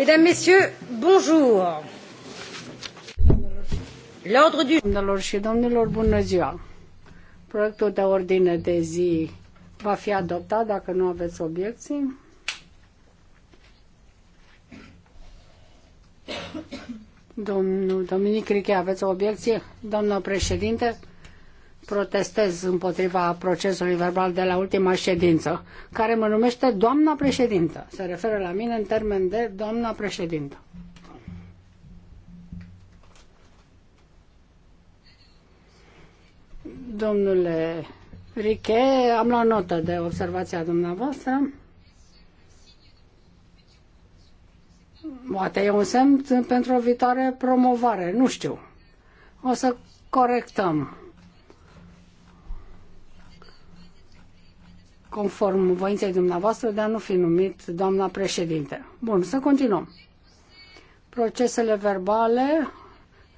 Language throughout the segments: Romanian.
Mesdames, Messieurs, bonjour. L'ordre du... și domnilor, bună ziua. Proiectul de ordine de zi va fi adoptat dacă nu aveți obiecții. Domnul Dominic Riche, aveți o obiecție? Doamna președinte, protestez împotriva procesului verbal de la ultima ședință, care mă numește doamna președintă. Se referă la mine în termen de doamna președintă. Domnule Riche, am luat notă de observația dumneavoastră. Poate e un semn pentru o viitoare promovare, nu știu. O să corectăm conform voinței dumneavoastră de a nu fi numit doamna președinte. Bun, să continuăm. Procesele verbale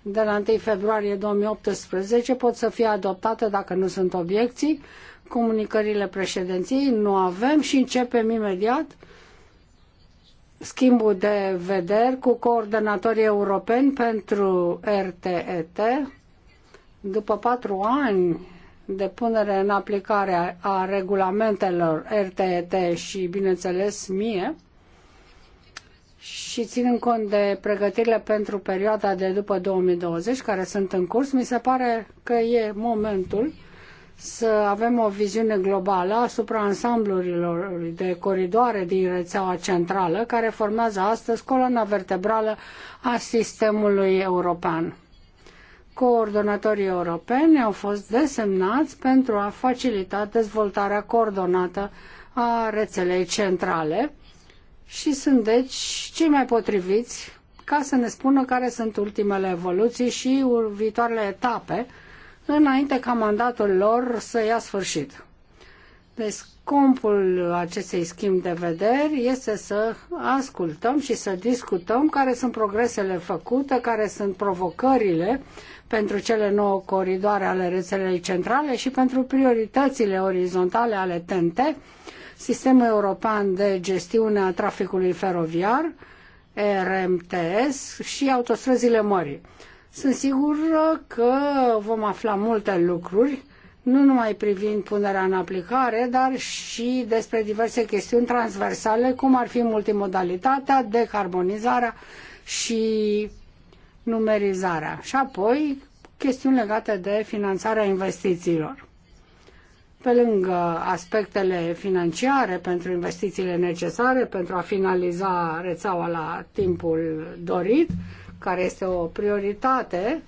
de la 1 februarie 2018 pot să fie adoptate dacă nu sunt obiecții, comunicările președinției nu avem și începem imediat schimbul de vederi cu coordonatorii europeni pentru RTET. După patru ani de punere în aplicare a regulamentelor RTT și, bineînțeles, mie, și ținând cont de pregătirile pentru perioada de după 2020, care sunt în curs, mi se pare că e momentul să avem o viziune globală asupra ansamblurilor de coridoare din rețeaua centrală, care formează astăzi coloana vertebrală a sistemului european coordonatorii europeni au fost desemnați pentru a facilita dezvoltarea coordonată a rețelei centrale și sunt deci cei mai potriviți ca să ne spună care sunt ultimele evoluții și viitoarele etape înainte ca mandatul lor să ia sfârșit. Deci Scumpul acestei schimb de vederi este să ascultăm și să discutăm care sunt progresele făcute, care sunt provocările pentru cele nouă coridoare ale rețelei centrale și pentru prioritățile orizontale ale TNT, Sistemul European de Gestiune a Traficului Feroviar, RMTS și autostrăzile mării. Sunt sigur că vom afla multe lucruri nu numai privind punerea în aplicare, dar și despre diverse chestiuni transversale, cum ar fi multimodalitatea, decarbonizarea și numerizarea. Și apoi chestiuni legate de finanțarea investițiilor. Pe lângă aspectele financiare pentru investițiile necesare pentru a finaliza rețeaua la timpul dorit, care este o prioritate,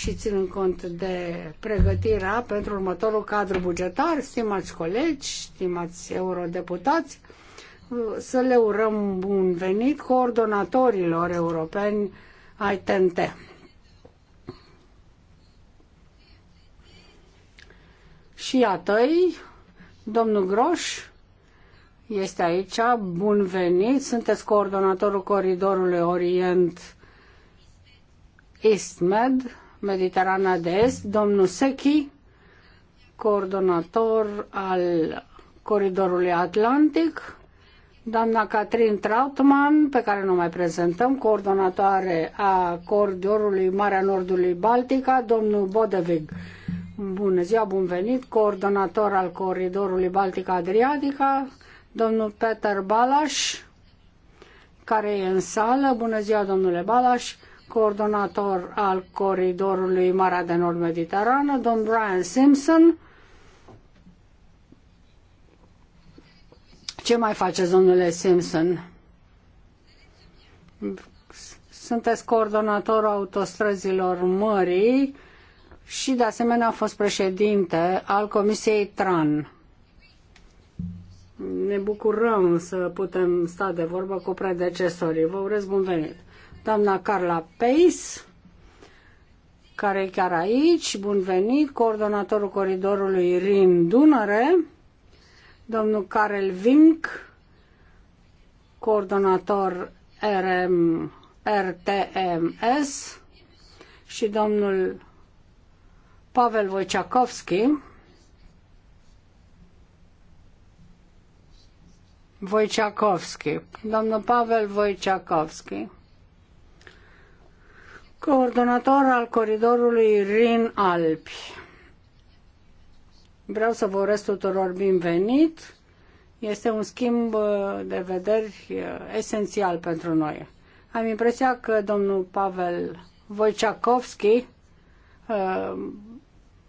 și ținând cont de pregătirea pentru următorul cadru bugetar, stimați colegi, stimați eurodeputați, să le urăm bun venit coordonatorilor europeni ai TNT. Și iată-i, domnul Groș este aici, bun venit, sunteți coordonatorul Coridorului Orient Istmed, Mediterana de Est, domnul Sechi, coordonator al Coridorului Atlantic, doamna Catrin Trautmann, pe care nu mai prezentăm, coordonatoare a Coridorului Marea Nordului Baltica, domnul Bodevig, bună ziua, bun venit, coordonator al Coridorului Baltica-Adriatica, domnul Peter Balas, care e în sală, bună ziua, domnule Balas, coordonator al coridorului Marea de Nord-Mediterană, domn Brian Simpson. Ce mai faceți, domnule Simpson? Sunteți coordonatorul autostrăzilor mării și, de asemenea, a fost președinte al Comisiei TRAN. Ne bucurăm să putem sta de vorbă cu predecesorii. Vă urez bun venit! doamna Carla Pace, care e chiar aici, bun venit, coordonatorul coridorului Rin-Dunăre, domnul Karel Vink, coordonator RM, RTMS și domnul Pavel Wojciechowski, Wojciechowski, domnul Pavel Wojciechowski coordonator al coridorului Rin-Alpi. Vreau să vă urez tuturor binevenit. Este un schimb uh, de vederi uh, esențial pentru noi. Am impresia că domnul Pavel Voiciakovski uh,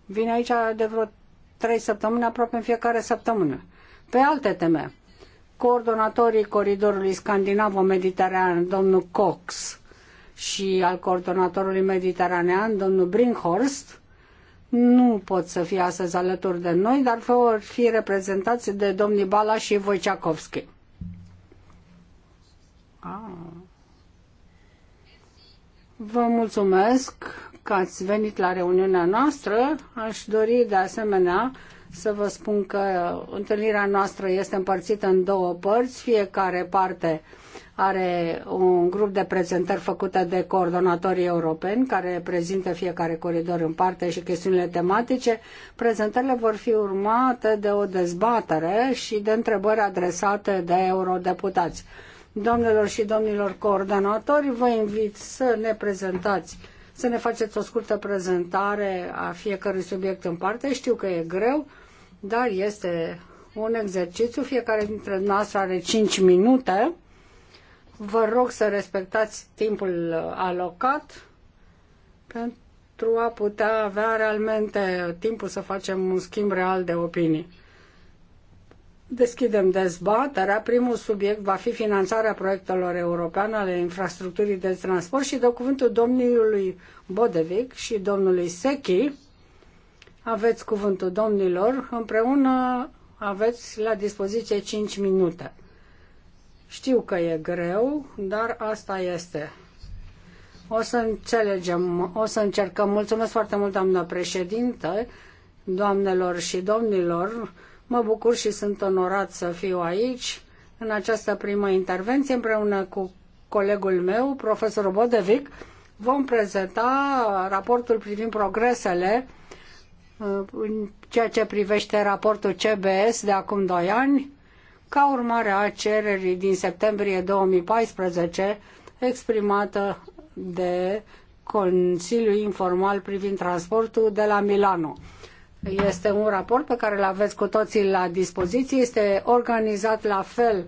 vine aici de vreo trei săptămâni, aproape în fiecare săptămână, pe alte teme. Coordonatorii Coridorului scandinavo mediterean domnul Cox, și al coordonatorului mediteranean, domnul Brinkhorst, nu pot să fie astăzi alături de noi, dar vor fi reprezentați de domnii Bala și Wojciechowski. Ah. Vă mulțumesc că ați venit la reuniunea noastră. Aș dori de asemenea să vă spun că întâlnirea noastră este împărțită în două părți, fiecare parte uh, are un grup de prezentări făcute de coordonatorii europeni care prezintă fiecare coridor în parte și chestiunile tematice. Prezentările vor fi urmate de o dezbatere și de întrebări adresate de eurodeputați. Doamnelor și domnilor coordonatori, vă invit să ne prezentați să ne faceți o scurtă prezentare a fiecărui subiect în parte. Știu că e greu, dar este un exercițiu. Fiecare dintre noastre are 5 minute Vă rog să respectați timpul uh, alocat pentru a putea avea realmente timpul să facem un schimb real de opinii. Deschidem dezbaterea. Primul subiect va fi finanțarea proiectelor europene ale infrastructurii de transport și de cuvântul domnului Bodevic și domnului Sechi. Aveți cuvântul domnilor. Împreună aveți la dispoziție 5 minute. Știu că e greu, dar asta este. O să înțelegem, o să încercăm. Mulțumesc foarte mult, doamnă președintă, doamnelor și domnilor. Mă bucur și sunt onorat să fiu aici în această primă intervenție împreună cu colegul meu, profesorul Bodevic. Vom prezenta raportul privind progresele uh, în ceea ce privește raportul CBS de acum doi ani ca urmare a cererii din septembrie 2014 exprimată de Consiliul Informal privind transportul de la Milano. Este un raport pe care îl aveți cu toții la dispoziție. Este organizat la fel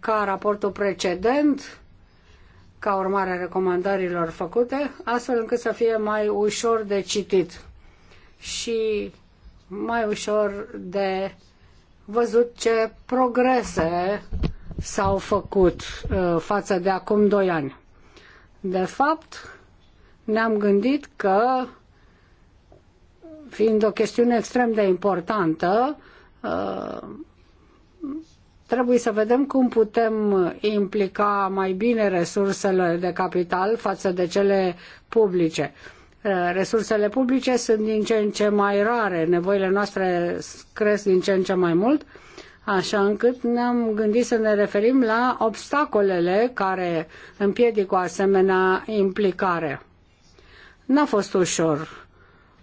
ca raportul precedent, ca urmare a recomandărilor făcute, astfel încât să fie mai ușor de citit și mai ușor de văzut ce progrese s-au făcut uh, față de acum doi ani. De fapt, ne-am gândit că, fiind o chestiune extrem de importantă, uh, trebuie să vedem cum putem implica mai bine resursele de capital față de cele publice. Uh, resursele publice sunt din ce în ce mai rare, nevoile noastre cresc din ce în ce mai mult, așa încât ne-am gândit să ne referim la obstacolele care împiedică o asemenea implicare. N-a fost ușor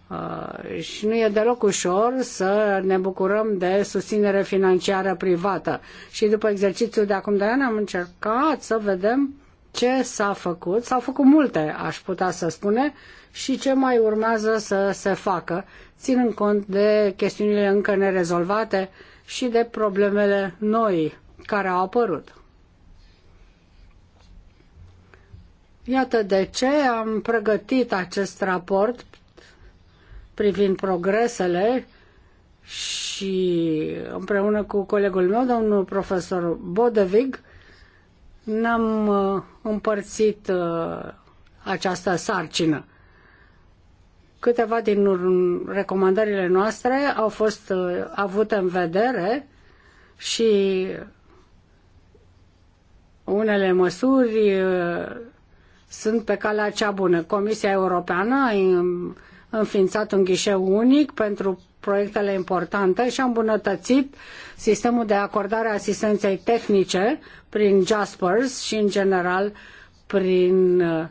uh, și nu e deloc ușor să ne bucurăm de susținere financiară privată. Și după exercițiul de acum de ani am încercat să vedem ce s-a făcut, s-au făcut multe, aș putea să spune, și ce mai urmează să se facă, ținând cont de chestiunile încă nerezolvate și de problemele noi care au apărut. Iată de ce am pregătit acest raport privind progresele și împreună cu colegul meu, domnul profesor Bodevig, n-am uh, împărțit uh, această sarcină. Câteva din recomandările noastre au fost uh, avute în vedere și unele măsuri sunt pe calea cea bună. Comisia Europeană a um, înființat un ghișeu unic pentru proiectele importante și a îmbunătățit sistemul de acordare a asistenței tehnice prin Jaspers și, în general, prin uh,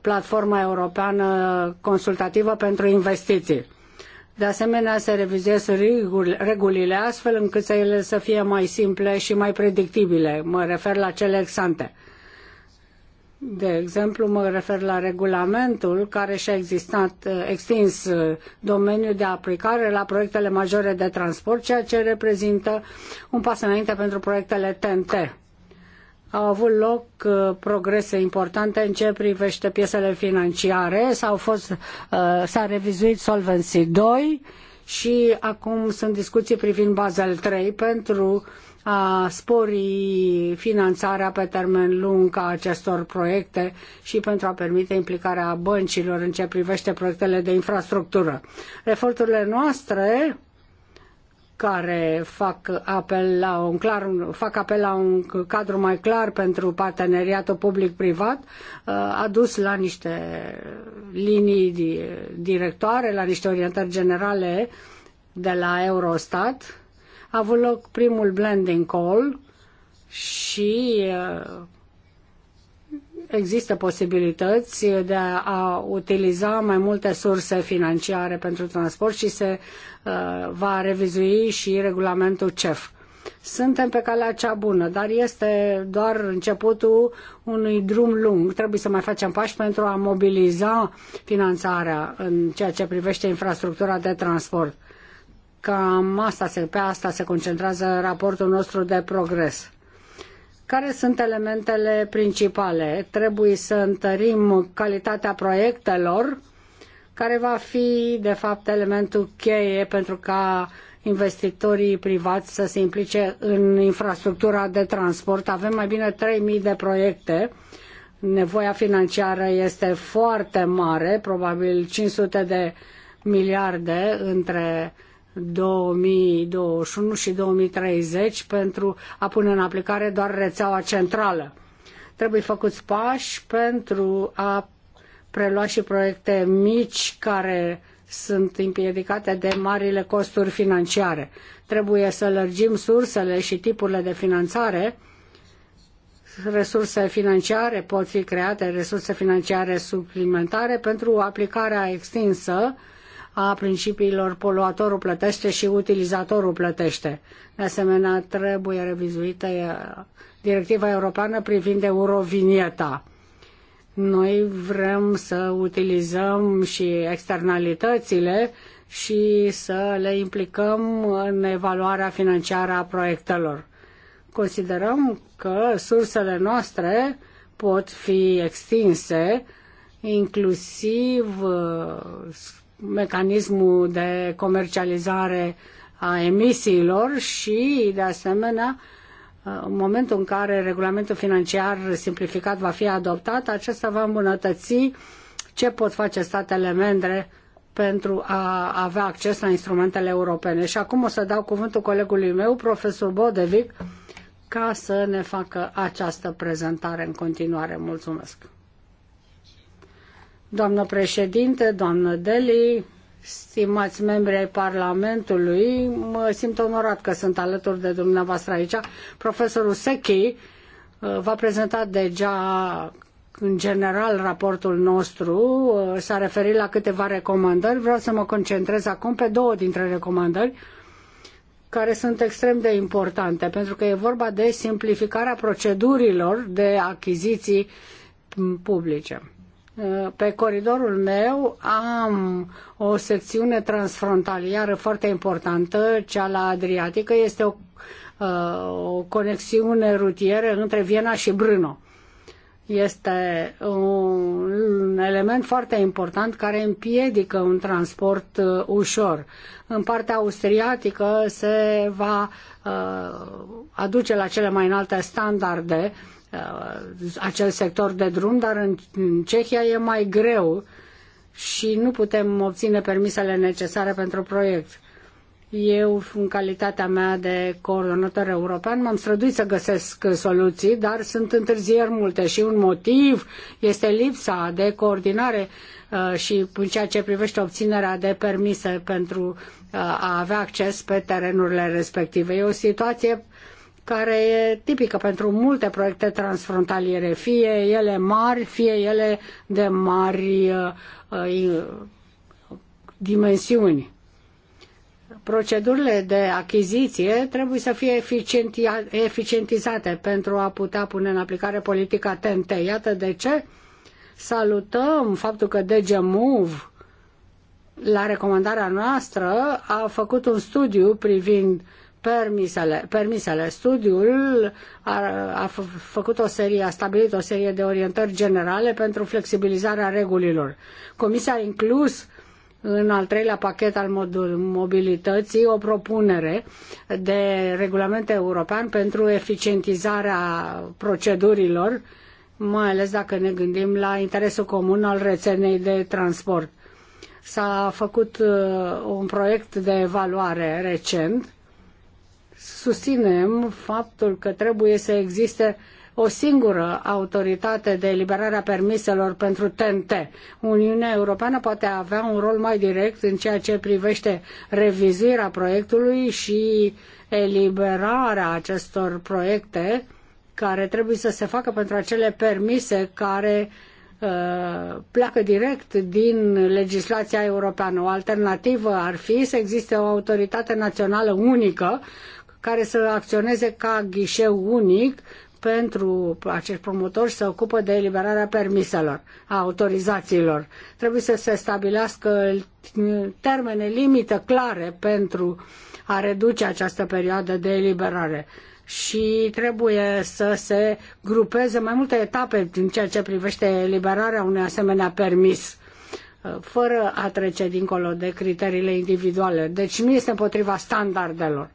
platforma europeană consultativă pentru investiții. De asemenea, se revizuiesc regulile astfel încât să ele să fie mai simple și mai predictibile. Mă refer la cele exante. De exemplu, mă refer la regulamentul care și-a existat, uh, extins uh, domeniul de aplicare la proiectele majore de transport, ceea ce reprezintă un pas înainte pentru proiectele TNT. Au avut loc uh, progrese importante în ce privește piesele financiare, s-au fost, s-a revizuit Solvency 2 și acum sunt discuții privind Basel 3 pentru uh, a spori finanțarea pe termen lung a acestor proiecte și pentru a permite implicarea băncilor în ce privește proiectele de infrastructură. Eforturile noastre care fac apel la un, clar, fac apel la un cadru mai clar pentru parteneriatul public-privat, a dus la niște linii directoare, la niște orientări generale de la Eurostat, a avut loc primul blending call și uh, există posibilități de a utiliza mai multe surse financiare pentru transport și se uh, va revizui și regulamentul CEF. Suntem pe calea cea bună, dar este doar începutul unui drum lung. Trebuie să mai facem pași pentru a mobiliza finanțarea în ceea ce privește infrastructura de transport Cam asta se, pe asta se concentrează raportul nostru de progres. Care sunt elementele principale? Trebuie să întărim calitatea proiectelor, care va fi, de fapt, elementul cheie pentru ca investitorii privați să se implice în infrastructura de transport. Avem mai bine 3.000 de proiecte. Nevoia financiară este foarte mare, probabil 500 de miliarde între 2021 și 2030 pentru a pune în aplicare doar rețeaua centrală. Trebuie făcuți pași pentru a prelua și proiecte mici care sunt împiedicate de marile costuri financiare. Trebuie să lărgim sursele și tipurile de finanțare. Resurse financiare pot fi create, resurse financiare suplimentare pentru aplicarea extinsă a principiilor poluatorul plătește și utilizatorul plătește. De asemenea, trebuie revizuită uh, directiva europeană privind eurovinieta. Noi vrem să utilizăm și externalitățile și să le implicăm în evaluarea financiară a proiectelor. Considerăm că sursele noastre pot fi extinse, inclusiv uh, mecanismul de comercializare a emisiilor și, de asemenea, în momentul în care regulamentul financiar simplificat va fi adoptat, acesta va îmbunătăți ce pot face statele membre pentru a avea acces la instrumentele europene. Și acum o să dau cuvântul colegului meu, profesor Bodevic, ca să ne facă această prezentare în continuare. Mulțumesc! Doamnă președinte, doamnă Deli, stimați membri ai Parlamentului, mă simt onorat că sunt alături de dumneavoastră aici. Profesorul Sechi uh, v-a prezentat deja în general raportul nostru, uh, s-a referit la câteva recomandări. Vreau să mă concentrez acum pe două dintre recomandări care sunt extrem de importante, pentru că e vorba de simplificarea procedurilor de achiziții publice. Pe coridorul meu am o secțiune transfrontalieră foarte importantă, cea la Adriatică. Este o, uh, o conexiune rutieră între Viena și Brno. Este un element foarte important care împiedică un transport uh, ușor. În partea austriatică se va uh, aduce la cele mai înalte standarde uh, Uh, acel sector de drum, dar în, Cehia e mai greu și nu putem obține permisele necesare pentru proiect. Eu, în calitatea mea de coordonator european, m-am străduit să găsesc soluții, dar sunt întârzieri multe și un motiv este lipsa de coordinare uh, și în ceea ce privește obținerea de permise pentru uh, a avea acces pe terenurile respective. E o situație care e tipică pentru multe proiecte transfrontaliere, fie ele mari, fie ele de mari uh, uh dimensiuni. Procedurile de achiziție trebuie să fie eficientizate pentru a putea pune în aplicare politica TNT. Iată de ce salutăm faptul că DG Move la recomandarea noastră a făcut un studiu privind uh, permisele. permisele. Studiul a, a făcut o serie, a stabilit o serie de orientări generale pentru flexibilizarea regulilor. Comisia a inclus în al treilea pachet al mobilității o propunere de regulament european pentru eficientizarea procedurilor, mai ales dacă ne gândim la interesul comun al rețelei de transport. S-a făcut uh, un proiect de evaluare recent susținem faptul că trebuie să existe o singură autoritate de eliberare a permiselor pentru TNT. Uniunea Europeană poate avea un rol mai direct în ceea ce privește revizuirea proiectului și eliberarea acestor proiecte care trebuie să se facă pentru acele permise care uh, pleacă direct din legislația europeană. O alternativă ar fi să existe o autoritate națională unică care să acționeze ca ghișeu unic pentru acești promotori se ocupă de eliberarea permiselor, a autorizațiilor. Trebuie să se stabilească termene limită clare pentru a reduce această perioadă de eliberare și trebuie să se grupeze mai multe etape din ceea ce privește eliberarea unui asemenea permis fără a trece dincolo de criteriile individuale. Deci nu este împotriva standardelor.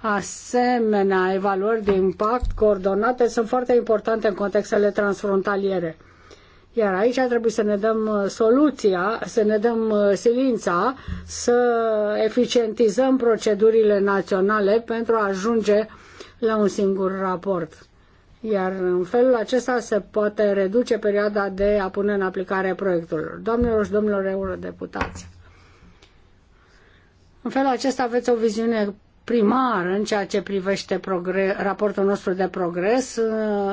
Asemenea, evaluări de impact coordonate sunt foarte importante în contextele transfrontaliere. Iar aici trebuie să ne dăm uh, soluția, să ne dăm uh, silința, să eficientizăm procedurile naționale pentru a ajunge la un singur raport. Iar în felul acesta se poate reduce perioada de a pune în aplicare proiectelor. Doamnelor și domnilor eurodeputați, în felul acesta aveți o viziune primar în ceea ce privește raportul nostru de progres.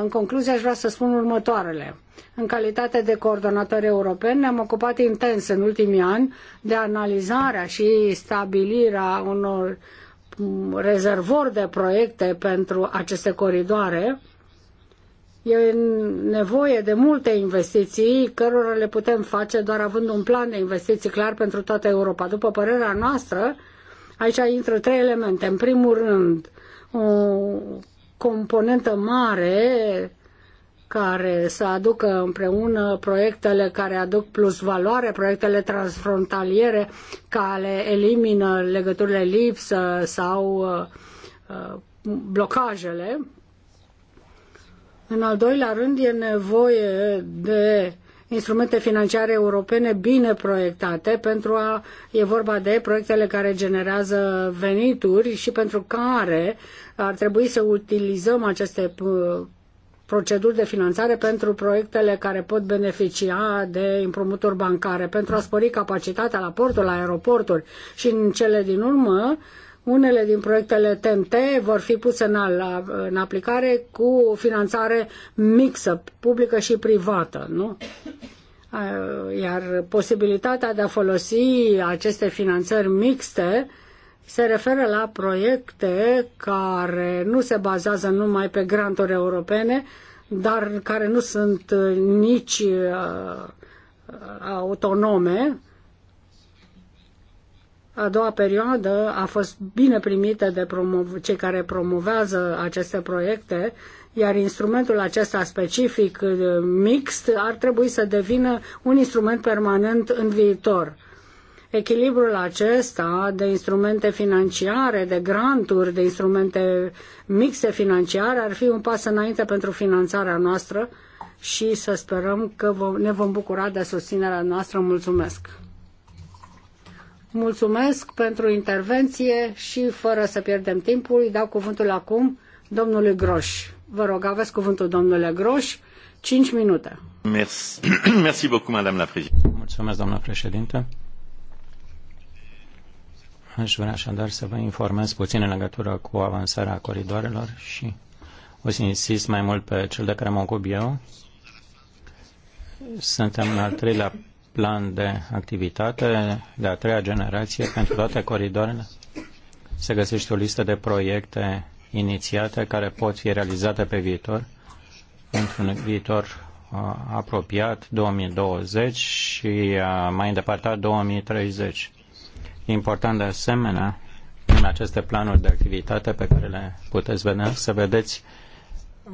În concluzie, aș vrea să spun următoarele. În calitate de coordonator european, ne-am ocupat intens în ultimii ani de analizarea și stabilirea unor rezervori de proiecte pentru aceste coridoare. E nevoie de multe investiții, cărora le putem face doar având un plan de investiții clar pentru toată Europa. După părerea noastră, Aici intră trei elemente. În primul rând, o componentă mare care să aducă împreună proiectele care aduc plus valoare, proiectele transfrontaliere care elimină legăturile lipsă sau uh, uh, blocajele. În al doilea rând e nevoie de instrumente financiare europene bine proiectate pentru a e vorba de proiectele care generează venituri și pentru care ar trebui să utilizăm aceste uh, proceduri de finanțare pentru proiectele care pot beneficia de împrumuturi bancare, pentru a spori capacitatea la porturi, la aeroporturi și în cele din urmă unele din proiectele TMT vor fi puse în, în aplicare cu finanțare mixă, publică și privată, nu? Iar posibilitatea de a folosi aceste finanțări mixte se referă la proiecte care nu se bazează numai pe granturi europene, dar care nu sunt uh, nici uh, uh, autonome, a doua perioadă a fost bine primită de cei care promovează aceste proiecte, iar instrumentul acesta specific uh, mixt ar trebui să devină un instrument permanent în viitor. Echilibrul acesta de instrumente financiare, de granturi, de instrumente mixte financiare ar fi un pas înainte pentru finanțarea noastră și să sperăm că ne vom bucura de susținerea noastră. Mulțumesc! Mulțumesc pentru intervenție și fără să pierdem timpul, îi dau cuvântul acum domnului Groș. Vă rog, aveți cuvântul domnule Groș, 5 minute. Merci, Merci beaucoup, madame la președinte. Mulțumesc, doamna președinte. Aș vrea așadar să vă informez puțin în legătură cu avansarea coridoarelor și o să insist mai mult pe cel de care mă ocup eu. Suntem în al treilea plan de activitate de a treia generație pentru toate coridoarele. Se găsește o listă de proiecte inițiate care pot fi realizate pe viitor, într-un viitor uh, apropiat 2020 și uh, mai îndepărtat 2030. Important de asemenea, în aceste planuri de activitate pe care le puteți vedea, să vedeți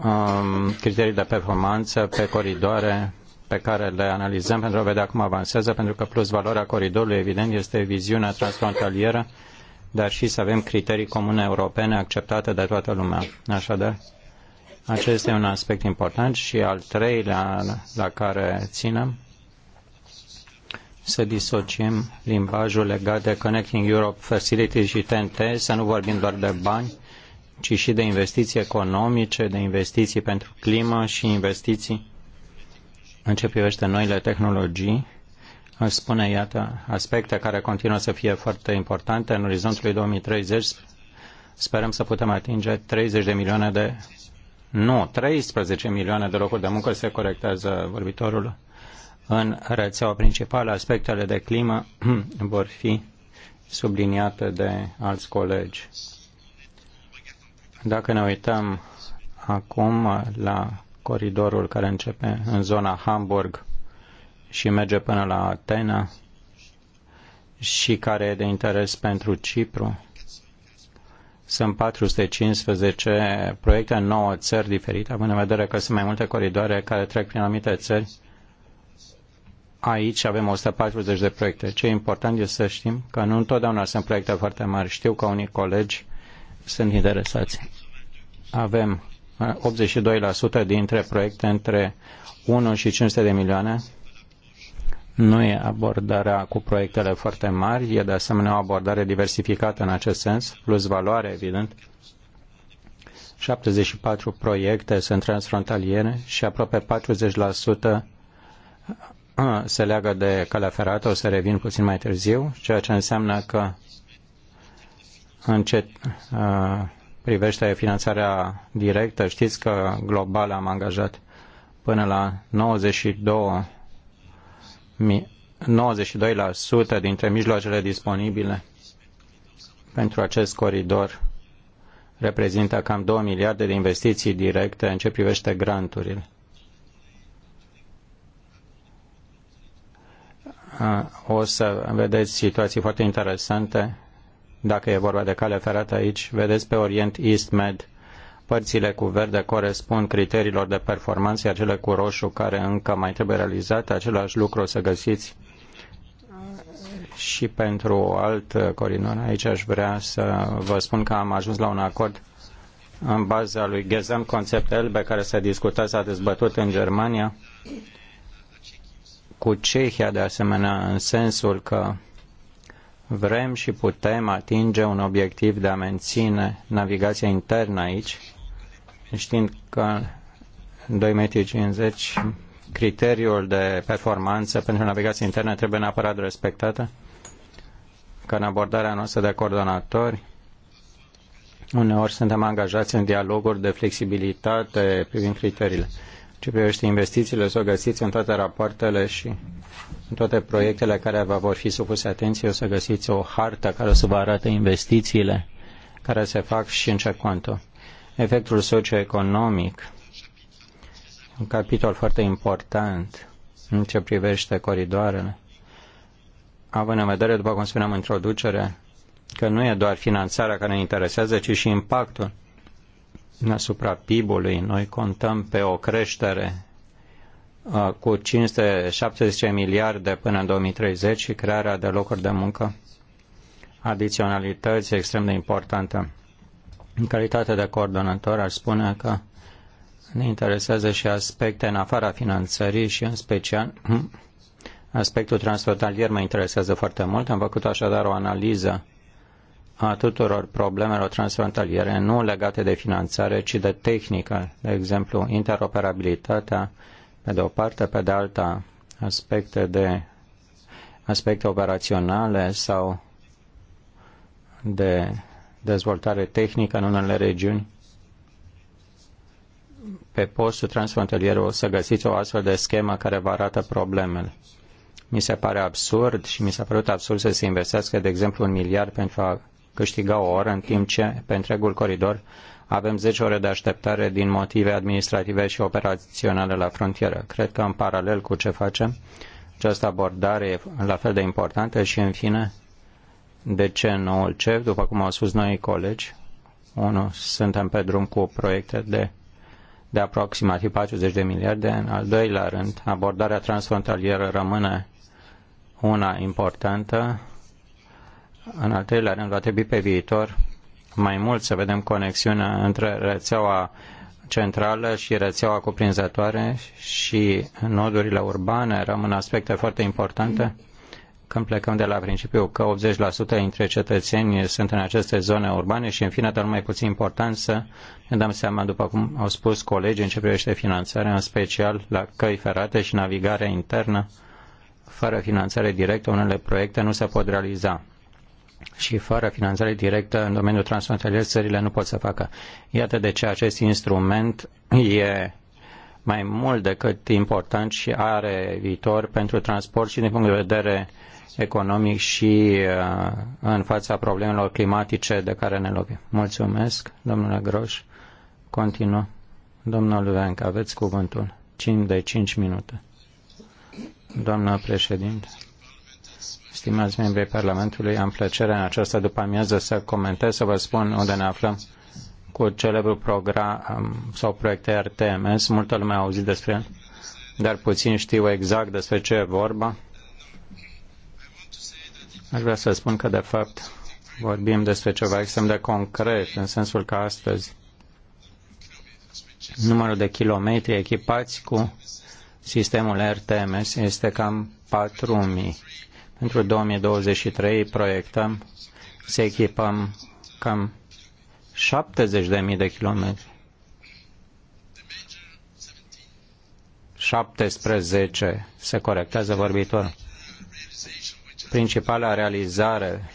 um, criterii de performanță pe coridoare pe care le analizăm pentru a vedea cum avansează, pentru că plus valoarea coridorului, evident, este viziunea transfrontalieră, dar și să avem criterii comune europene acceptate de toată lumea. Așadar, acesta este un aspect important și al treilea la care ținem, să disociem limbajul legat de Connecting Europe Facility și TNT, să nu vorbim doar de bani, ci și de investiții economice, de investiții pentru climă și investiții în ce privește noile tehnologii, își spune, iată, aspecte care continuă să fie foarte importante. În orizontul 2030 sperăm să putem atinge 30 de milioane de... Nu, 13 milioane de locuri de muncă se corectează vorbitorul. În rețeaua principală, aspectele de climă vor fi subliniate de alți colegi. Dacă ne uităm acum la coridorul care începe în zona Hamburg și merge până la Atena și care e de interes pentru Cipru. Sunt 415 proiecte în 9 țări diferite, având în vedere că sunt mai multe coridoare care trec prin anumite țări. Aici avem 140 de proiecte. Ce e important este să știm că nu întotdeauna sunt proiecte foarte mari. Știu că unii colegi sunt interesați. Avem 82% dintre proiecte între 1 și 500 de milioane. Nu e abordarea cu proiectele foarte mari, e de asemenea o abordare diversificată în acest sens, plus valoare, evident. 74 proiecte sunt transfrontaliere și aproape 40% uh, se leagă de calea ferată, o să revin puțin mai târziu, ceea ce înseamnă că încet, uh, privește finanțarea directă, știți că global am angajat până la 92 92% dintre mijloacele disponibile pentru acest coridor reprezintă cam 2 miliarde de investiții directe în ce privește granturile. O să vedeți situații foarte interesante dacă e vorba de cale ferată aici, vedeți pe Orient East Med, părțile cu verde corespund criteriilor de performanță, iar cele cu roșu care încă mai trebuie realizate, același lucru o să găsiți și pentru alt coridor. Aici aș vrea să vă spun că am ajuns la un acord în baza lui Gezam Concept Elbe, care s-a discutat, s-a dezbătut în Germania, cu Cehia de asemenea, în sensul că Vrem și putem atinge un obiectiv de a menține navigația internă aici, știind că 2,50 metri criteriul de performanță pentru navigație internă trebuie neapărat respectată, că în abordarea noastră de coordonatori uneori suntem angajați în dialoguri de flexibilitate privind criteriile ce privește investițiile, să o găsiți în toate rapoartele și în toate proiectele care vă vor fi supuse atenție, o să găsiți o hartă care o să vă arate investițiile care se fac și în ce conto. Efectul socioeconomic, un capitol foarte important în ce privește coridoarele, având în vedere, după cum spuneam în introducere, că nu e doar finanțarea care ne interesează, ci și impactul asupra PIB-ului. Noi contăm pe o creștere uh, cu 570 miliarde până în 2030 și crearea de locuri de muncă, adiționalități extrem de importantă. În calitate de coordonator, aș spune că ne interesează și aspecte în afara finanțării și în special aspectul transfrontalier mă interesează foarte mult. Am făcut așadar o analiză a tuturor problemelor transfrontaliere, nu legate de finanțare, ci de tehnică, de exemplu, interoperabilitatea, pe de o parte, pe de alta, aspecte de aspecte operaționale sau de dezvoltare tehnică în unele regiuni. Pe postul transfrontalier o să găsiți o astfel de schemă care vă arată problemele. Mi se pare absurd și mi s-a părut absurd să se investească, de exemplu, un miliard pentru a câștiga o oră, în timp ce pe întregul coridor avem 10 ore de așteptare din motive administrative și operaționale la frontieră. Cred că în paralel cu ce facem, această abordare e la fel de importantă și, în fine, de ce noul CEF, după cum au spus noi colegi, unul, suntem pe drum cu proiecte de, de aproximativ 40 de miliarde. În al doilea rând, abordarea transfrontalieră rămâne una importantă în al treilea rând, va trebui pe viitor mai mult să vedem conexiunea între rețeaua centrală și rețeaua cuprinzătoare și nodurile urbane rămân aspecte foarte importante când plecăm de la principiul că 80% dintre cetățeni sunt în aceste zone urbane și, în fine, dar mai puțin important să ne dăm seama, după cum au spus colegii, în ce privește finanțarea, în special la căi ferate și navigarea internă, fără finanțare directă, unele proiecte nu se pot realiza și fără finanțare directă în domeniul transfrontalier țările nu pot să facă. Iată de ce acest instrument e mai mult decât important și are viitor pentru transport și din punct de vedere economic și uh, în fața problemelor climatice de care ne lovim. Mulțumesc, domnule Groș. Continuă. Domnul Venc, aveți cuvântul. 5 de 5 minute. Doamna președinte stimați membrii Parlamentului, am plăcerea în această după-amiază să comentez, să vă spun unde ne aflăm cu celebrul program um, sau proiecte RTMS. Multă lume a auzit despre el, dar puțin știu exact despre ce e vorba. Aș vrea să spun că, de fapt, vorbim despre ceva extrem de concret, în sensul că astăzi numărul de kilometri echipați cu sistemul RTMS este cam 4.000. Pentru 2023 proiectăm să echipăm cam 70.000 de kilometri. 17 se corectează vorbitor. Principala realizare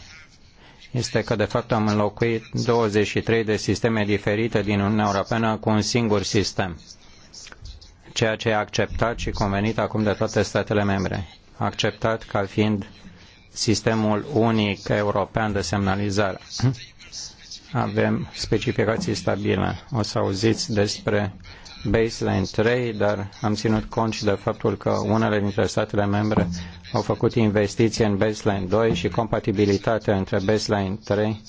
este că de fapt am înlocuit 23 de sisteme diferite din Uniunea Europeană cu un singur sistem, ceea ce e acceptat și convenit acum de toate statele membre acceptat ca fiind sistemul unic european de semnalizare. Avem specificații stabile. O să auziți despre baseline 3, dar am ținut cont și de faptul că unele dintre statele membre au făcut investiții în baseline 2 și compatibilitatea între baseline 3,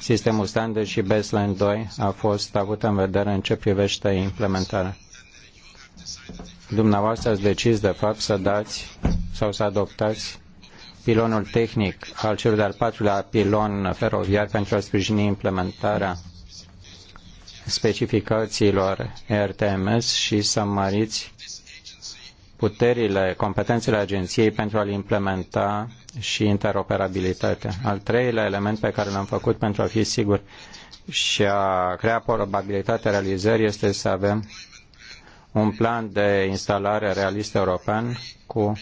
sistemul standard și baseline 2 a fost avută în vedere în ce privește implementarea dumneavoastră ați decis de fapt să dați sau să adoptați pilonul tehnic al celui de-al patrulea pilon feroviar pentru a sprijini implementarea specificațiilor RTMS și să măriți puterile, competențele agenției pentru a-l implementa și interoperabilitatea. Al treilea element pe care l-am făcut pentru a fi sigur și a crea probabilitatea realizării este să avem un plan de instalare realist european cu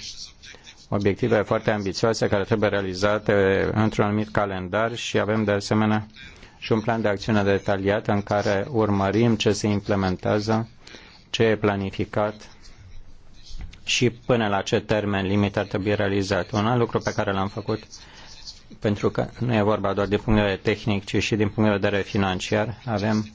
obiective foarte ambițioase care trebuie realizate într-un anumit calendar și avem de asemenea și un plan de acțiune detaliat în care urmărim ce se implementează, ce e planificat și până la ce termen limit ar trebui realizat. Un alt lucru pe care l-am făcut, pentru că nu e vorba doar din punct de vedere tehnic, ci și din punct de vedere financiar, avem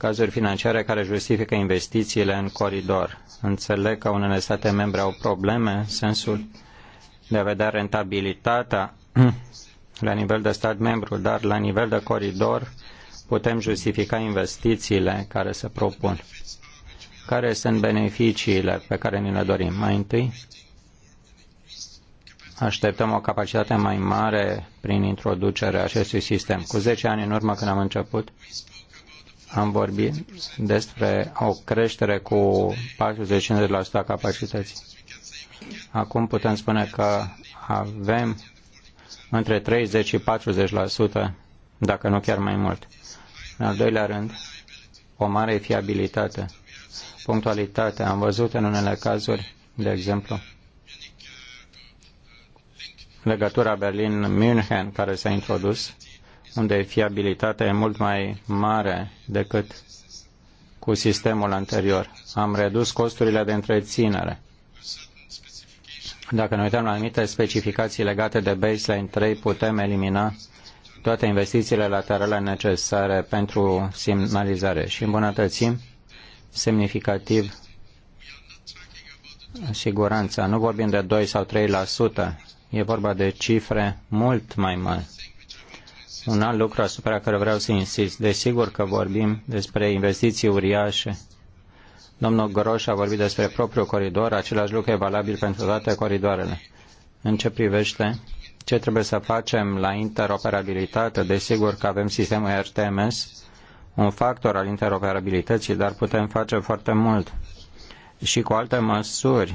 cazuri financiare care justifică investițiile în coridor. Înțeleg că unele state membre au probleme în sensul de a vedea rentabilitatea la nivel de stat membru, dar la nivel de coridor putem justifica investițiile care se propun. Care sunt beneficiile pe care ni le dorim? Mai întâi, așteptăm o capacitate mai mare prin introducerea acestui sistem. Cu 10 ani în urmă, când am început, am vorbit despre o creștere cu 40-50% a capacității. Acum putem spune că avem între 30 și 40%, dacă nu chiar mai mult. În al doilea rând, o mare fiabilitate, punctualitate. Am văzut în unele cazuri, de exemplu, legătura Berlin-München care s-a introdus unde fiabilitatea e mult mai mare decât cu sistemul anterior. Am redus costurile de întreținere. Dacă ne uităm la anumite specificații legate de baseline 3, putem elimina toate investițiile laterale necesare pentru semnalizare și îmbunătățim semnificativ siguranța. Nu vorbim de 2 sau 3%, e vorba de cifre mult mai mari. Un alt lucru asupra care vreau să insist, desigur că vorbim despre investiții uriașe. Domnul Groș a vorbit despre propriul coridor, același lucru e valabil pentru toate coridoarele. În ce privește ce trebuie să facem la interoperabilitate, desigur că avem sistemul RTMS, un factor al interoperabilității, dar putem face foarte mult și cu alte măsuri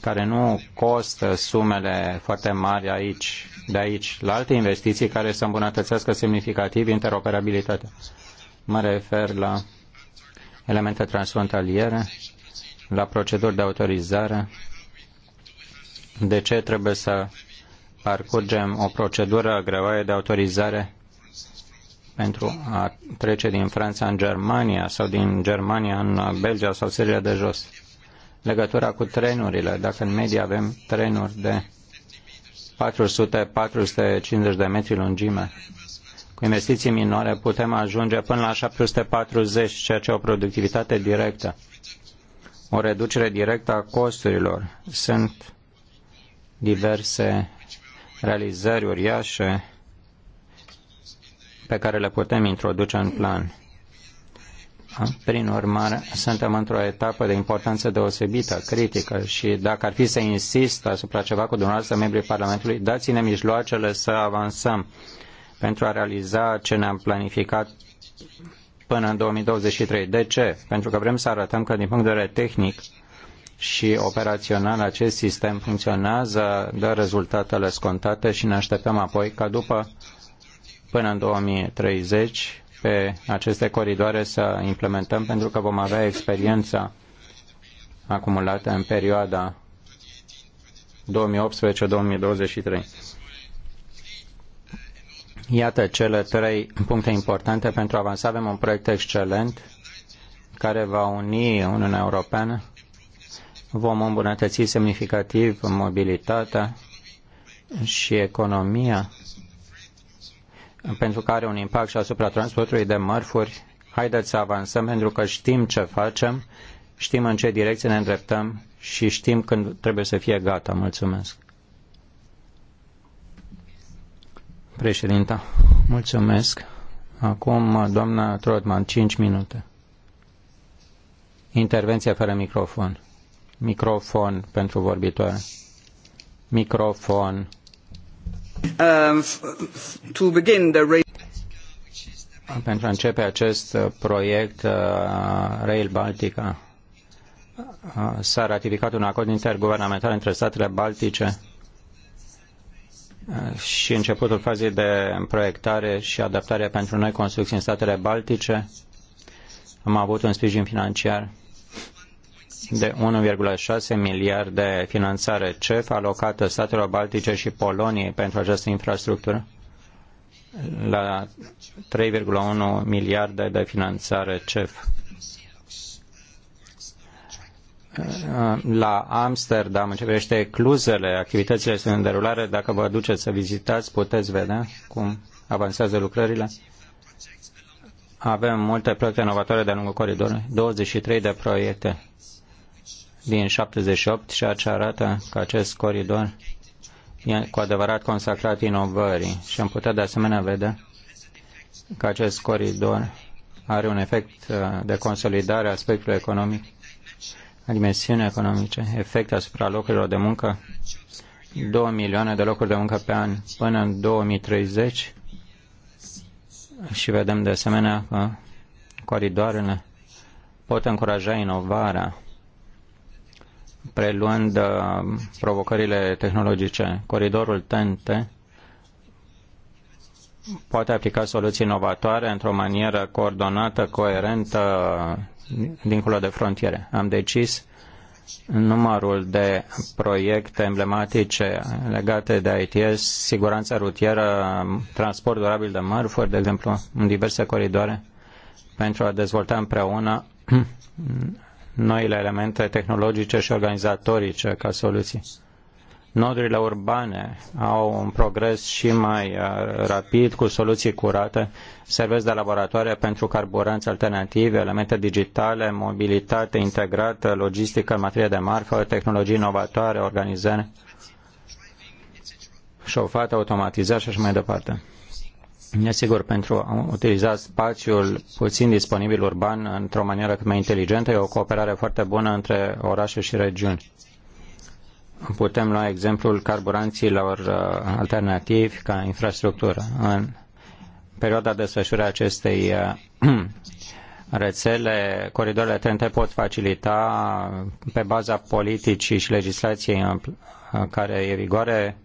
care nu costă sumele foarte mari aici, de aici, la alte investiții care să îmbunătățească semnificativ interoperabilitatea. Mă refer la elemente transfrontaliere, la proceduri de autorizare, de ce trebuie să parcurgem o procedură greoaie de autorizare pentru a trece din Franța în Germania sau din Germania în Belgia sau seria de jos legătura cu trenurile. Dacă în medie avem trenuri de 400-450 de metri lungime, cu investiții minore putem ajunge până la 740, ceea ce o productivitate directă. O reducere directă a costurilor. Sunt diverse realizări uriașe pe care le putem introduce în plan. Prin urmare, suntem într-o etapă de importanță deosebită, critică și dacă ar fi să insist asupra ceva cu dumneavoastră, membrii Parlamentului, dați-ne mijloacele să avansăm pentru a realiza ce ne-am planificat până în 2023. De ce? Pentru că vrem să arătăm că din punct de vedere tehnic și operațional acest sistem funcționează, dă rezultatele scontate și ne așteptăm apoi ca după până în 2030 pe aceste coridoare să implementăm pentru că vom avea experiența acumulată în perioada 2018-2023. Iată cele trei puncte importante pentru a avansa. Avem un proiect excelent care va uni Uniunea Europeană. Vom îmbunătăți semnificativ mobilitatea și economia pentru că are un impact și asupra transportului de mărfuri. Haideți să avansăm pentru că știm ce facem, știm în ce direcție ne îndreptăm și știm când trebuie să fie gata. Mulțumesc. Președinta, mulțumesc. Acum, doamna Trotman, 5 minute. Intervenție fără microfon. Microfon pentru vorbitoare. Microfon. Um, pentru a începe acest uh, proiect uh, Rail Baltica uh, s-a ratificat un acord interguvernamental între statele baltice și începutul fazei de proiectare și adaptare pentru noi construcții în statele baltice. Am avut un sprijin financiar de 1,6 exact. miliarde finanțare CEF alocată statelor Baltice și Poloniei pentru această infrastructură la 3,1 miliarde de finanțare CEF. La Amsterdam, în ce privește cluzele, activitățile sunt în derulare. Dacă vă duceți să vizitați, puteți vedea cum avansează lucrările. Avem multe proiecte inovatoare de-a lungul coridorului, 23 de proiecte din 78, ceea ce arată că acest coridor e cu adevărat consacrat inovării și am putea de asemenea vedea că acest coridor are un efect uh, de consolidare a aspectului economic, a dimensiunii economice, efect asupra locurilor de muncă, 2 milioane de locuri de muncă pe an până în 2030 și vedem de asemenea că coridoarele pot încuraja inovarea preluând uh, provocările tehnologice. Coridorul TNT poate aplica soluții inovatoare într-o manieră coordonată, coerentă, dincolo de frontiere. Am decis numărul de proiecte emblematice legate de ITS, siguranța rutieră, transport durabil de mărfuri, de exemplu, în diverse coridoare, pentru a dezvolta împreună noile elemente tehnologice și organizatorice ca soluții. Nodurile urbane au un progres și mai uh, rapid cu soluții curate, servesc de laboratoare pentru carburanți alternative, elemente digitale, mobilitate integrată, logistică în materie de marfă, tehnologii inovatoare, organizare, șofate, automatizat și așa mai departe sigur pentru a utiliza spațiul puțin disponibil urban într-o manieră cât mai inteligentă, e o cooperare foarte bună între orașe și regiuni. Putem lua exemplul carburanților uh, alternativi ca infrastructură. În perioada desfășurării acestei uh, rețele, coridoarele TNT pot facilita pe baza politicii și legislației uh, care e vigoare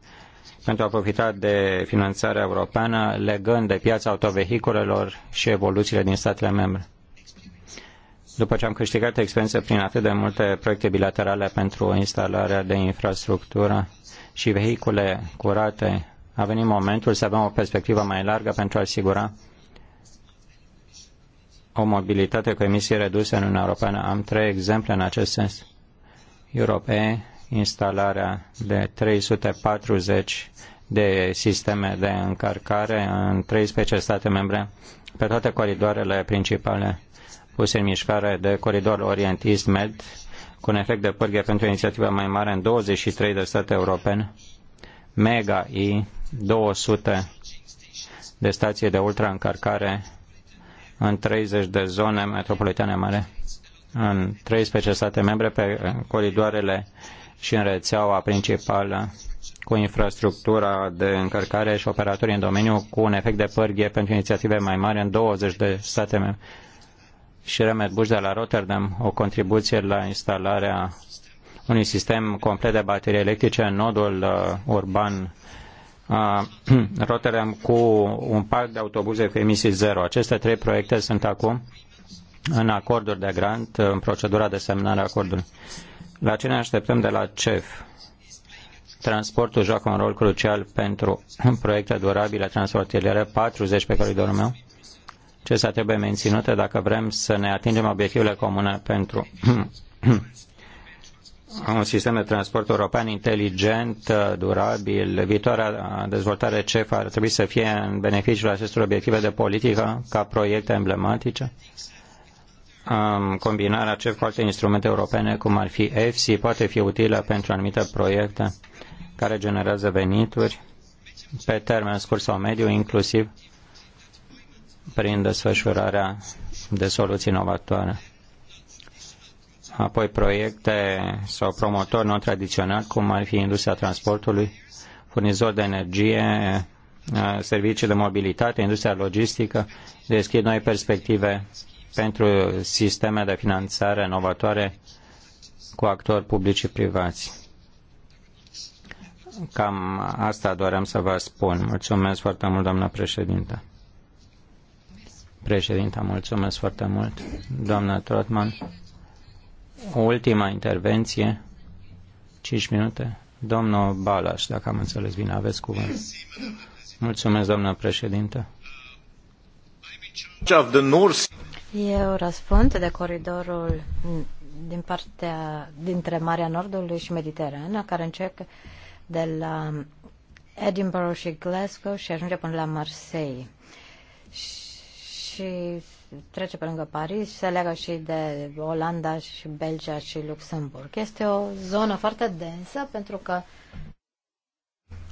pentru a profita de finanțarea europeană, legând de piața autovehiculelor și evoluțiile din statele membre. După ce am câștigat experiență prin atât de multe proiecte bilaterale pentru instalarea de infrastructură și vehicule curate, a venit momentul să avem o perspectivă mai largă pentru a asigura o mobilitate cu emisii reduse în Uniunea Europeană. Am trei exemple în acest sens. Europe instalarea de 340 de sisteme de încărcare în 13 state membre pe toate coridoarele principale puse în mișcare de coridorul Orient East Med cu un efect de pârghie pentru inițiativa mai mare în 23 de state europene, Mega I 200 de stații de ultraîncărcare în 30 de zone metropolitane mare, în 13 state membre pe coridoarele uh, și în rețeaua principală cu infrastructura de încărcare și operatorii în domeniu cu un efect de pârghie pentru inițiative mai mari în 20 de state membre. Și Remed Bush de la Rotterdam, o contribuție la instalarea unui sistem complet de baterii electrice în nodul uh, urban uh, Rotterdam cu un parc de autobuze cu emisii zero. Aceste trei proiecte sunt acum în acorduri de grant, în procedura de semnare a acordului. La ce ne așteptăm de la CEF? Transportul joacă un rol crucial pentru proiecte durabile transfrontaliere, 40 pe coridorul meu. a trebuie menținută dacă vrem să ne atingem obiectivele comune pentru un sistem de transport european inteligent, durabil. Viitoarea dezvoltare CEF ar trebui să fie în beneficiul acestor obiective de politică ca proiecte emblematice um, combinarea CEF cu alte instrumente europene, cum ar fi EFSI, poate fi utilă pentru anumite proiecte care generează venituri pe termen scurt sau mediu, inclusiv prin desfășurarea de soluții inovatoare. Apoi proiecte sau promotori non-tradiționali, cum ar fi industria transportului, furnizori de energie, servicii de mobilitate, industria logistică, deschid noi perspective pentru sisteme de finanțare inovatoare cu actori publici și privați. Cam asta doream să vă spun. Mulțumesc foarte mult, doamna președintă. Președinta, mulțumesc foarte mult. Doamna Trotman, ultima intervenție, 5 minute. Domnul Balaș, dacă am înțeles bine, aveți cuvânt. Mulțumesc, doamna președintă. Eu răspund de coridorul din partea dintre Marea Nordului și Mediterana, care începe de la Edinburgh și Glasgow și ajunge până la Marseille. Și trece pe lângă Paris și se leagă și de Olanda și Belgia și Luxemburg. Este o zonă foarte densă pentru că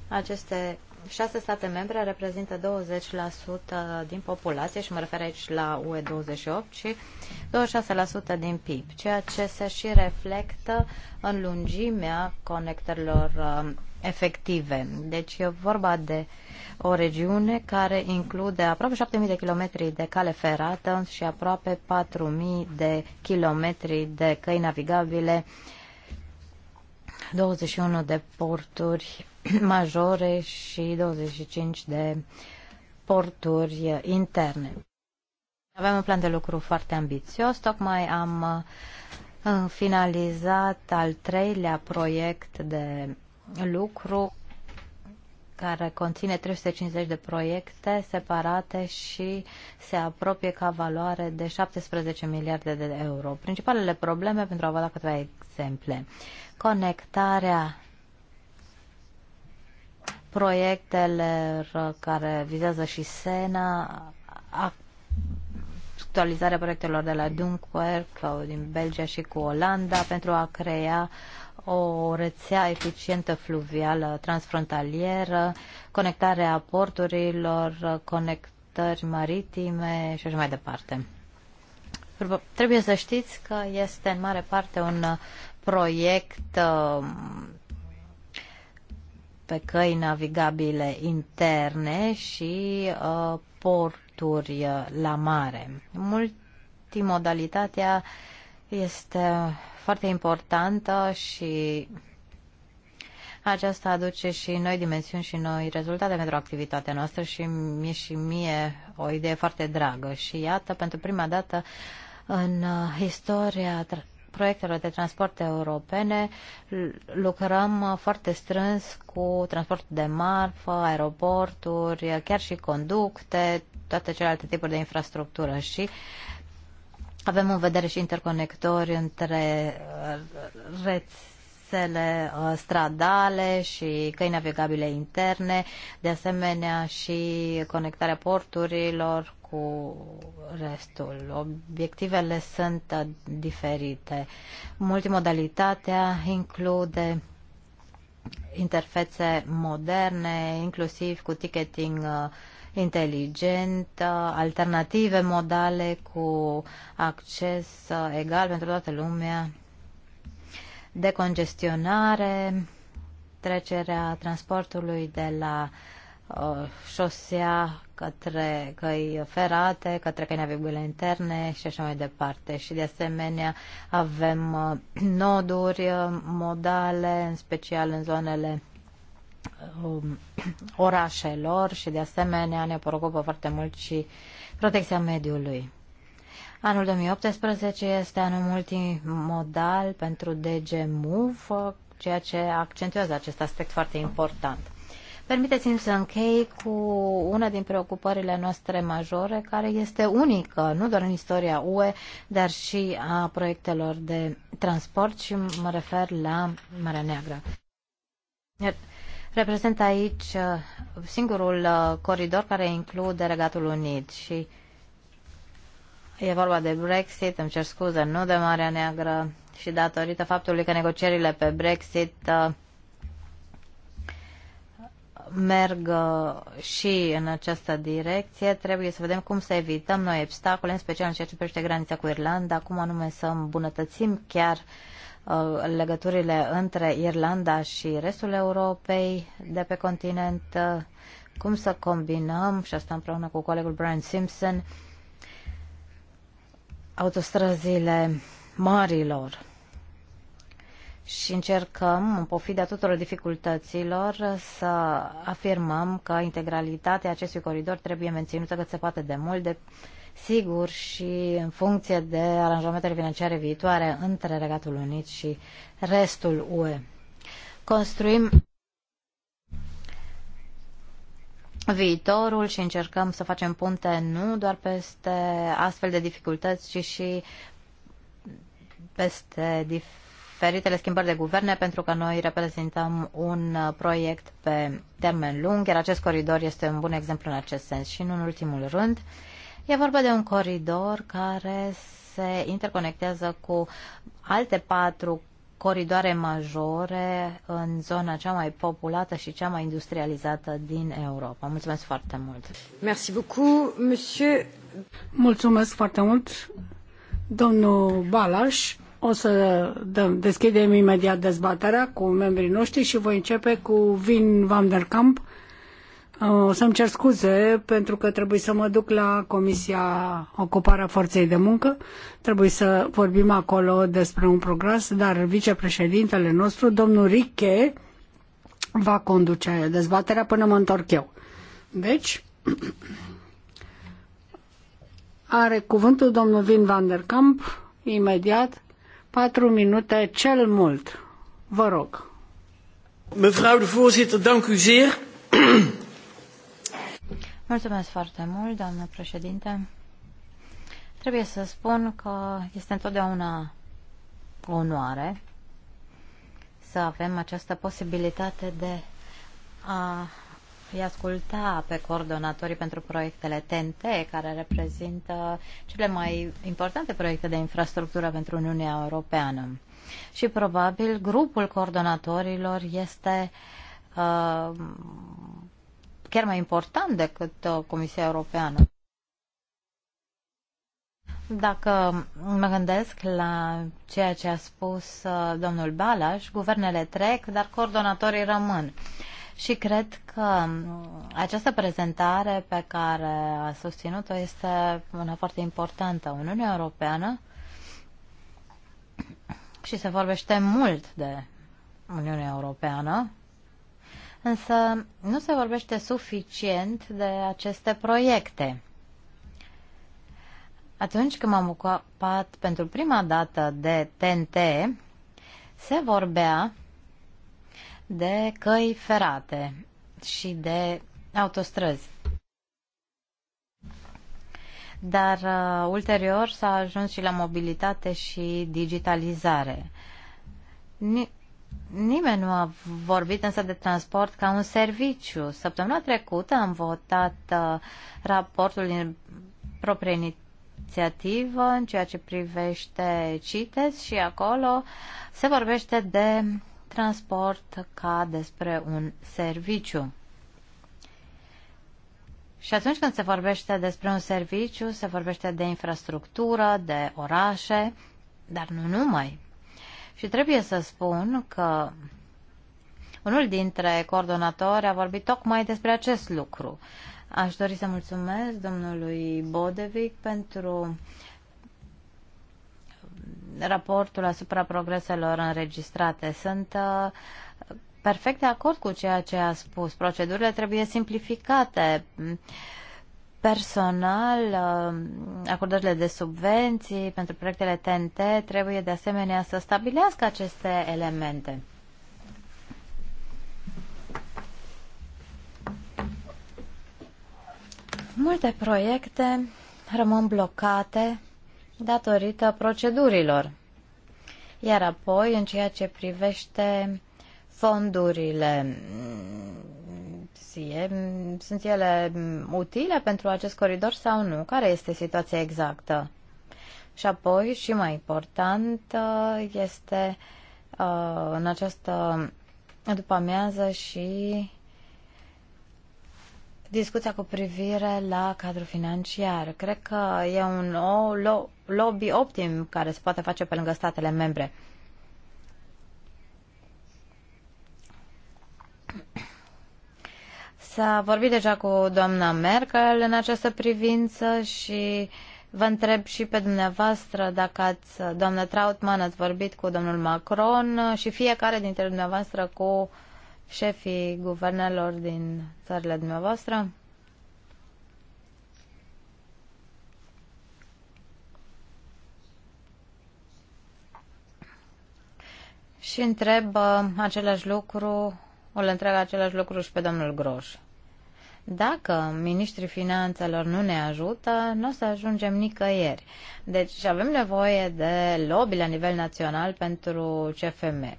aceste șase state membre reprezintă 20% din populație și mă refer aici la UE28 și 26% din PIB, ceea ce se și reflectă în lungimea conectărilor uh, efective. Deci e vorba de o regiune care include aproape 7.000 de kilometri de cale ferată și aproape 4.000 de kilometri de căi navigabile, 21 de porturi majore și 25 de porturi interne. Avem un plan de lucru foarte ambițios, tocmai am uh, finalizat al treilea proiect de lucru care conține 350 de proiecte separate și se apropie ca valoare de 17 miliarde de euro. Principalele probleme, pentru a vă da câteva exemple, conectarea proiectele care vizează și Sena, actualizarea proiectelor de la Dunkirk din Belgia și cu Olanda pentru a crea o rețea eficientă fluvială transfrontalieră, conectarea porturilor, conectări maritime și așa mai departe. Trebuie să știți că este în mare parte un proiect um, pe căi navigabile interne și uh, porturi uh, la mare. Multimodalitatea este foarte importantă și aceasta aduce și noi dimensiuni și noi rezultate pentru activitatea noastră și mie și mie o idee foarte dragă. Și iată, pentru prima dată în uh, istoria proiectelor de transport europene lucrăm foarte strâns cu transportul de marfă, aeroporturi, chiar și conducte, toate celelalte tipuri de infrastructură și avem în vedere și interconectori între uh, rețele uh, stradale și căi navigabile interne, de asemenea și conectarea porturilor cu restul. Obiectivele sunt diferite. Multimodalitatea include interfețe moderne, inclusiv cu ticketing uh, inteligent, uh, alternative modale cu acces uh, egal pentru toată lumea, decongestionare, trecerea transportului de la uh, Uh, șosea, către căi ferate, către căi navigabile interne și așa mai departe. Și de asemenea avem uh, noduri uh, modale, în special în zonele um, orașelor și de asemenea ne preocupă foarte mult și protecția mediului. Anul 2018 este anul multimodal pentru DG Move, ceea ce accentuează acest aspect foarte important. Permiteți-mi să închei cu una din preocupările noastre majore, care este unică, nu doar în istoria UE, dar și a proiectelor de transport și mă refer la Marea Neagră. Reprezent aici uh, singurul uh, coridor care include Regatul Unit și e vorba de Brexit, îmi cer scuze, nu de Marea Neagră și datorită faptului că negocierile pe Brexit uh, merg uh, și în această direcție, trebuie să vedem cum să evităm noi obstacole, în special în ceea ce privește granița cu Irlanda, cum anume să îmbunătățim chiar uh, legăturile între Irlanda și restul Europei de pe continent, uh, cum să combinăm, și asta împreună cu colegul Brian Simpson, autostrăzile marilor și încercăm, în pofida tuturor dificultăților, să afirmăm că integralitatea acestui coridor trebuie menținută cât se poate de mult, de sigur și în funcție de aranjamentele financiare viitoare între Regatul Unit și restul UE. Construim viitorul și încercăm să facem punte nu doar peste astfel de dificultăți, ci și peste dificultăți diferitele schimbări de guverne, pentru că noi reprezentăm un uh, proiect pe termen lung, iar acest coridor este un bun exemplu în acest sens. Și, în ultimul rând, e vorba de un coridor care se interconectează cu alte patru coridoare majore în zona cea mai populată și cea mai industrializată din Europa. Mulțumesc foarte mult! Merci beaucoup, monsieur! Mulțumesc foarte mult, domnul Balas. O să dăm, deschidem imediat dezbaterea cu membrii noștri și voi începe cu Vin van der Kamp. Uh, o să-mi cer scuze pentru că trebuie să mă duc la Comisia Ocuparea Forței de Muncă. Trebuie să vorbim acolo despre un progres, dar vicepreședintele nostru, domnul Riche, va conduce dezbaterea până mă întorc eu. Deci, are cuvântul domnul Vin van der Kamp, imediat, Patru minute cel mult. Vă rog. Mevrouw de voorzitter, dank u zeer. Mulțumesc foarte mult, doamnă președinte. Trebuie să spun că este întotdeauna o onoare să avem această posibilitate de a îi asculta pe coordonatorii pentru proiectele TNT, care reprezintă cele mai importante proiecte de infrastructură pentru Uniunea Europeană. Și probabil grupul coordonatorilor este uh, chiar mai important decât uh, Comisia Europeană. Dacă mă gândesc la ceea ce a spus uh, domnul Balas, guvernele trec, dar coordonatorii rămân. Uh, și cred că um, această prezentare pe care a susținut-o este una foarte importantă. Uniunea Europeană și se vorbește mult de Uniunea Europeană, însă nu se vorbește suficient de aceste proiecte. Atunci când m-am ocupat pentru prima dată de TNT, se vorbea de căi ferate și de autostrăzi. Dar uh, ulterior s-a ajuns și la mobilitate și digitalizare. Ni- nimeni nu a vorbit însă de transport ca un serviciu. Săptămâna trecută am votat uh, raportul din proprie inițiativă în ceea ce privește CITES și acolo se vorbește de transport ca despre un serviciu. Și atunci când se vorbește despre un serviciu, se vorbește de infrastructură, de orașe, dar nu numai. Și trebuie să spun că unul dintre coordonatori a vorbit tocmai despre acest lucru. Aș dori să mulțumesc domnului Bodevic pentru raportul asupra progreselor înregistrate. Sunt uh, perfect de acord cu ceea ce a spus. Procedurile trebuie simplificate. Personal, uh, acordările de subvenții pentru proiectele TNT trebuie de asemenea să stabilească aceste elemente. Multe proiecte rămân blocate datorită procedurilor. Iar apoi, în ceea ce privește fondurile, mm, mm, sunt ele utile pentru acest coridor sau nu? Care este situația exactă? Și apoi, și mai important, este uh, în această după amiază și discuția cu privire la cadrul financiar. Cred că e un lobby optim care se poate face pe lângă statele membre. S-a vorbit deja cu doamna Merkel în această privință și vă întreb și pe dumneavoastră dacă ați, doamna Trautmann, ați vorbit cu domnul Macron și fiecare dintre dumneavoastră cu uh, șefii guvernelor din țările dumneavoastră? Și întreb uh, același lucru, le întreb același lucru și pe domnul Groș. Dacă ministrii finanțelor nu ne ajută, nu o să ajungem nicăieri. Deci avem nevoie de lobby la nivel național pentru CFM.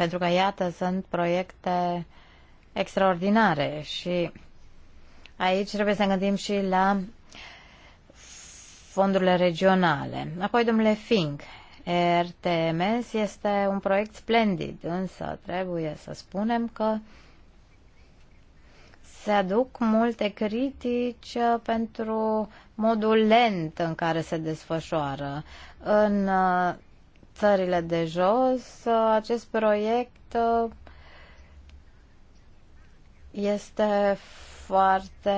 Pentru că, iată, sunt proiecte extraordinare și aici trebuie să ne gândim și la fondurile regionale. Apoi, domnule Fink, RTMS este un proiect splendid, însă trebuie să spunem că se aduc multe critici pentru modul lent în care se desfășoară. În uh, țările de jos, uh, acest proiect uh, este foarte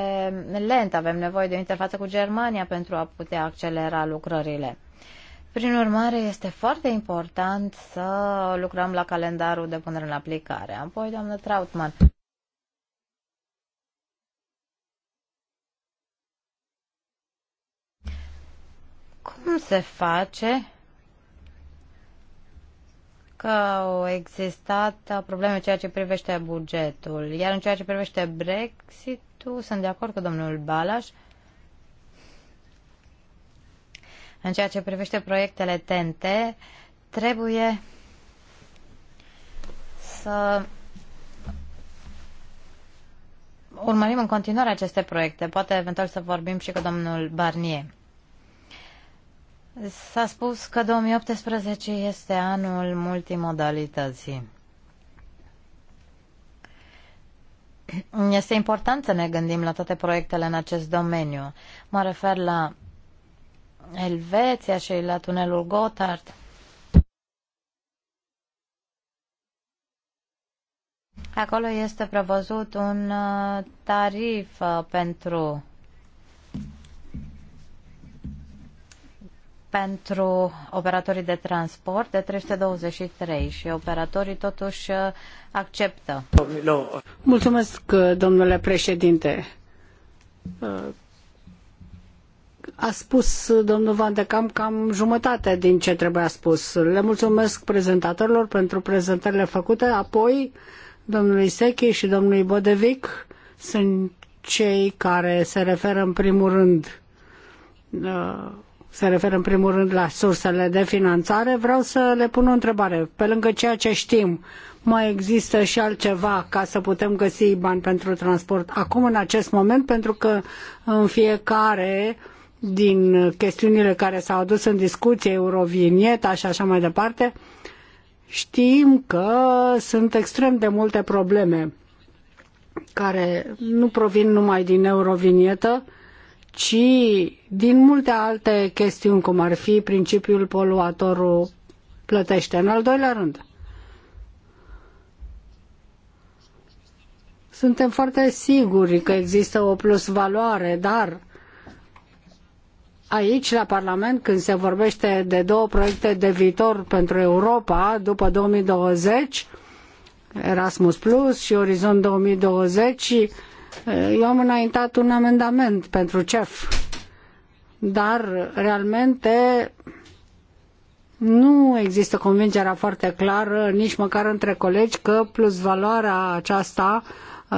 lent. Avem nevoie de o interfață cu Germania pentru a putea accelera lucrările. Prin urmare, este foarte important să lucrăm la calendarul de punere în aplicare. Apoi, doamnă Trautmann. Cum se face că au existat probleme în ceea ce privește bugetul. Iar în ceea ce privește Brexit-ul, sunt de acord cu domnul Balas. În ceea ce privește proiectele TNT, trebuie să urmărim în continuare aceste proiecte. Poate eventual să vorbim și cu domnul Barnier. S-a spus că 2018 este anul multimodalității. Este important să ne gândim la toate proiectele în acest domeniu. Mă refer la Elveția și la tunelul Gotthard. Acolo este prevăzut un uh, tarif uh, pentru pentru operatorii de transport de 323 și operatorii totuși uh, acceptă. Mulțumesc, uh, domnule președinte. Uh, a spus domnul Van de Camp cam jumătate din ce trebuia spus. Le mulțumesc prezentatorilor pentru prezentările făcute, apoi domnului Sechi și domnului Bodevic sunt cei care se referă în primul rând se referă în primul rând la sursele de finanțare, vreau să le pun o întrebare. Pe lângă ceea ce știm, mai există și altceva ca să putem găsi bani pentru transport acum, în acest moment, pentru că în fiecare din chestiunile care s-au adus în discuție, Eurovinieta și așa mai departe, știm că sunt extrem de multe probleme care nu provin numai din Eurovinietă, ci din multe alte chestiuni, cum ar fi principiul poluatorul plătește. În al doilea rând, suntem foarte siguri că există o plusvaloare, dar aici, la Parlament, când se vorbește de două proiecte de viitor pentru Europa după 2020, Erasmus Plus și Orizont 2020, eu am înaintat un amendament pentru CEF, dar realmente nu există convingerea foarte clară nici măcar între colegi că plusvaloarea aceasta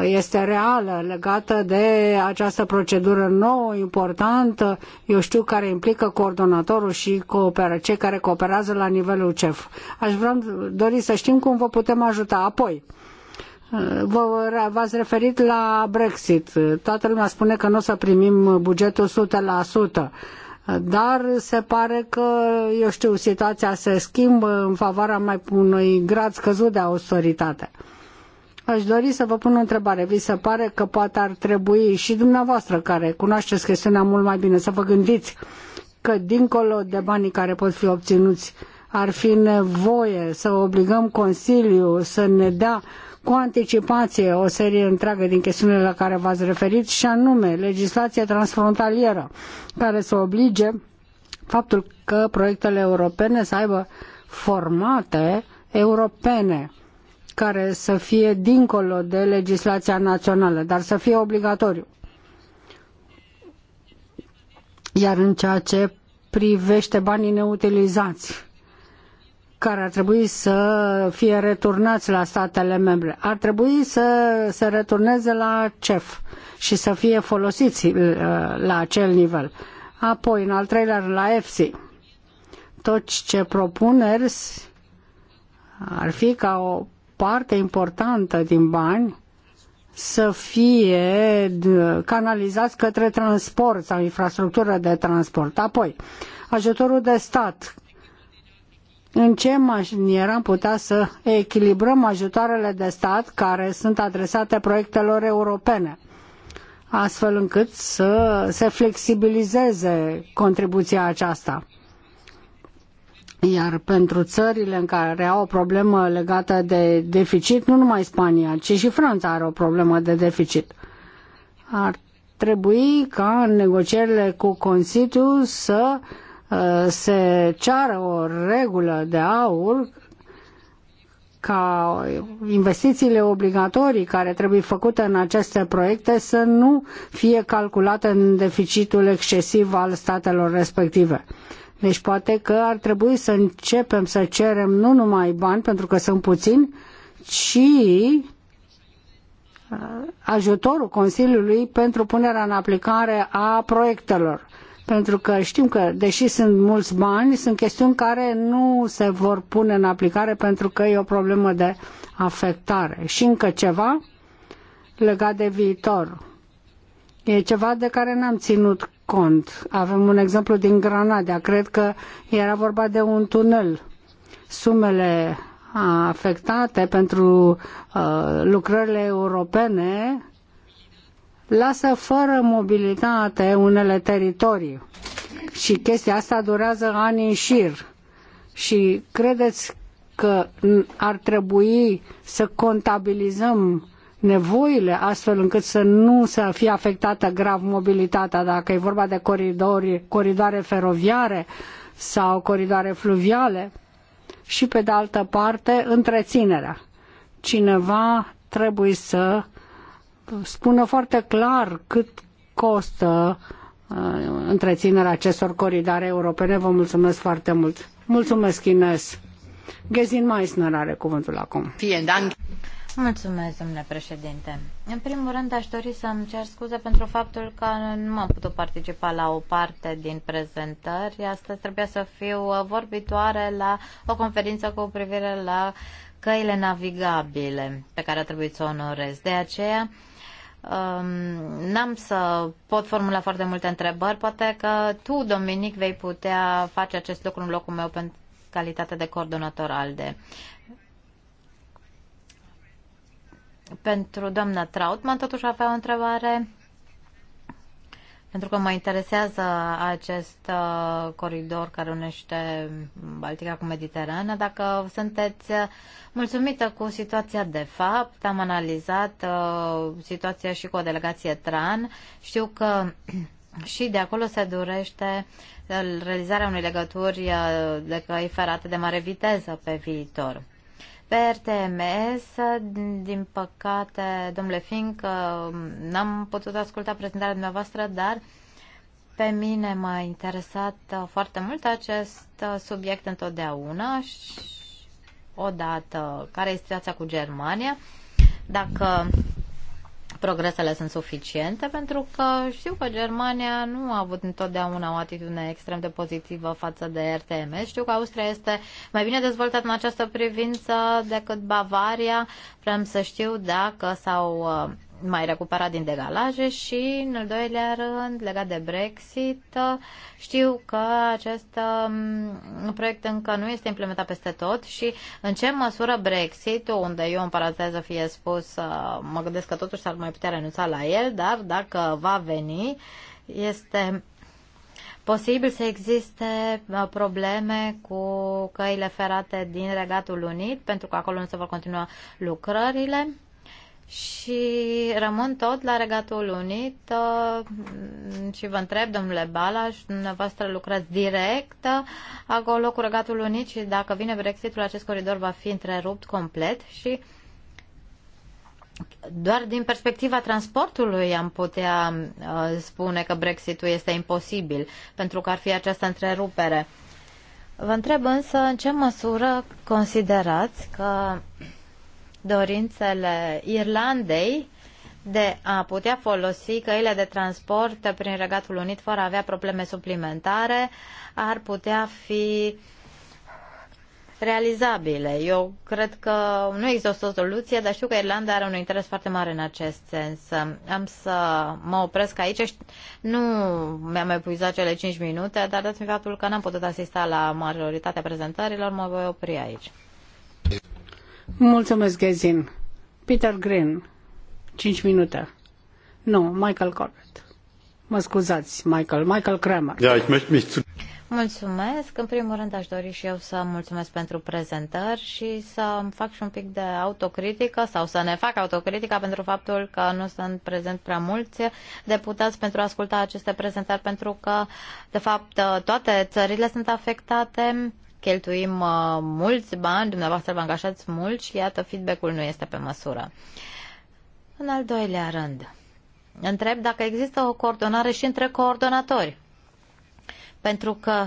este reală, legată de această procedură nouă, importantă, eu știu, care implică coordonatorul și cooperă, cei care cooperează la nivelul CEF. Aș vrea, dori să știm cum vă putem ajuta apoi. V-ați referit la Brexit. Toată lumea spune că nu o să primim bugetul 100%, dar se pare că, eu știu, situația se schimbă în favoarea mai unui grad scăzut de austeritate. Aș dori să vă pun o întrebare. Vi se pare că poate ar trebui și dumneavoastră, care cunoașteți chestiunea mult mai bine, să vă gândiți că dincolo de banii care pot fi obținuți, ar fi nevoie să obligăm Consiliul să ne dea cu anticipație o serie întreagă din chestiunile la care v-ați referit și anume legislația transfrontalieră care să oblige faptul că proiectele europene să aibă formate europene care să fie dincolo de legislația națională, dar să fie obligatoriu. Iar în ceea ce privește banii neutilizați, care ar trebui să fie returnați la statele membre. Ar trebui să se returneze la CEF și să fie folosiți uh, la acel nivel. Apoi, în al treilea rând, la EFSI. Tot ce propuneri ar fi ca o parte importantă din bani să fie uh, canalizați către transport sau infrastructură de transport. Apoi, ajutorul de stat în ce manieră am putea să echilibrăm ajutoarele de stat care sunt adresate proiectelor europene, astfel încât să se flexibilizeze contribuția aceasta. Iar pentru țările în care au o problemă legată de deficit, nu numai Spania, ci și Franța are o problemă de deficit. Ar trebui ca în negocierile cu Consiliul să uh, Uh, se ceară o regulă de aur ca investițiile obligatorii care trebuie făcute în aceste proiecte să nu fie calculate în deficitul excesiv al statelor respective. Deci poate că ar trebui să începem să cerem nu numai bani, pentru că sunt puțini, ci uh, ajutorul Consiliului pentru punerea în aplicare a proiectelor pentru că știm că, deși sunt mulți bani, sunt chestiuni care nu se vor pune în aplicare pentru că e o problemă de afectare. Și încă ceva legat de viitor. E ceva de care n-am ținut cont. Avem un exemplu din Granada. Cred că era vorba de un tunel. Sumele afectate pentru uh, lucrările europene lasă fără mobilitate unele teritorii. Și chestia asta durează ani în șir. Și credeți că ar trebui să contabilizăm nevoile astfel încât să nu să fie afectată grav mobilitatea, dacă e vorba de coridori, coridoare feroviare sau coridoare fluviale și pe de altă parte întreținerea. Cineva trebuie să spună foarte clar cât costă uh, întreținerea acestor coridoare europene. Vă mulțumesc foarte mult. Mulțumesc, Ines. Gezin Meissner are cuvântul acum. Mulțumesc, domnule președinte. În primul rând, aș dori să-mi cer scuze pentru faptul că nu am putut participa la o parte din prezentări. Astăzi trebuia să fiu vorbitoare la o conferință cu privire la căile navigabile pe care a trebuit să o onorez. De aceea, Um, n-am să pot formula foarte multe întrebări. Poate că tu, Dominic, vei putea face acest lucru în locul meu pentru calitate de coordonator al de. Pentru doamna Trautman, totuși avea o întrebare pentru că mă interesează acest uh, coridor care unește Baltica cu Mediterana. Dacă sunteți mulțumită cu situația de fapt, am analizat uh, situația și cu o delegație TRAN. Știu că și de acolo se dorește uh, realizarea unei legături uh, de căi ferate de mare viteză pe viitor. Pe RTMS, din păcate, domnule Fink, n-am putut asculta prezentarea dumneavoastră, dar pe mine m-a interesat foarte mult acest subiect întotdeauna și odată care este situația cu Germania. Dacă progresele sunt suficiente, pentru că știu că Germania nu a avut întotdeauna o atitudine extrem de pozitivă față de RTMS. Știu că Austria este mai bine dezvoltată în această privință decât Bavaria. Vrem să știu dacă s-au uh, mai recuperat din degalaje și, în al doilea rând, legat de Brexit, știu că acest um, proiect încă nu este implementat peste tot și în ce măsură Brexit, unde eu în paranteză fie spus, uh, mă gândesc că totuși s-ar mai putea renunța la el, dar dacă va veni, este posibil să existe uh, probleme cu căile ferate din Regatul Unit, pentru că acolo nu se vor continua lucrările. Și rămân tot la Regatul Unit uh, și vă întreb, domnule și dumneavoastră lucrați direct uh, acolo cu Regatul Unit și dacă vine Brexitul, acest coridor va fi întrerupt complet și doar din perspectiva transportului am putea uh, spune că Brexitul este imposibil pentru că ar fi această întrerupere. Vă întreb însă în ce măsură considerați că dorințele Irlandei de a putea folosi căile de transport prin Regatul Unit fără a avea probleme suplimentare ar putea fi realizabile. Eu cred că nu există o soluție, dar știu că Irlanda are un interes foarte mare în acest sens. Am să mă opresc aici. Nu mi-am epuizat cele 5 minute, dar dați-mi faptul că n-am putut asista la majoritatea prezentărilor, mă voi opri aici. Mulțumesc, Gezin. Peter Green, 5 minute. Nu, Michael Corbett. Mă scuzați, Michael. Michael Kramer. Ja, ich möchte mich zu... Mulțumesc. În primul rând aș dori și eu să mulțumesc pentru prezentări și să fac și un pic de autocritică sau să ne fac autocritica pentru faptul că nu sunt prezent prea mulți deputați pentru a asculta aceste prezentări pentru că, de fapt, toate țările sunt afectate cheltuim uh, mulți bani, dumneavoastră vă angajați mult și iată, feedback-ul nu este pe măsură. În al doilea rând, întreb dacă există o coordonare și între coordonatori. Pentru că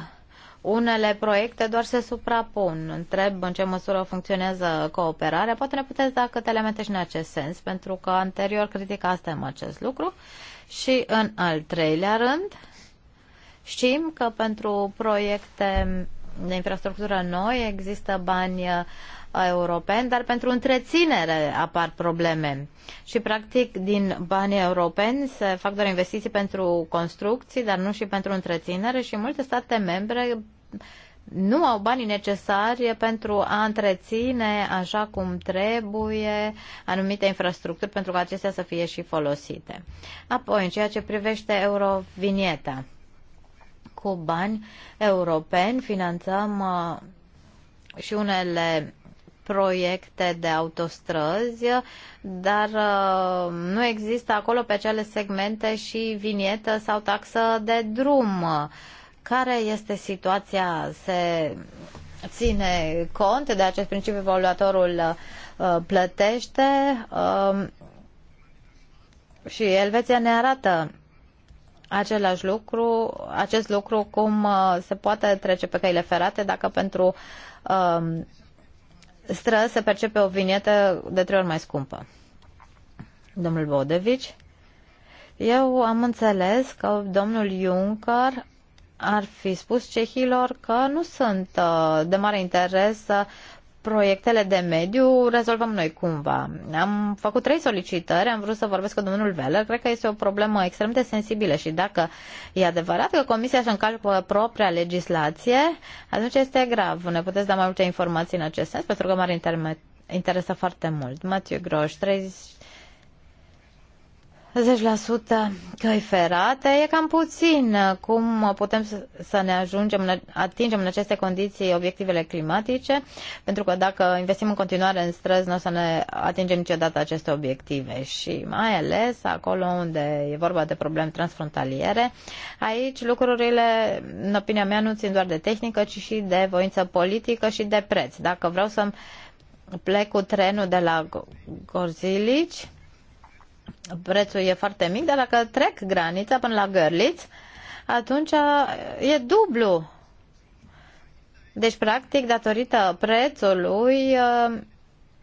unele proiecte doar se suprapun. Întreb în ce măsură funcționează cooperarea. Poate ne puteți da câte elemente și în acest sens, pentru că anterior criticasem acest lucru. Și în al treilea rând, știm că pentru proiecte de infrastructură noi, există bani uh, europeni, dar pentru întreținere apar probleme. Și, practic, din banii europeni se fac doar investiții pentru construcții, dar nu și pentru întreținere și multe state membre nu au banii necesari pentru a întreține așa cum trebuie anumite infrastructuri pentru ca acestea să fie și folosite. Apoi, în ceea ce privește Eurovinieta, cu bani europeni finanțăm uh, și unele proiecte de autostrăzi, dar uh, nu există acolo pe acele segmente și vinietă sau taxă de drum. Care este situația? Se ține cont de acest principiu evaluatorul uh, plătește și Elveția ne arată același lucru, acest lucru cum uh, se poate trece pe căile ferate dacă pentru um, stră se percepe o vinietă de trei ori mai scumpă. Domnul Bodevici, eu am înțeles că domnul Juncker ar fi spus cehilor că nu sunt uh, de mare interes proiectele de mediu rezolvăm noi cumva. Am făcut trei solicitări, am vrut să vorbesc cu domnul Veller, cred că este o problemă extrem de sensibilă și dacă e adevărat că Comisia își încalcă propria legislație, atunci este grav. Ne puteți da mai multe informații în acest sens, pentru că m-ar interesa foarte mult. Matiu Groș, 30 20% căi ferate e cam puțin. Cum putem să ne ajungem, atingem în aceste condiții obiectivele climatice? Pentru că dacă investim în continuare în străzi, nu o să ne atingem niciodată aceste obiective. Și mai ales acolo unde e vorba de probleme transfrontaliere, aici lucrurile, în opinia mea, nu țin doar de tehnică, ci și de voință politică și de preț. Dacă vreau să plec cu trenul de la Gorzilici, prețul e foarte mic, dar dacă trec granița până la Gărliț, atunci uh, e dublu. Deci, practic, datorită prețului, uh,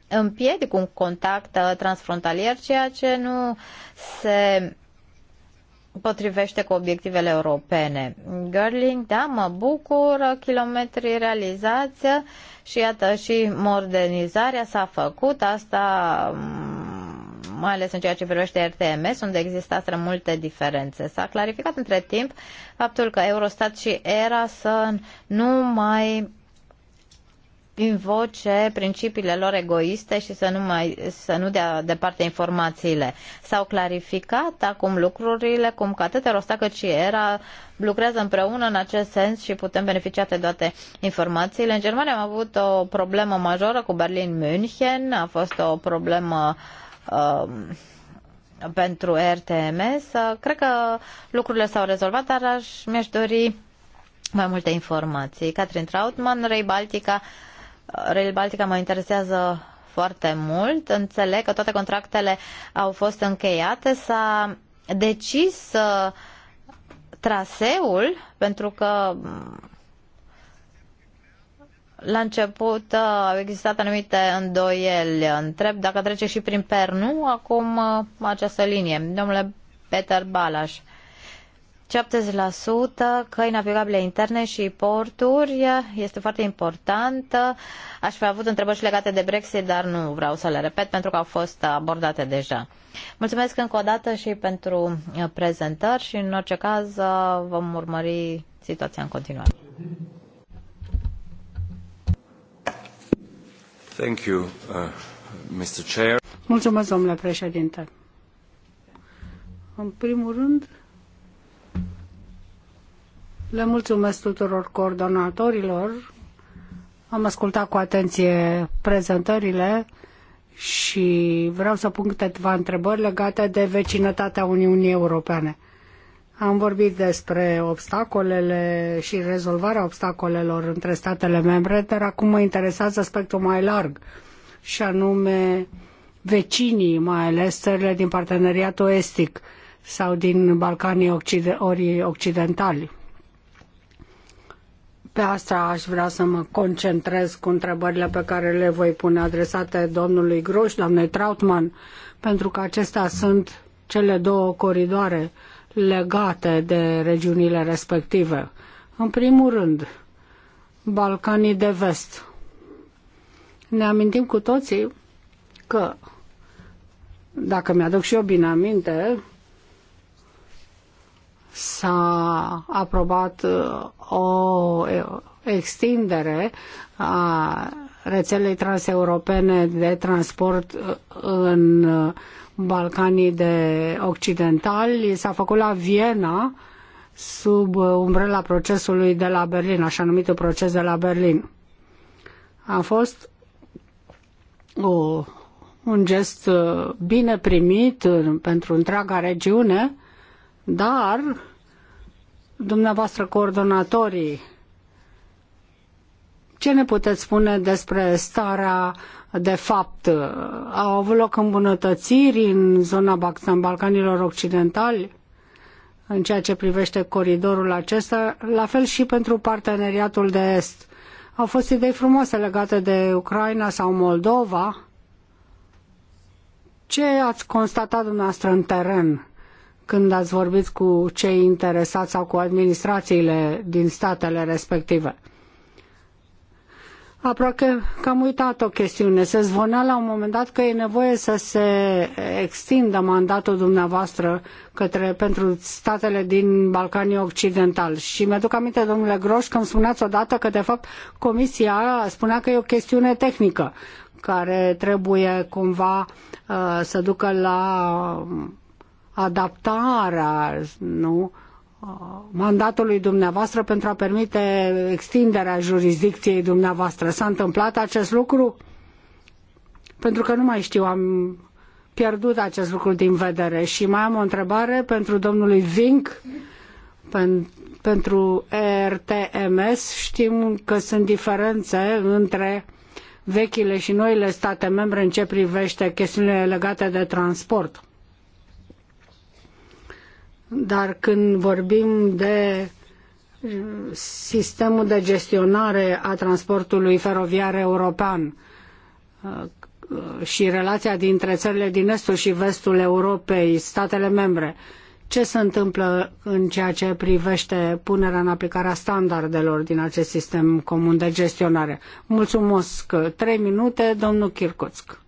împiedic un contact uh, transfrontalier, ceea ce nu se potrivește cu obiectivele europene. Girling, da, mă bucur, kilometri realizați și iată și modernizarea s-a făcut, asta mm, mai ales în ceea ce privește RTMS, unde existaseră multe diferențe. S-a clarificat între timp faptul că Eurostat și ERA să nu mai invoce principiile lor egoiste și să nu, mai, să nu dea departe informațiile. S-au clarificat acum lucrurile, cum că atât Eurostat cât și ERA lucrează împreună în acest sens și putem beneficia de toate informațiile. În Germania am avut o problemă majoră cu Berlin-München, a fost o problemă uh, Um, pentru RTMS. Cred că lucrurile s-au rezolvat, dar aș, mi-aș dori mai multe informații. Catherine Trautmann, Rail Baltica. Rail Baltica mă interesează foarte mult. Înțeleg că toate contractele au fost încheiate. S-a decis uh, traseul pentru că la început uh, au existat anumite îndoieli. Întreb dacă trece și prin Pernu acum uh, această linie. Domnule Peter Balas. 70% căi navigabile interne și porturi uh, este foarte importantă. Aș fi avut întrebări și legate de Brexit, dar nu vreau să le repet pentru că au fost abordate deja. Mulțumesc încă o dată și pentru prezentări și în orice caz vom urmări situația în continuare. Uh, mulțumesc, domnule președinte. În primul rând, le mulțumesc tuturor coordonatorilor. Am ascultat cu atenție prezentările și vreau să pun câteva întrebări legate de vecinătatea Uniunii Europene. Am vorbit despre obstacolele și rezolvarea obstacolelor între statele membre, dar acum mă interesează aspectul mai larg, și anume vecinii, mai ales țările din parteneriatul estic sau din Balcanii Occidentali. Pe asta aș vrea să mă concentrez cu întrebările pe care le voi pune adresate domnului Groș, doamnei Trautmann, pentru că acestea sunt cele două coridoare legate de regiunile respective. În primul rând, Balcanii de Vest. Ne amintim cu toții că, dacă mi-aduc și eu bine aminte, s-a aprobat uh, o extindere a rețelei transeuropene de transport uh, în uh, Balcanii de Occidentali s-a făcut la Viena sub umbrela procesului de la Berlin, așa numitul proces de la Berlin. A fost o, un gest uh, bine primit uh, pentru întreaga regiune, dar dumneavoastră coordonatorii, ce ne puteți spune despre starea de fapt, au avut loc îmbunătățiri în zona Balcanilor Occidentali în ceea ce privește coridorul acesta, la fel și pentru parteneriatul de est. Au fost idei frumoase legate de Ucraina sau Moldova. Ce ați constatat dumneavoastră în teren când ați vorbit cu cei interesați sau cu administrațiile din statele respective? Aproape că am uitat o chestiune. Se zvonea la un moment dat că e nevoie să se extindă mandatul dumneavoastră către, pentru statele din Balcanii Occidentali. Și mi-aduc aminte, domnule Groș, că îmi spuneați odată că, de fapt, Comisia spunea că e o chestiune tehnică care trebuie cumva uh, să ducă la adaptarea, nu? mandatului dumneavoastră pentru a permite extinderea jurisdicției dumneavoastră. S-a întâmplat acest lucru? Pentru că nu mai știu, am pierdut acest lucru din vedere. Și mai am o întrebare pentru domnului Vink, pen, pentru ERTMS. Știm că sunt diferențe între vechile și noile state membre în ce privește chestiunile legate de transport dar când vorbim de sistemul de gestionare a transportului feroviar european uh, și relația dintre țările din estul și vestul Europei, statele membre, ce se întâmplă în ceea ce privește punerea în aplicare a standardelor din acest sistem comun de gestionare? Mulțumesc. Trei minute, domnul Kirkuțc.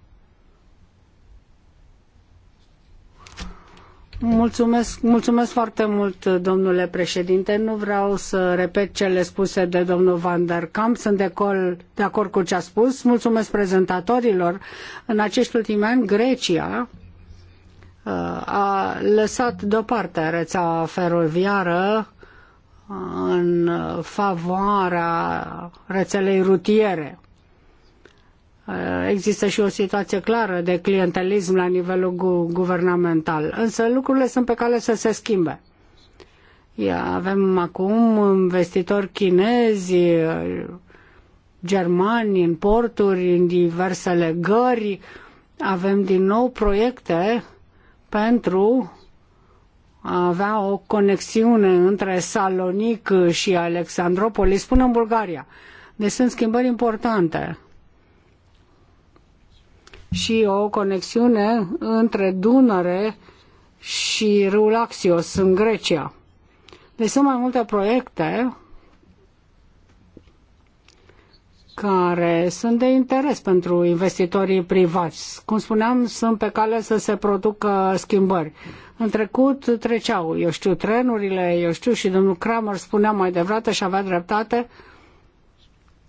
Mulțumesc, mulțumesc foarte mult, domnule președinte. Nu vreau să repet cele spuse de domnul Van der Kamp. Sunt de, col, de acord cu ce a spus. Mulțumesc prezentatorilor. În acești ultimi ani, Grecia uh, a lăsat deoparte rețeaua feroviară în favoarea rețelei rutiere. Eh, există și o situație clară de clientelism la nivelul gu guvernamental, însă lucrurile sunt pe cale să se schimbe. Ia, avem acum investitori chinezi, germani în porturi, în diversele gări. Avem din nou proiecte pentru a avea o conexiune între Salonic și Alexandropolis până în Bulgaria. Deci sunt schimbări importante și o conexiune între Dunăre și râul Axios în Grecia. Deci sunt mai multe proiecte care sunt de interes pentru investitorii privați. Cum spuneam, sunt pe cale să se producă schimbări. În trecut treceau, eu știu, trenurile, eu știu, și domnul Kramer spunea mai devreme și avea dreptate, uh,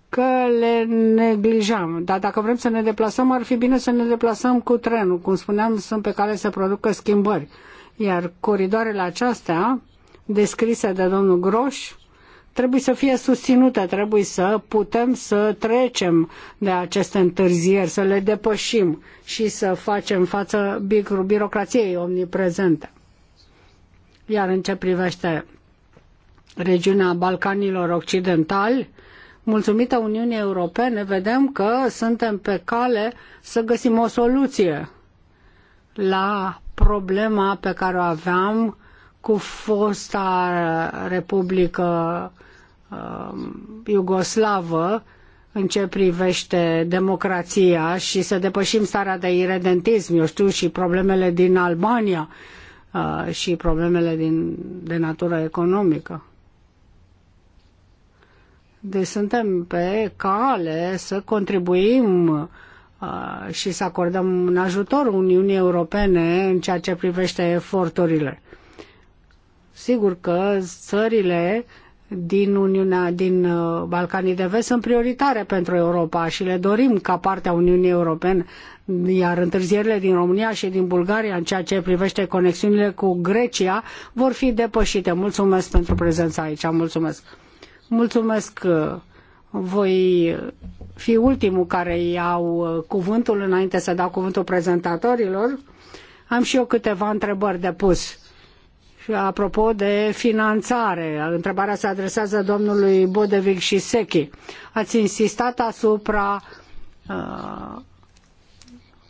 că le neglijăm. Dar dacă vrem să ne deplasăm, ar fi bine să ne deplasăm cu trenul. Cum spuneam, sunt pe care să producă schimbări. Iar coridoarele acestea, descrise de domnul Groș, trebuie să fie susținute, trebuie să putem să trecem de aceste întârzieri, să le depășim și să facem față birocrației omniprezente. Iar în ce privește regiunea Balcanilor Occidentali, mulțumită Uniunii Europene, vedem că suntem pe cale să găsim o soluție la problema pe care o aveam cu fosta Republică um, Iugoslavă în ce privește democrația și să depășim starea de iredentism, eu știu, și problemele din Albania uh, și problemele din, de natură economică. Deci suntem pe cale să contribuim uh, și să acordăm un ajutor Uniunii Europene în ceea ce privește eforturile. Sigur că țările din Uniunea, din uh, Balcanii de Vest sunt prioritare pentru Europa și le dorim ca parte a Uniunii Europene, iar întârzierile din România și din Bulgaria în ceea ce privește conexiunile cu Grecia vor fi depășite. Mulțumesc pentru prezența aici. Mulțumesc. Mulțumesc. Voi fi ultimul care iau cuvântul înainte să dau cuvântul prezentatorilor. Am și eu câteva întrebări de pus. Și apropo de finanțare, întrebarea se adresează domnului Bodevic și Sechi. Ați insistat asupra uh,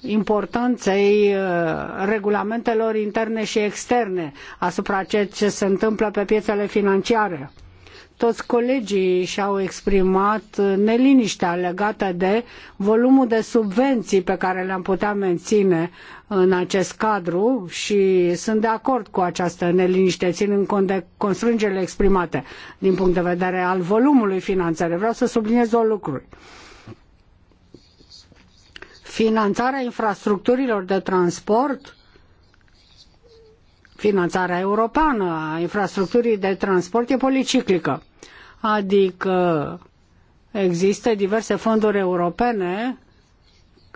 importanței uh, regulamentelor interne și externe asupra ceea ce se întâmplă pe piețele financiare toți colegii și-au exprimat neliniștea legată de volumul de subvenții pe care le-am putea menține în acest cadru și sunt de acord cu această neliniște, ținând cont de constrângerile exprimate din punct de vedere al volumului finanțării. Vreau să subliniez două lucruri. Finanțarea infrastructurilor de transport Finanțarea europeană a infrastructurii de transport e policiclică, adică există diverse fonduri europene,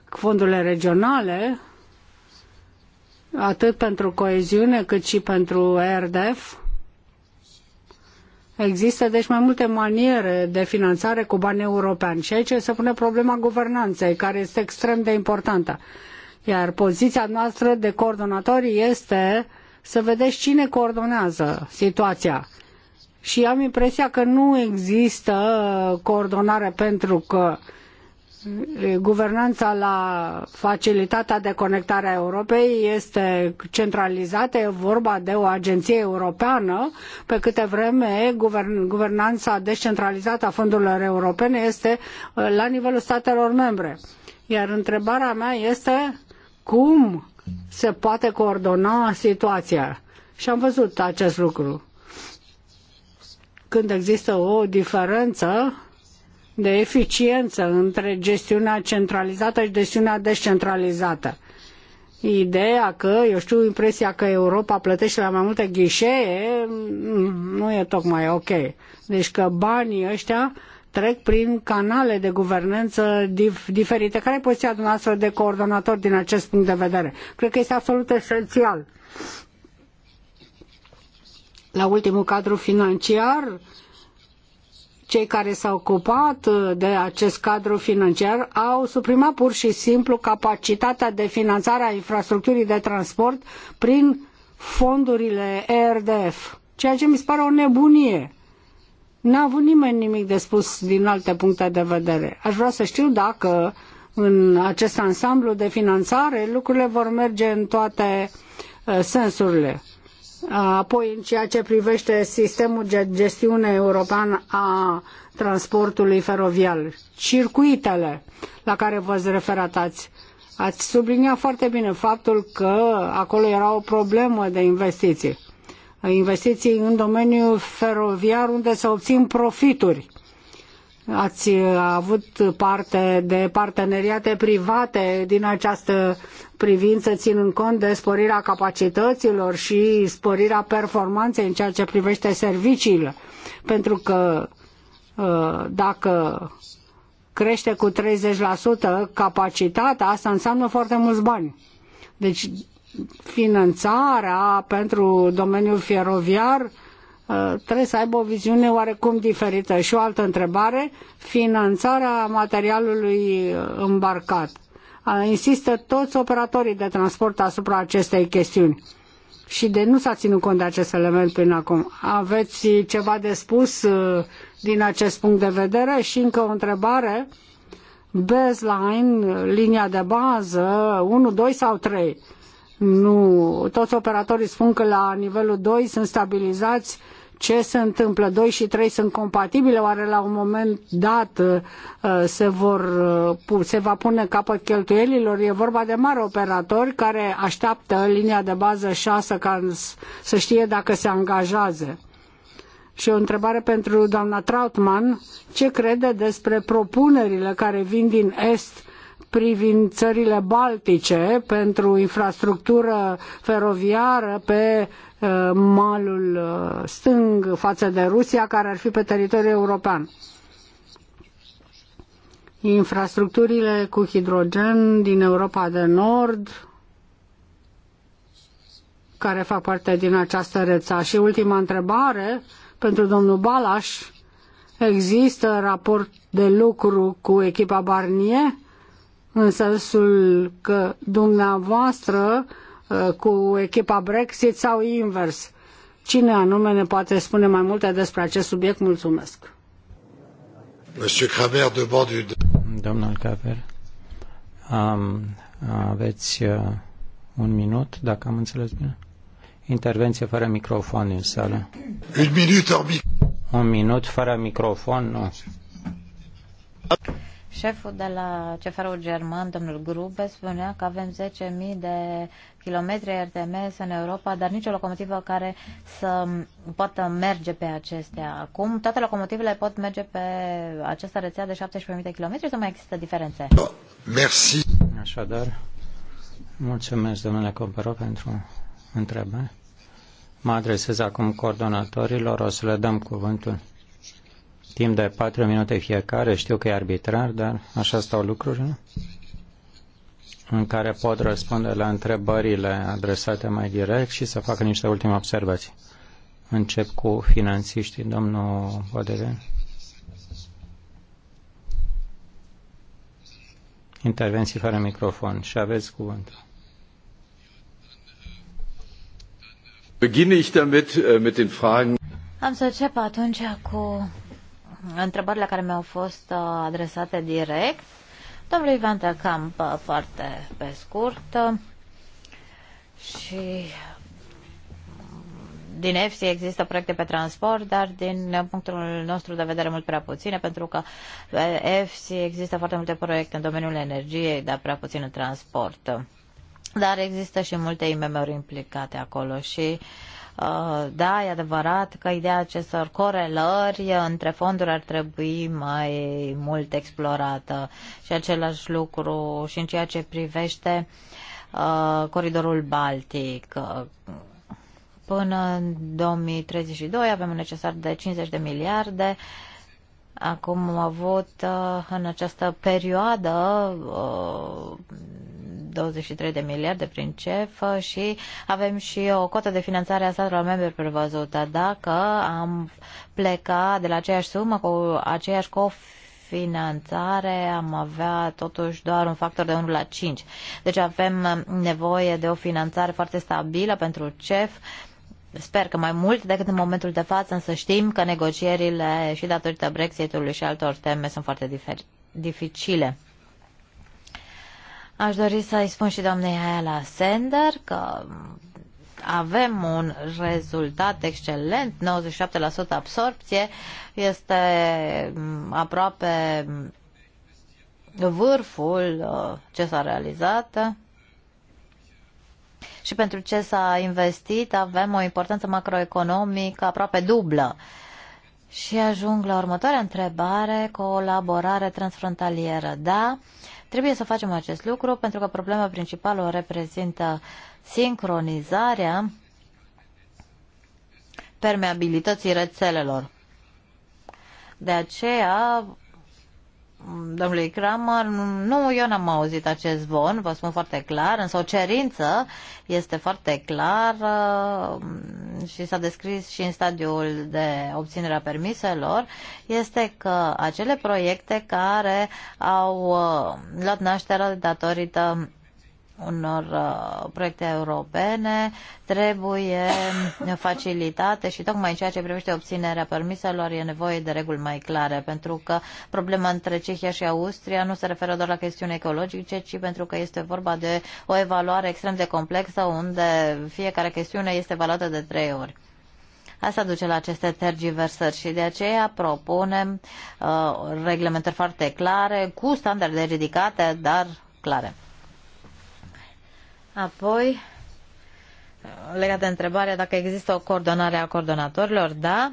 fondurile regionale, atât pentru coeziune cât și pentru RDF. Există deci mai multe maniere de finanțare cu bani europeni și aici se pune problema guvernanței, care este extrem de importantă. Iar poziția noastră de coordonatori este să vedeți cine coordonează situația. Și am impresia că nu există coordonare pentru că guvernanța la facilitatea de conectare a Europei este centralizată, e vorba de o agenție europeană, pe câte vreme guvernanța descentralizată a fondurilor europene este la nivelul statelor membre. Iar întrebarea mea este cum se poate coordona situația. Și am văzut acest lucru. Când există o diferență de eficiență între gestiunea centralizată și gestiunea descentralizată. Ideea că, eu știu, impresia că Europa plătește la mai multe ghișee mm, nu e tocmai ok. Deci că banii ăștia trec prin canale de guvernanță dif- diferite. Care e poziția dumneavoastră de coordonator din acest punct de vedere? Cred că este absolut esențial. La ultimul cadru financiar, cei care s-au ocupat uh, de acest cadru financiar au suprimat pur și simplu capacitatea de finanțare a infrastructurii de transport prin fondurile ERDF, ceea ce mi se pare o nebunie N-a avut nimeni nimic de spus din alte puncte de vedere. Aș vrea să știu dacă în acest ansamblu de finanțare lucrurile vor merge în toate uh, sensurile. Apoi, în ceea ce privește sistemul de gestiune european a transportului feroviar, circuitele la care v-ați referat ați, ați subliniat foarte bine faptul că acolo era o problemă de investiții investiții în domeniul feroviar unde să obțin profituri. Ați uh, avut parte de parteneriate private din această privință, ținând cont de sporirea capacităților și sporirea performanței în ceea ce privește serviciile. Pentru că uh, dacă crește cu 30% capacitatea, asta înseamnă foarte mulți bani. Deci finanțarea pentru domeniul fieroviar uh, trebuie să aibă o viziune oarecum diferită. Și o altă întrebare, finanțarea materialului uh, îmbarcat. Insistă toți operatorii de transport asupra acestei chestiuni. Și de nu s-a ținut cont de acest element până acum. Aveți ceva de spus uh, din acest punct de vedere? Și încă o întrebare, baseline, linia de bază, 1, 2 sau 3? Nu, toți operatorii spun că la nivelul 2 sunt stabilizați ce se întâmplă, 2 și 3 sunt compatibile, oare la un moment dat uh, se, vor, uh, se va pune capăt cheltuielilor? E vorba de mari operatori care așteaptă linia de bază 6 ca să știe dacă se angajează. Și o întrebare pentru doamna Trautmann. Ce crede despre propunerile care vin din Est privind țările baltice pentru infrastructură feroviară pe uh, malul uh, stâng față de Rusia, care ar fi pe teritoriul european. Infrastructurile cu hidrogen din Europa de Nord, care fac parte din această rețea. Și ultima întrebare pentru domnul Balaș. Există raport de lucru cu echipa Barnier? în sensul că dumneavoastră ă, cu echipa Brexit sau invers. Cine anume ne poate spune mai multe despre acest subiect? Mulțumesc. Monsieur Domnul Kramer, um, aveți uh, un minut, dacă am înțeles bine. Intervenție fără microfon în sală. Un minut, un minut fără microfon, nu. Șeful de la CFR-ul german, domnul Grube, spunea că avem 10.000 de kilometri RTMS în Europa, dar nicio locomotivă care să poată merge pe acestea. Acum toate locomotivele pot merge pe această rețea de 17.000 de kilometri sau mai există diferențe? No. Da, merci. Așadar, mulțumesc, domnule Compero, pentru întrebare. Mă adresez acum coordonatorilor, o să le dăm cuvântul timp de patru minute fiecare, știu că e arbitrar, dar așa stau lucrurile, în care pot răspunde la întrebările adresate mai direct și să facă niște ultime observații. Încep cu finanțiștii, domnul Bodeven. Intervenții fără microfon și aveți cuvântul. Beginne ich damit äh, mit den Fragen. Am să încep atunci cu întrebările care mi-au fost uh, adresate direct. Domnului Ivan Camp, uh, foarte pe scurt, uh, și mm, din EFSI există proiecte pe transport, dar din punctul nostru de vedere mult prea puține, pentru că EFSI există foarte multe proiecte în domeniul energiei, dar prea puțin în transport. Dar există și multe IMM-uri implicate acolo și uh, Uh, da, e adevărat că ideea acestor corelări între fonduri ar trebui mai mult explorată și același lucru și în ceea ce privește uh, coridorul Baltic. Până în 2032 avem necesar de 50 de miliarde uh, Acum am avut uh, în această perioadă 23 uh, de miliarde prin CEF și avem și o cotă de finanțare a statelor membre prevăzută. Dacă am pleca de la aceeași sumă cu aceeași cofinanțare, finanțare am avea totuși doar un factor de 1 la 5. Deci avem nevoie de o finanțare foarte stabilă pentru CEF sper că mai mult decât în momentul de față, însă știm că negocierile și datorită Brexitului și altor teme sunt foarte dificile. Aș dori să-i spun și doamnei Ayala Sender că avem un rezultat excelent, 97% absorpție, este aproape vârful uh, ce s-a realizat și pentru ce s-a investit avem o importanță macroeconomică aproape dublă. Și ajung la următoarea întrebare, colaborare transfrontalieră. Da, trebuie să facem acest lucru pentru că problema principală o reprezintă sincronizarea permeabilității rețelelor. De aceea domnului Kramer, nu, eu n-am auzit acest zvon, vă spun foarte clar, însă o cerință este foarte clar uh, și s-a descris și în stadiul de obținerea permiselor, este că acele proiecte care au uh, luat naștere datorită unor uh, proiecte europene trebuie facilitate și tocmai în ceea ce privește obținerea permiselor e nevoie de reguli mai clare, pentru că problema între Cehia și Austria nu se referă doar la chestiuni ecologice, ci pentru că este vorba de o evaluare extrem de complexă unde fiecare chestiune este evaluată de trei ori. Asta duce la aceste tergiversări și de aceea propunem uh, reglementări foarte clare, cu standarde ridicate, dar clare. Apoi, legat de întrebarea dacă există o coordonare a coordonatorilor, da,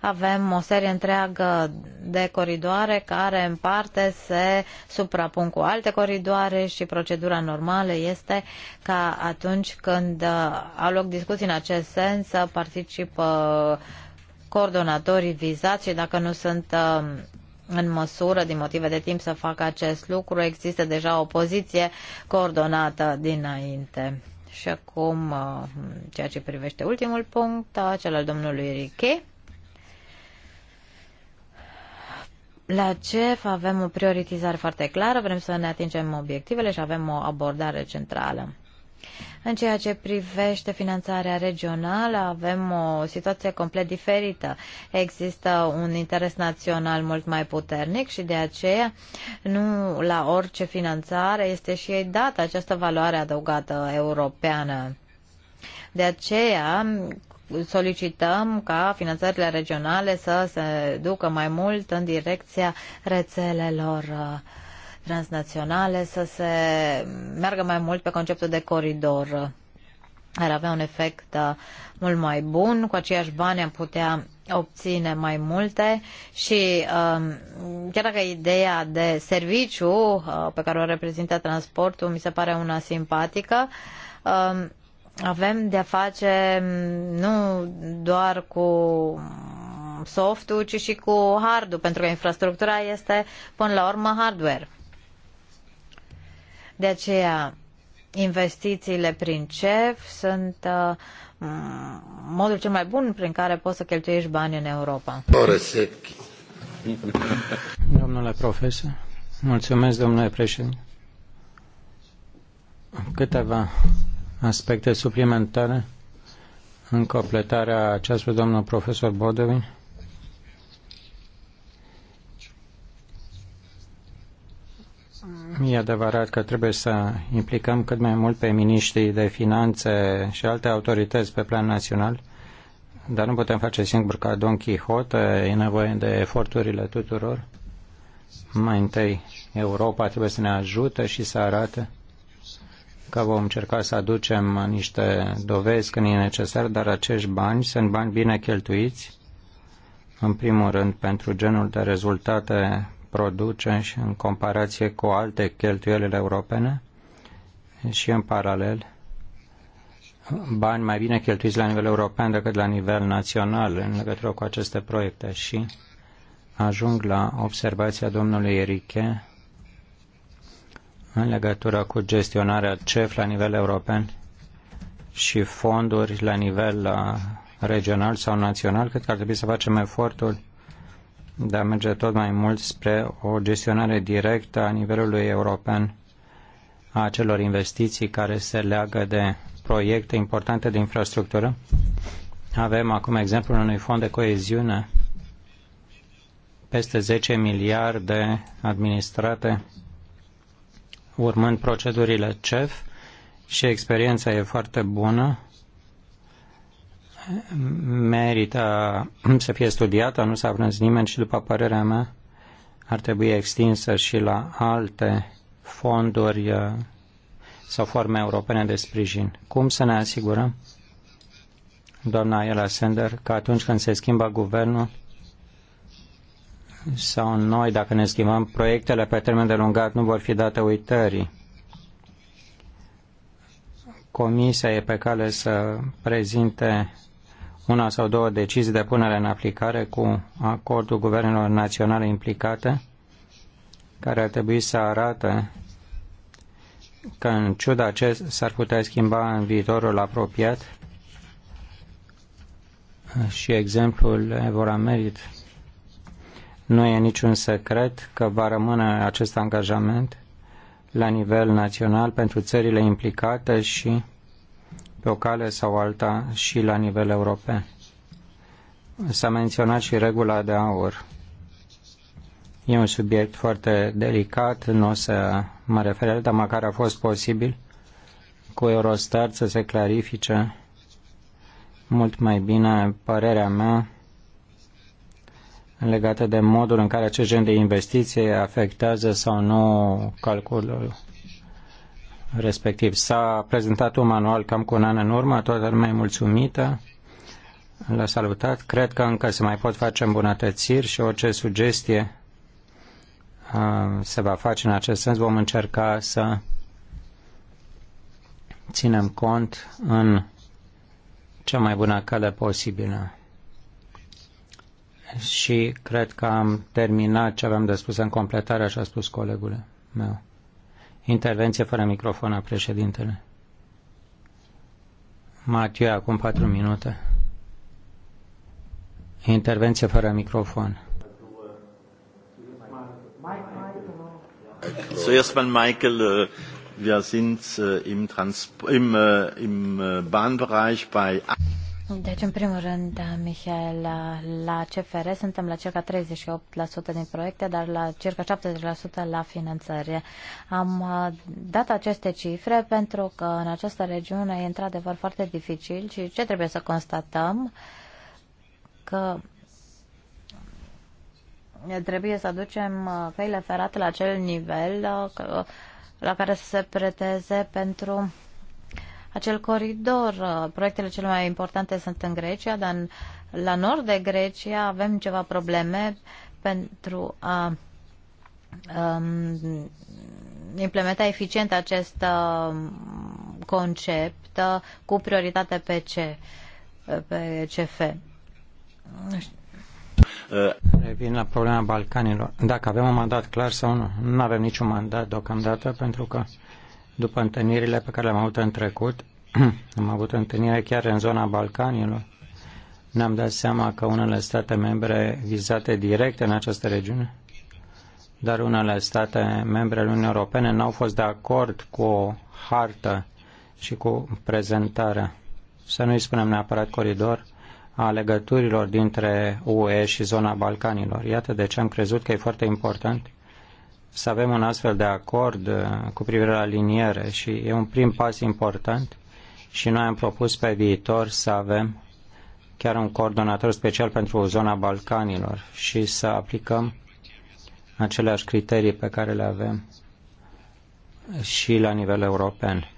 avem o serie întreagă de coridoare care în parte se suprapun cu alte coridoare și procedura normală este ca atunci când uh, au loc discuții în acest sens să participă coordonatorii vizați și dacă nu sunt uh, în măsură, din motive de timp, să facă acest lucru. Există deja o poziție coordonată dinainte. Și acum, uh, ceea ce privește ultimul punct, uh, cel al domnului Riche. La CEF avem o prioritizare foarte clară, vrem să ne atingem obiectivele și avem o abordare centrală. În ceea ce privește finanțarea regională, avem o situație complet diferită. Există un interes național mult mai puternic și de aceea nu la orice finanțare este și ei dată această valoare adăugată europeană. De aceea, solicităm ca finanțările regionale să se ducă mai mult în direcția rețelelor transnaționale să se meargă mai mult pe conceptul de coridor. Ar avea un efect uh, mult mai bun, cu aceiași bani am putea obține mai multe și um, chiar dacă ideea de serviciu uh, pe care o reprezintă transportul mi se pare una simpatică, um, avem de-a face mm, nu doar cu softul, ci și cu hardul, pentru că infrastructura este până la urmă hardware. De aceea, investițiile prin CEF sunt uh, modul cel mai bun prin care poți să cheltuiești bani în Europa. Domnule profesor, mulțumesc, domnule președinte. Câteva aspecte suplimentare în completarea ce domnul profesor Bodovin. E adevărat că trebuie să implicăm cât mai mult pe miniștrii de finanțe și alte autorități pe plan național, dar nu putem face singur ca Don Quixote, e nevoie de eforturile tuturor. Mai întâi, Europa trebuie să ne ajute și să arate că vom încerca să aducem niște dovezi când e necesar, dar acești bani sunt bani bine cheltuiți, în primul rând pentru genul de rezultate produce și în comparație cu alte cheltuieli europene și în paralel bani mai bine cheltuiți la nivel european decât la nivel național în legătură cu aceste proiecte și ajung la observația domnului Eriche în legătură cu gestionarea CEF la nivel european și fonduri la nivel uh, regional sau național, cred că ar trebui să facem eforturi de a merge tot mai mult spre o gestionare directă a nivelului european a acelor investiții care se leagă de proiecte importante de infrastructură. Avem acum exemplul unui fond de coeziune peste 10 miliarde administrate urmând procedurile CEF și experiența e foarte bună merită să fie studiată, nu s-a prins nimeni și, după părerea mea, ar trebui extinsă și la alte fonduri uh, sau forme europene de sprijin. Cum să ne asigurăm, doamna Ela Sender, că atunci când se schimbă guvernul sau noi, dacă ne schimbăm, proiectele pe termen de lungat nu vor fi date uitării. Comisia e pe cale să prezinte una sau două decizii de punere în aplicare cu acordul guvernelor naționale implicate, care ar trebui să arate că în ciuda ce s-ar putea schimba în viitorul apropiat și exemplul Evora Merit, nu e niciun secret că va rămâne acest angajament la nivel național pentru țările implicate și pe o cale sau alta și la nivel european. S-a menționat și regula de aur. E un subiect foarte delicat, nu o să mă refer, dar măcar a fost posibil cu Eurostar să se clarifice mult mai bine părerea mea legată de modul în care acest gen de investiție afectează sau nu calculul respectiv. S-a prezentat un manual cam cu un an în urmă, toată lumea e mulțumită, l-a salutat. Cred că încă se mai pot face îmbunătățiri și orice sugestie uh, se va face în acest sens. Vom încerca să ținem cont în cea mai bună cale posibilă. Și cred că am terminat ce aveam de spus în completare, așa a spus colegul meu. Intervenție fără microfon a președintele. Matiu, acum patru minute. Intervenție fără microfon. So, erstmal, Michael, äh, wir sind äh, im, Trans im, äh, im Bahnbereich bei... Deci, în primul rând, Mihail, la CFR suntem la circa 38% din proiecte, dar la circa 70% la finanțări. Am uh, dat aceste cifre pentru că în această regiune e într-adevăr foarte dificil și ce trebuie să constatăm? Că trebuie să aducem uh, căile ferate la acel nivel uh, la care să se preteze pentru acel coridor. Uh, proiectele cele mai importante sunt în Grecia, dar în, la nord de Grecia avem ceva probleme pentru a um, implementa eficient acest uh, concept uh, cu prioritate pe, ce, uh, pe CF. Revin la problema Balcanilor. Dacă avem un mandat clar sau nu. Nu avem niciun mandat deocamdată pentru că după întâlnirile pe care le-am avut în trecut, am avut întâlnire chiar în zona Balcanilor, ne-am dat seama că unele state membre vizate direct în această regiune, dar unele state membre ale Uniunii Europene n-au fost de acord cu o hartă și cu prezentarea, să nu-i spunem neapărat coridor, a legăturilor dintre UE și zona Balcanilor. Iată de ce am crezut că e foarte important să avem un astfel de acord uh, cu privire la liniere și e un prim pas important și noi am propus pe viitor să avem chiar un coordonator special pentru zona Balcanilor și să aplicăm aceleași criterii pe care le avem și la nivel european.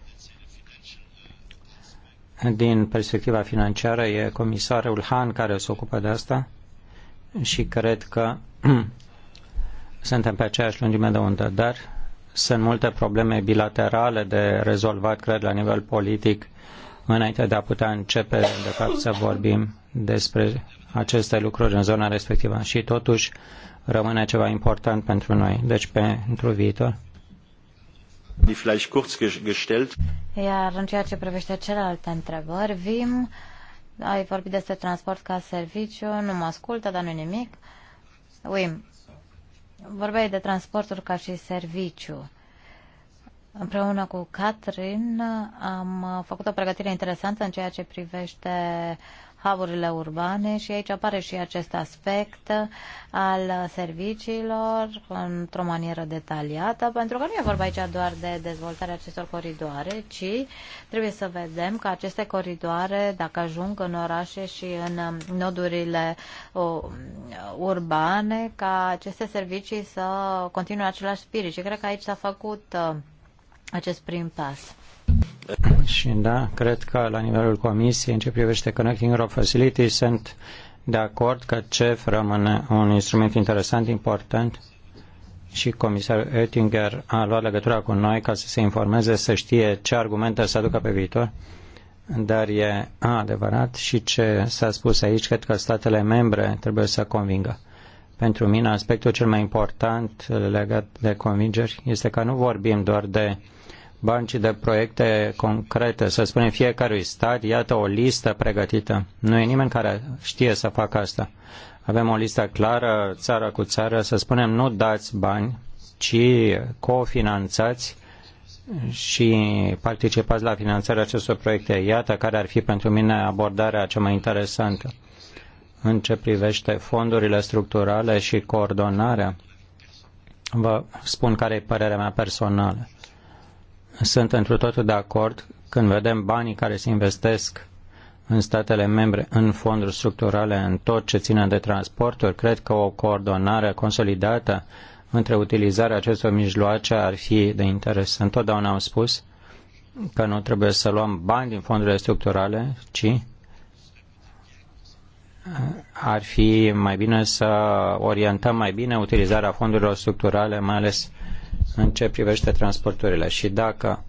Din perspectiva financiară e comisarul Han care se ocupă de asta și cred că suntem pe aceeași lungime de undă, dar sunt multe probleme bilaterale de rezolvat, cred, la nivel politic, înainte de a putea începe, de fapt, să vorbim despre aceste lucruri în zona respectivă. Și totuși rămâne ceva important pentru noi, deci pentru viitor. Iar în ceea ce privește celelalte întrebări, Vim, ai vorbit despre transport ca serviciu, nu mă ascultă, dar nu nimic. Uim, vorbeai de transportul ca și serviciu. Împreună cu Catherine am făcut o pregătire interesantă în ceea ce privește haburile urbane și aici apare și acest aspect al serviciilor într-o manieră detaliată, pentru că nu e vorba aici doar de dezvoltarea acestor coridoare, ci trebuie să vedem că aceste coridoare, dacă ajung în orașe și în nodurile urbane, ca aceste servicii să continue același spirit. Și cred că aici s-a făcut uh, acest prim pas. Și da, cred că la nivelul Comisiei, în ce privește Connecting Europe facilities, sunt de acord că CEF rămâne un instrument interesant, important și comisarul Oettinger a luat legătura cu noi ca să se informeze, să știe ce argumente să aducă pe viitor, dar e adevărat și ce s-a spus aici, cred că statele membre trebuie să convingă. Pentru mine, aspectul cel mai important legat de convingeri este că nu vorbim doar de băncii de proiecte concrete, să spunem fiecărui stat, iată o listă pregătită. Nu e nimeni care știe să facă asta. Avem o listă clară, țară cu țară, să spunem nu dați bani, ci cofinanțați și participați la finanțarea acestor proiecte. Iată care ar fi pentru mine abordarea cea mai interesantă în ce privește fondurile structurale și coordonarea. Vă spun care e părerea mea personală. Sunt întru totul de acord când vedem banii care se investesc în statele membre, în fonduri structurale, în tot ce ține de transporturi, cred că o coordonare consolidată între utilizarea acestor mijloace ar fi de interes. Întotdeauna am spus că nu trebuie să luăm bani din fondurile structurale, ci ar fi mai bine să orientăm mai bine utilizarea fondurilor structurale, mai ales în ce privește transporturile. Și dacă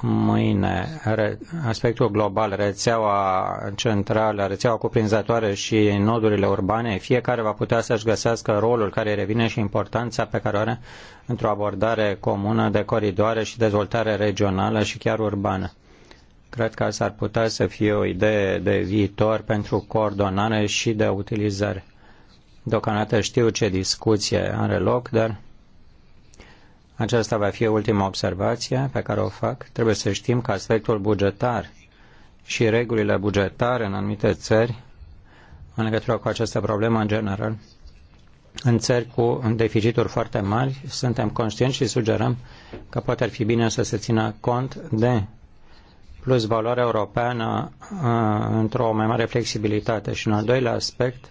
mâine aspectul global, rețeaua centrală, rețeaua cuprinzătoare și nodurile urbane, fiecare va putea să-și găsească rolul care revine și importanța pe care o are într-o abordare comună de coridoare și dezvoltare regională și chiar urbană. Cred că asta ar putea să fie o idee de viitor pentru coordonare și de utilizare. Deocamdată știu ce discuție are loc, dar aceasta va fi ultima observație pe care o fac. Trebuie să știm că aspectul bugetar și regulile bugetare în anumite țări, în legătură cu această problemă în general, în țări cu deficituri foarte mari, suntem conștienți și sugerăm că poate ar fi bine să se țină cont de plus valoarea europeană uh, într-o mai mare flexibilitate. Și în al doilea aspect,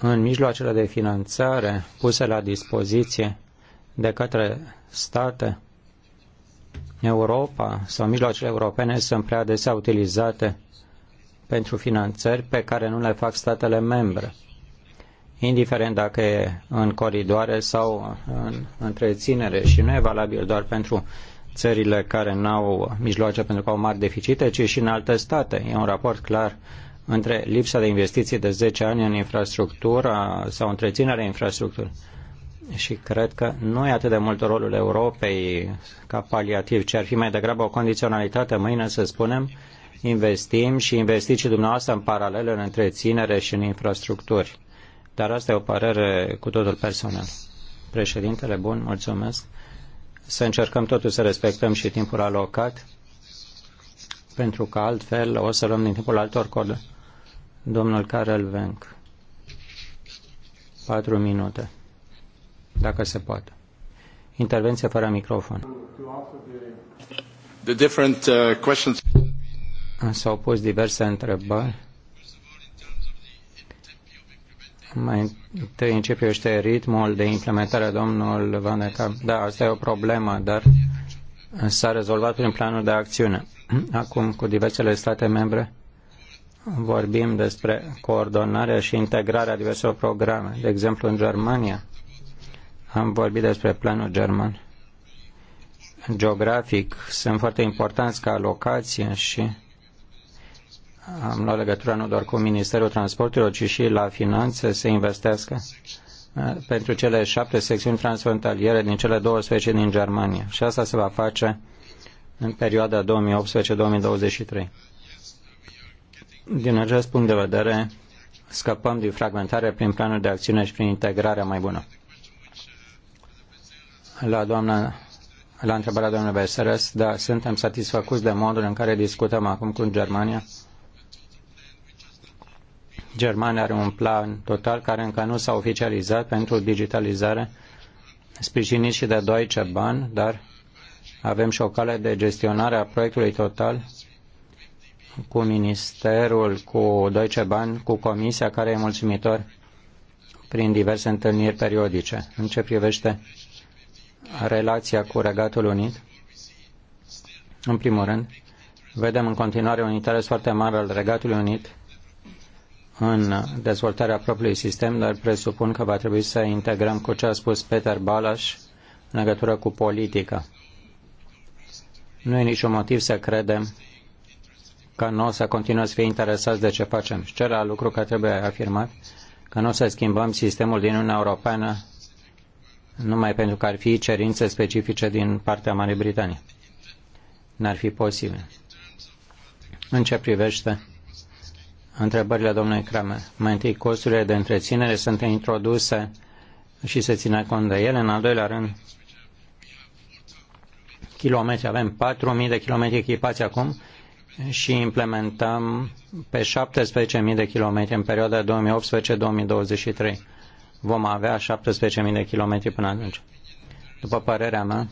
în mijloacele de finanțare puse la dispoziție de către state, Europa sau mijloacele europene sunt prea adesea utilizate pentru finanțări pe care nu le fac statele membre, indiferent dacă e în coridoare sau în întreținere și nu e valabil doar pentru țările care nu au mijloace pentru că au mari deficite, ci și în alte state. E un raport clar între lipsa de investiții de 10 ani în infrastructura sau întreținerea infrastructurii. Și cred că nu e atât de mult rolul Europei ca paliativ, ci ar fi mai degrabă o condiționalitate mâine, să spunem, investim și investiți și dumneavoastră în paralel în întreținere și în infrastructuri. Dar asta e o părere cu totul personal. Președintele, bun, mulțumesc. Să încercăm totuși să respectăm și timpul alocat, pentru că altfel o să luăm din timpul altor coduri. Domnul Karel Venk. Patru minute, dacă se poate. Intervenție fără microfon. The different uh, questions. S-au pus diverse întrebări. Mai întâi începește ritmul de implementare, domnul Van de Da, asta e o problemă, dar s-a rezolvat prin planul de acțiune. Acum, cu diversele state membre, vorbim despre coordonarea și integrarea diverselor programe. De exemplu, în Germania am vorbit despre planul german. Geografic sunt foarte importanți ca locație și am luat legătura nu doar cu Ministerul Transporturilor, ci și la finanțe se investească uh, pentru cele șapte secțiuni transfrontaliere din cele 12 din Germania. Și asta se va face în perioada 2018-2023. Din acest punct de vedere, scăpăm din fragmentare prin planul de acțiune și prin integrarea mai bună. La doamna la întrebarea doamnei Beseres, da, suntem satisfăcuți de modul în care discutăm acum cu Germania. Germania are un plan total care încă nu s-a oficializat pentru digitalizare, sprijinit și de Deutsche Bahn, dar avem și o cale de gestionare a proiectului total cu Ministerul, cu Deutsche Bank, cu Comisia, care e mulțumitor prin diverse întâlniri periodice. În ce privește relația cu Regatul Unit, în primul rând, vedem în continuare un interes foarte mare al Regatului Unit în dezvoltarea propriului sistem, dar presupun că va trebui să integrăm cu ce a spus Peter Balas, în legătură cu politica. Nu e niciun motiv să credem că nu o să continuăm să fie interesați de ce facem. Și cel lucru care trebuie afirmat, că nu o să schimbăm sistemul din Uniunea Europeană numai pentru că ar fi cerințe specifice din partea Marii Britanii. N-ar fi posibil. În ce privește întrebările domnului Kramer, mai întâi costurile de întreținere sunt introduse și se ține cont de ele. În al doilea rând, kilometri, avem 4.000 de kilometri echipați acum și implementăm pe 17.000 de kilometri în perioada 2018-2023. Vom avea 17.000 de kilometri până atunci. După părerea mea,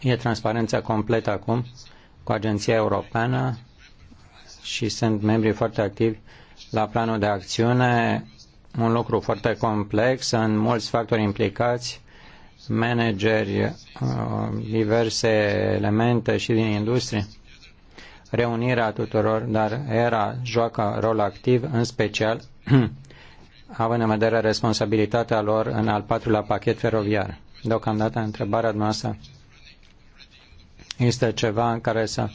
e transparența completă acum cu Agenția Europeană și sunt membri foarte activi la planul de acțiune, un lucru foarte complex, sunt mulți factori implicați, manageri, uh, diverse elemente și din industrie reunirea tuturor, dar era joacă rol activ, în special având în vedere responsabilitatea lor în al patrulea pachet feroviar. Deocamdată întrebarea noastră este ceva în care să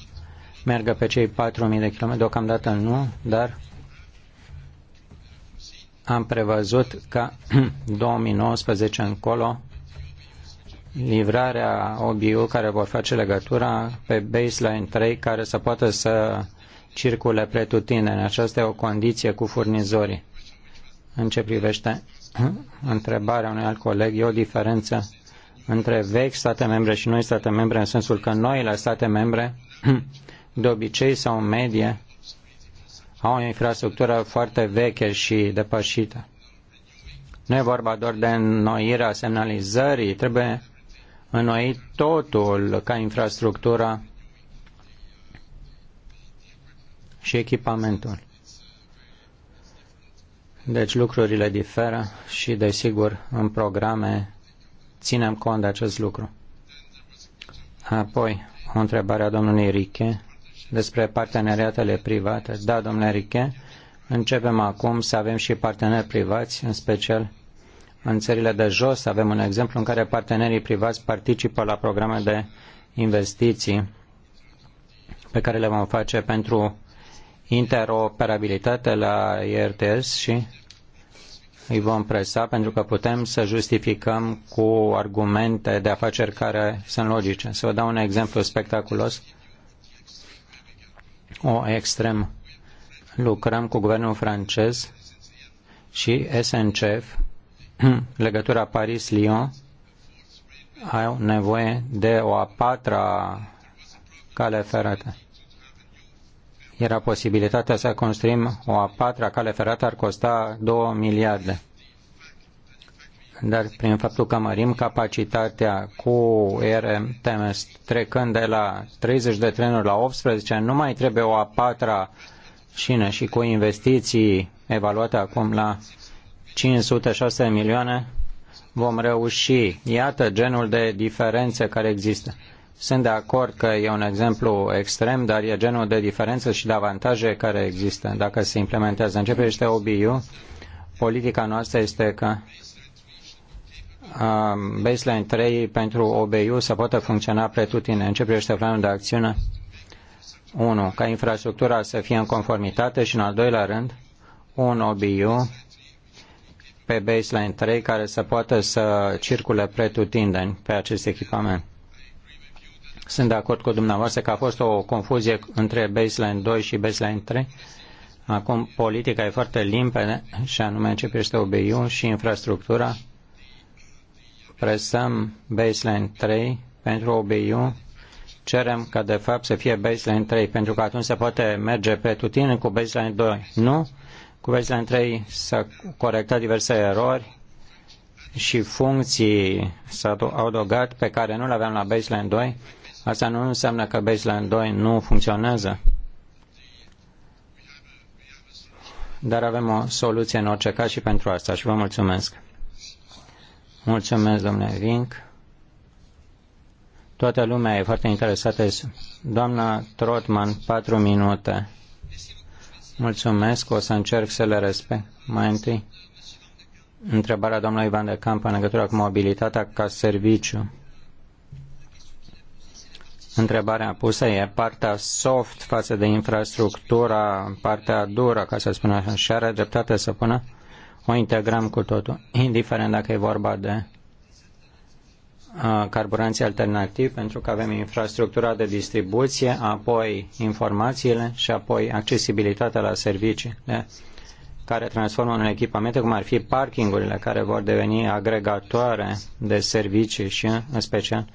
meargă pe cei 4.000 de km. Deocamdată nu, dar am prevăzut ca 2019 încolo livrarea OBU care vor face legătura pe baseline 3 care să poată să circule pretutindeni. Aceasta e o condiție cu furnizorii. În ce privește întrebarea unui alt coleg, e o diferență între vechi state membre și noi state membre, în sensul că noi la state membre, de obicei sau în medie, au o infrastructură foarte veche și depășită. Nu e vorba doar de înnoirea semnalizării, trebuie înnoi totul ca infrastructura și echipamentul. Deci lucrurile diferă și, desigur, în programe ținem cont de acest lucru. Apoi, o întrebare a domnului Riche despre parteneriatele private. Da, domnule Riche, începem acum să avem și parteneri privați, în special în țările de jos avem un exemplu în care partenerii privați participă la programe de investiții pe care le vom face pentru interoperabilitate la IRTS și îi vom presa pentru că putem să justificăm cu argumente de afaceri care sunt logice. Să vă dau un exemplu spectaculos. O extrem. Lucrăm cu guvernul francez și SNCF Hmm. legătura Paris-Lyon au nevoie de o a patra cale ferată. Era posibilitatea să construim o a patra cale ferată ar costa 2 miliarde. Dar prin faptul că mărim capacitatea cu RMTMS trecând de la 30 de trenuri la 18, nu mai trebuie o a patra șină și cu investiții evaluate acum la 506 milioane, vom reuși. Iată genul de diferențe care există. Sunt de acord că e un exemplu extrem, dar e genul de diferențe și de avantaje care există dacă se implementează. este OBU. Politica noastră este că um, baseline 3 pentru OBU să poată funcționa pretutine. este planul de acțiune. 1. Ca infrastructura să fie în conformitate și în al doilea rând, un OBU pe baseline 3 care să poată să circule pretutindeni pe acest echipament. Sunt de acord cu dumneavoastră că a fost o confuzie între baseline 2 și baseline 3. Acum politica e foarte limpede și anume este OBU și infrastructura. Presăm baseline 3 pentru OBU cerem ca de fapt să fie baseline 3, pentru că atunci se poate merge pe tutin cu baseline 2. Nu? cu versiunea 3 s-a corectat diverse erori și funcții s-au adăugat pe care nu le aveam la baseline 2. Asta nu înseamnă că baseline 2 nu funcționează. Dar avem o soluție în orice caz și pentru asta și vă mulțumesc. Mulțumesc, domnule Vink. Toată lumea e foarte interesată. Doamna Trotman, patru minute. Mulțumesc, o să încerc să le respect. Mai întâi, întrebarea domnului Ivan de Camp în legătură cu mobilitatea ca serviciu. Întrebarea pusă e partea soft față de infrastructura, partea dură, ca să spun așa, și are dreptate să pună? O integrăm cu totul, indiferent dacă e vorba de carburanții alternativi pentru că avem infrastructura de distribuție, apoi informațiile și apoi accesibilitatea la servicii care transformă în echipamente, cum ar fi parkingurile care vor deveni agregatoare de servicii și în special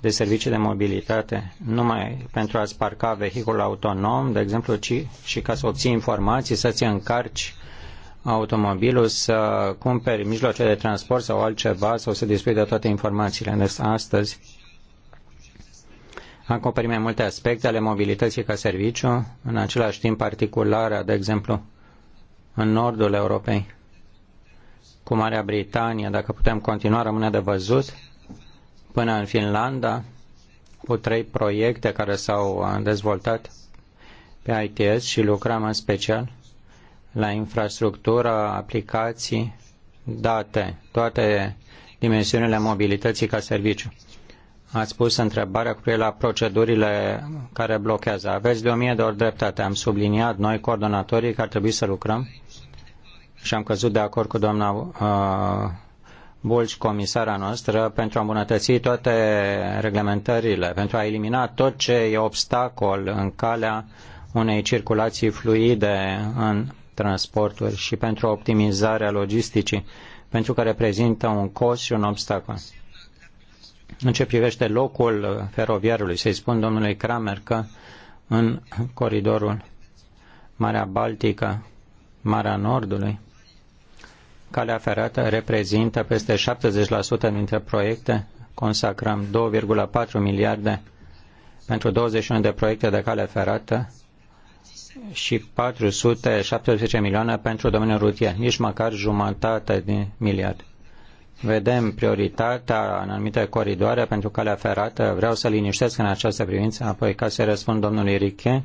de servicii de mobilitate, numai pentru a-ți parca vehiculul autonom, de exemplu, ci și ca să obții informații, să-ți încarci automobilul, să cumperi mijloace de transport sau altceva, sau să dispui de toate informațiile. Deci astăzi acoperim mai multe aspecte ale mobilității ca serviciu, în același timp particulară, de exemplu, în nordul Europei, cu Marea Britanie, dacă putem continua, rămâne de văzut, până în Finlanda, cu trei proiecte care s-au uh, dezvoltat pe ITS și lucrăm în special la infrastructură, aplicații, date, toate dimensiunile mobilității ca serviciu. Ați pus întrebarea cu la procedurile care blochează. Aveți de o mie de ori dreptate. Am subliniat noi, coordonatorii, că ar trebui să lucrăm și am căzut de acord cu doamna uh, Bulci, comisara noastră, pentru a îmbunătăți toate reglementările, pentru a elimina tot ce e obstacol în calea unei circulații fluide în transporturi și pentru optimizarea logisticii, pentru că reprezintă un cost și un obstacol. În ce privește locul feroviarului, să-i spun domnului Kramer că în coridorul Marea Baltică, Marea Nordului, calea ferată reprezintă peste 70% dintre proiecte, consacrăm 2,4 miliarde pentru 21 de proiecte de cale ferată și 470 milioane pentru domeniul rutier, nici măcar jumătate din miliard. Vedem prioritatea în anumite coridoare pentru calea ferată. Vreau să liniștesc în această privință, apoi ca să răspund domnului Riche,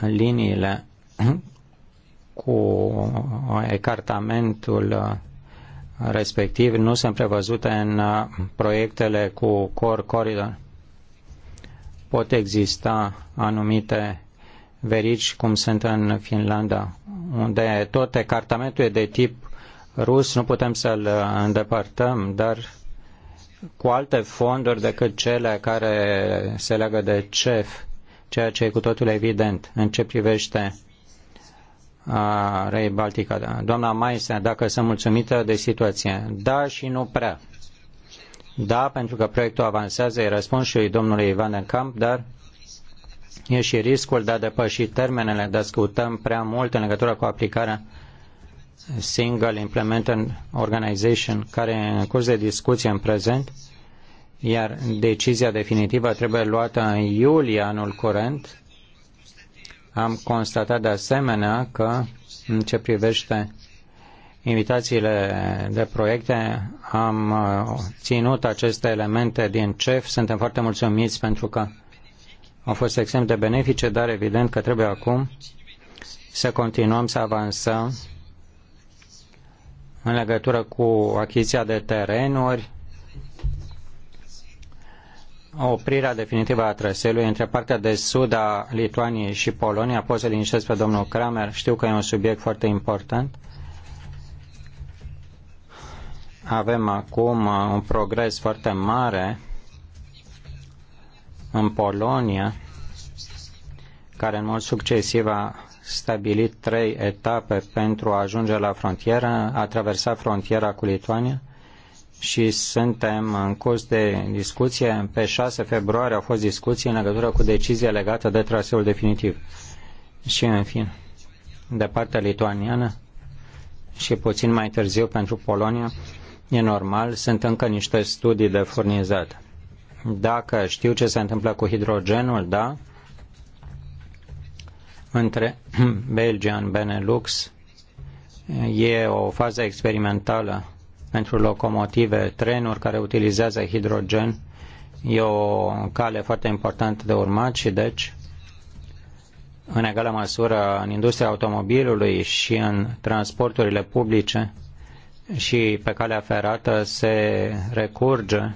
liniile cu ecartamentul respectiv nu sunt prevăzute în proiectele cu core coridor. Pot exista anumite verici cum sunt în Finlanda, unde tot ecartamentul e de tip rus, nu putem să-l îndepărtăm, dar cu alte fonduri decât cele care se leagă de CEF, ceea ce e cu totul evident în ce privește Rei Baltica. Doamna Maise, dacă sunt mulțumită de situație, da și nu prea. Da, pentru că proiectul avansează, îi răspund și domnului Ivan Camp, dar E și riscul de a depăși termenele, de a scutăm prea mult în legătură cu aplicarea Single Implementing Organization, care e în curs de discuție în prezent, iar decizia definitivă trebuie luată în iulie anul curent. Am constatat de asemenea că în ce privește invitațiile de proiecte, am ținut aceste elemente din CEF. Suntem foarte mulțumiți pentru că au fost extrem de benefice, dar evident că trebuie acum să continuăm să avansăm în legătură cu achiziția de terenuri, oprirea definitivă a traseului între partea de sud a Lituaniei și Polonia. Pot să liniștesc pe domnul Kramer, știu că e un subiect foarte important. Avem acum un progres foarte mare în Polonia, care în mod succesiv a stabilit trei etape pentru a ajunge la frontieră, a traversat frontiera cu Lituania și suntem în curs de discuție. Pe 6 februarie au fost discuții în legătură cu decizia legată de traseul definitiv. Și, în fine, de partea lituaniană și puțin mai târziu pentru Polonia, e normal, sunt încă niște studii de furnizat. Dacă știu ce se întâmplă cu hidrogenul, da, între Belgia în Benelux e o fază experimentală pentru locomotive, trenuri care utilizează hidrogen. E o cale foarte importantă de urmat și deci în egală măsură în industria automobilului și în transporturile publice și pe calea ferată se recurge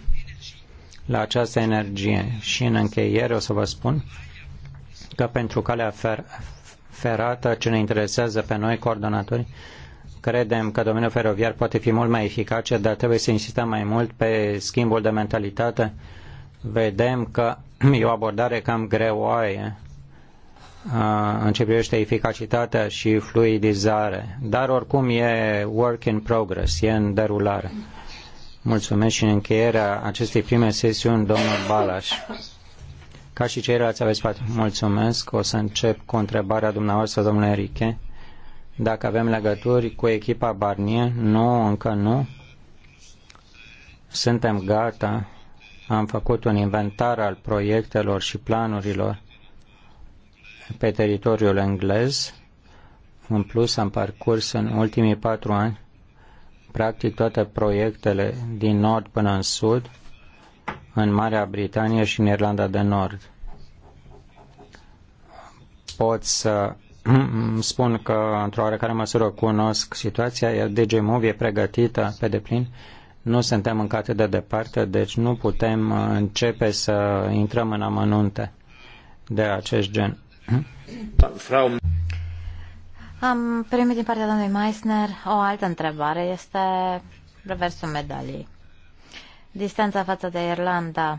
la această energie. Și în încheiere o să vă spun că pentru calea fer- ferată, ce ne interesează pe noi, coordonatori credem că domeniul feroviar poate fi mult mai eficace, dar trebuie să insistăm mai mult pe schimbul de mentalitate. Vedem că e o abordare cam greoaie în ce privește eficacitatea și fluidizare. Dar oricum e work in progress, e în derulare. Mulțumesc și în încheierea acestei prime sesiuni, domnul Balas. Ca și ceilalți aveți patru. Mulțumesc. O să încep cu întrebarea dumneavoastră, domnule Enrique. Dacă avem legături cu echipa Barnier? Nu, încă nu. Suntem gata. Am făcut un inventar al proiectelor și planurilor pe teritoriul englez. În plus, am parcurs în ultimii patru ani Practic toate proiectele din nord până în sud, în Marea Britanie și în Irlanda de Nord. Pot să spun că într-o oarecare măsură cunosc situația, iar DG Move e pregătită pe deplin. Nu suntem încă atât de departe, deci nu putem începe să intrăm în amănunte de acest gen. Frau... Am primit din partea domnului Meissner o altă întrebare. Este reversul medaliei. Distanța față de Irlanda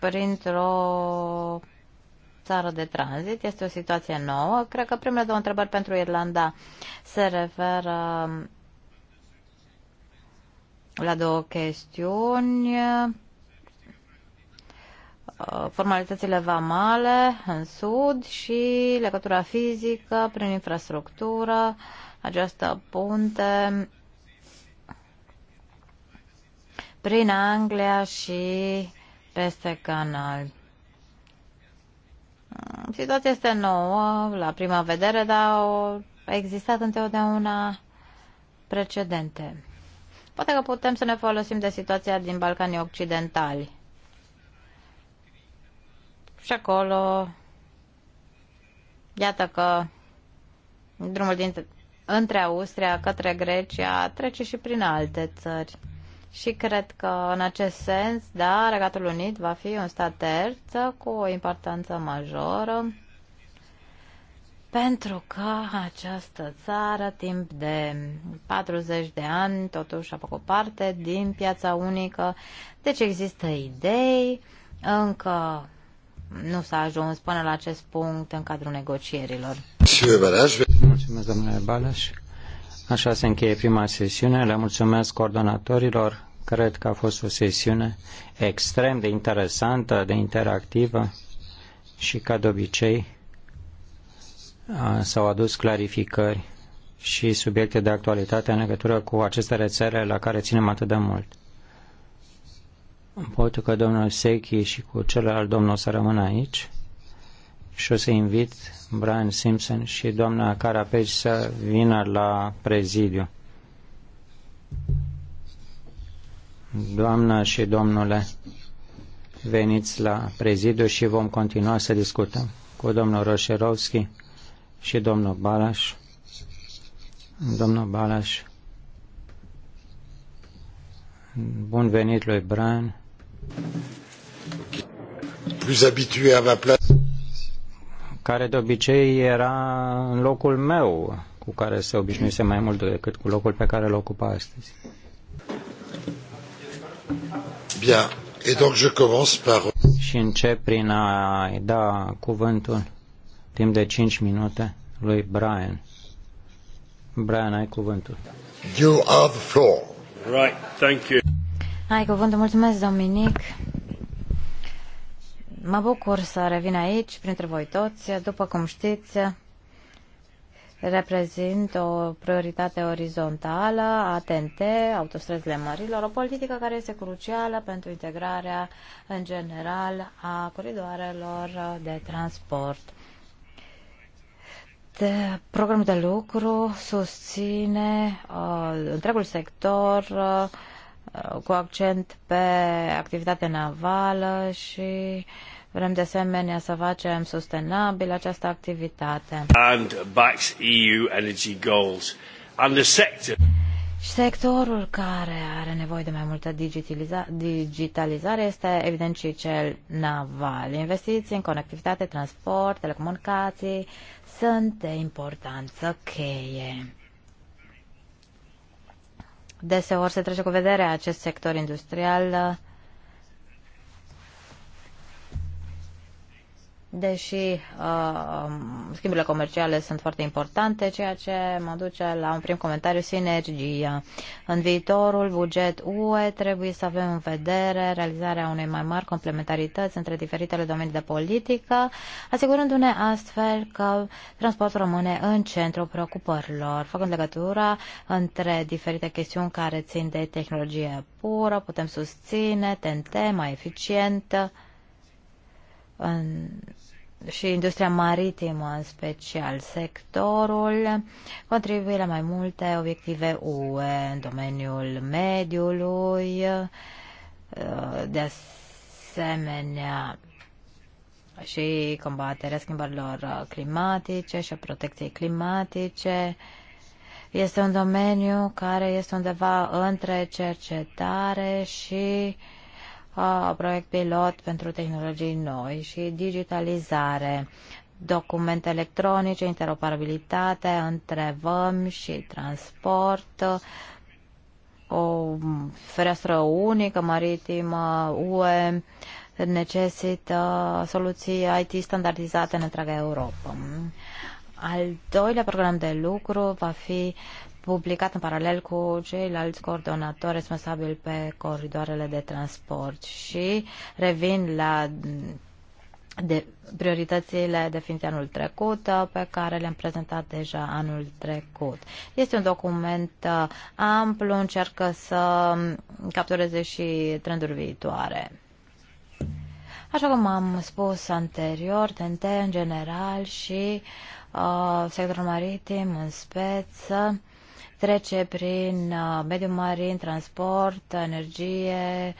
printr-o țară de tranzit. Este o situație nouă. Cred că primele două întrebări pentru Irlanda se referă la două chestiuni. Uh, formalitățile vamale în sud și legătura fizică prin infrastructură, această punte prin Anglia și peste canal. Uh, situația este nouă la prima vedere, dar au existat întotdeauna precedente. Poate că putem să ne folosim de situația din Balcanii Occidentali. Și acolo, iată că drumul dintre, între Austria către Grecia trece și prin alte țări. Și cred că în acest sens, da, Regatul Unit va fi un stat terț cu o importanță majoră pentru că această țară timp de 40 de ani totuși a făcut parte din piața unică, deci există idei încă nu s-a ajuns până la acest punct în cadrul negocierilor. Mulțumesc, domnule Balaș. Așa se încheie prima sesiune. Le mulțumesc coordonatorilor. Cred că a fost o sesiune extrem de interesantă, de interactivă și, ca de obicei, s-au adus clarificări și subiecte de actualitate în legătură cu aceste rețele la care ținem atât de mult. Poate că domnul Sechi și cu celălalt domn o să rămână aici și o să invit Brian Simpson și doamna Carapeș să vină la prezidiu. Doamna și domnule, veniți la prezidiu și vom continua să discutăm cu domnul Roșerovski și domnul Balaș. Domnul Balaș, bun venit lui Brian. Plus habitué à ma place. Care de obicei era în locul meu, cu care se obișnuise mai mult decât cu locul pe care îl ocupa astăzi. Bien. Et donc je commence par... Și încep prin a da cuvântul timp de 5 minute lui Brian. Brian, ai cuvântul. You are the floor. Right, thank you. Ai cuvântul. Mulțumesc, Dominic. Mă bucur să revin aici, printre voi toți. După cum știți, reprezint o prioritate orizontală, ATNT, autostrăzile mărilor, o politică care este crucială pentru integrarea în general a coridoarelor de transport. De programul de lucru susține uh, întregul sector uh, Uh, cu accent pe activitatea navală și vrem de asemenea să facem sustenabil această activitate. And backs EU energy goals and the sector. Sectorul care are nevoie de mai multă digitalizare este evident și cel naval. Investiții în conectivitate, transport, telecomunicații sunt de importanță cheie. Deseori se trece cu vedere acest sector industrial deși uh, um, schimburile comerciale sunt foarte importante, ceea ce mă duce la un prim comentariu, sinergia. În viitorul buget UE trebuie să avem în vedere realizarea unei mai mari complementarități între diferitele domenii de politică, asigurându-ne astfel că transportul rămâne în centrul preocupărilor, făcând legătura între diferite chestiuni care țin de tehnologie pură, putem susține TNT mai eficient, în, și industria maritimă în special. Sectorul contribuie la mai multe obiective UE în domeniul mediului, uh, de asemenea și combaterea schimbărilor climatice și a protecției climatice. Este un domeniu care este undeva între cercetare și uh, a proiect pilot pentru tehnologii noi și digitalizare, documente electronice, interoperabilitate între văm și transport, o fereastră unică maritimă, UE, necesită soluții IT standardizate în întreaga Europa. Al doilea program de lucru va fi publicat în paralel cu ceilalți coordonatori responsabili pe coridoarele de transport și revin la de prioritățile de fiind anul trecut, uh, pe care le-am prezentat deja anul trecut. Este un document uh, amplu, încearcă să um, captureze și trenduri viitoare. Așa cum am spus anterior, TNT în general și uh, sectorul maritim în speță trece prin uh, mediul marin, transport, energie,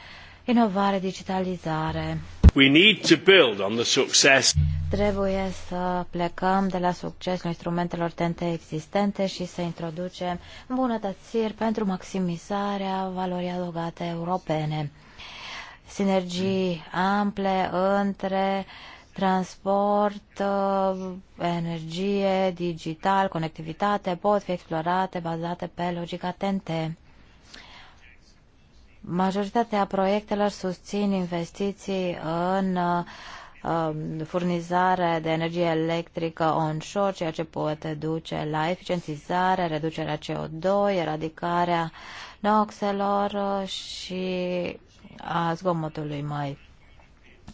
inovare, digitalizare. We need to build on the success. Trebuie să plecăm de la succesul instrumentelor tente existente și să introducem îmbunătățiri pentru maximizarea valorii adăugate europene. Sinergii ample între uh, transport, uh, energie, digital, conectivitate pot fi explorate bazate pe logica TNT. Majoritatea proiectelor susțin investiții în uh, um, furnizare de energie electrică onshore, ceea ce poate duce la eficientizare, reducerea CO2, eradicarea noxelor uh, și a zgomotului mai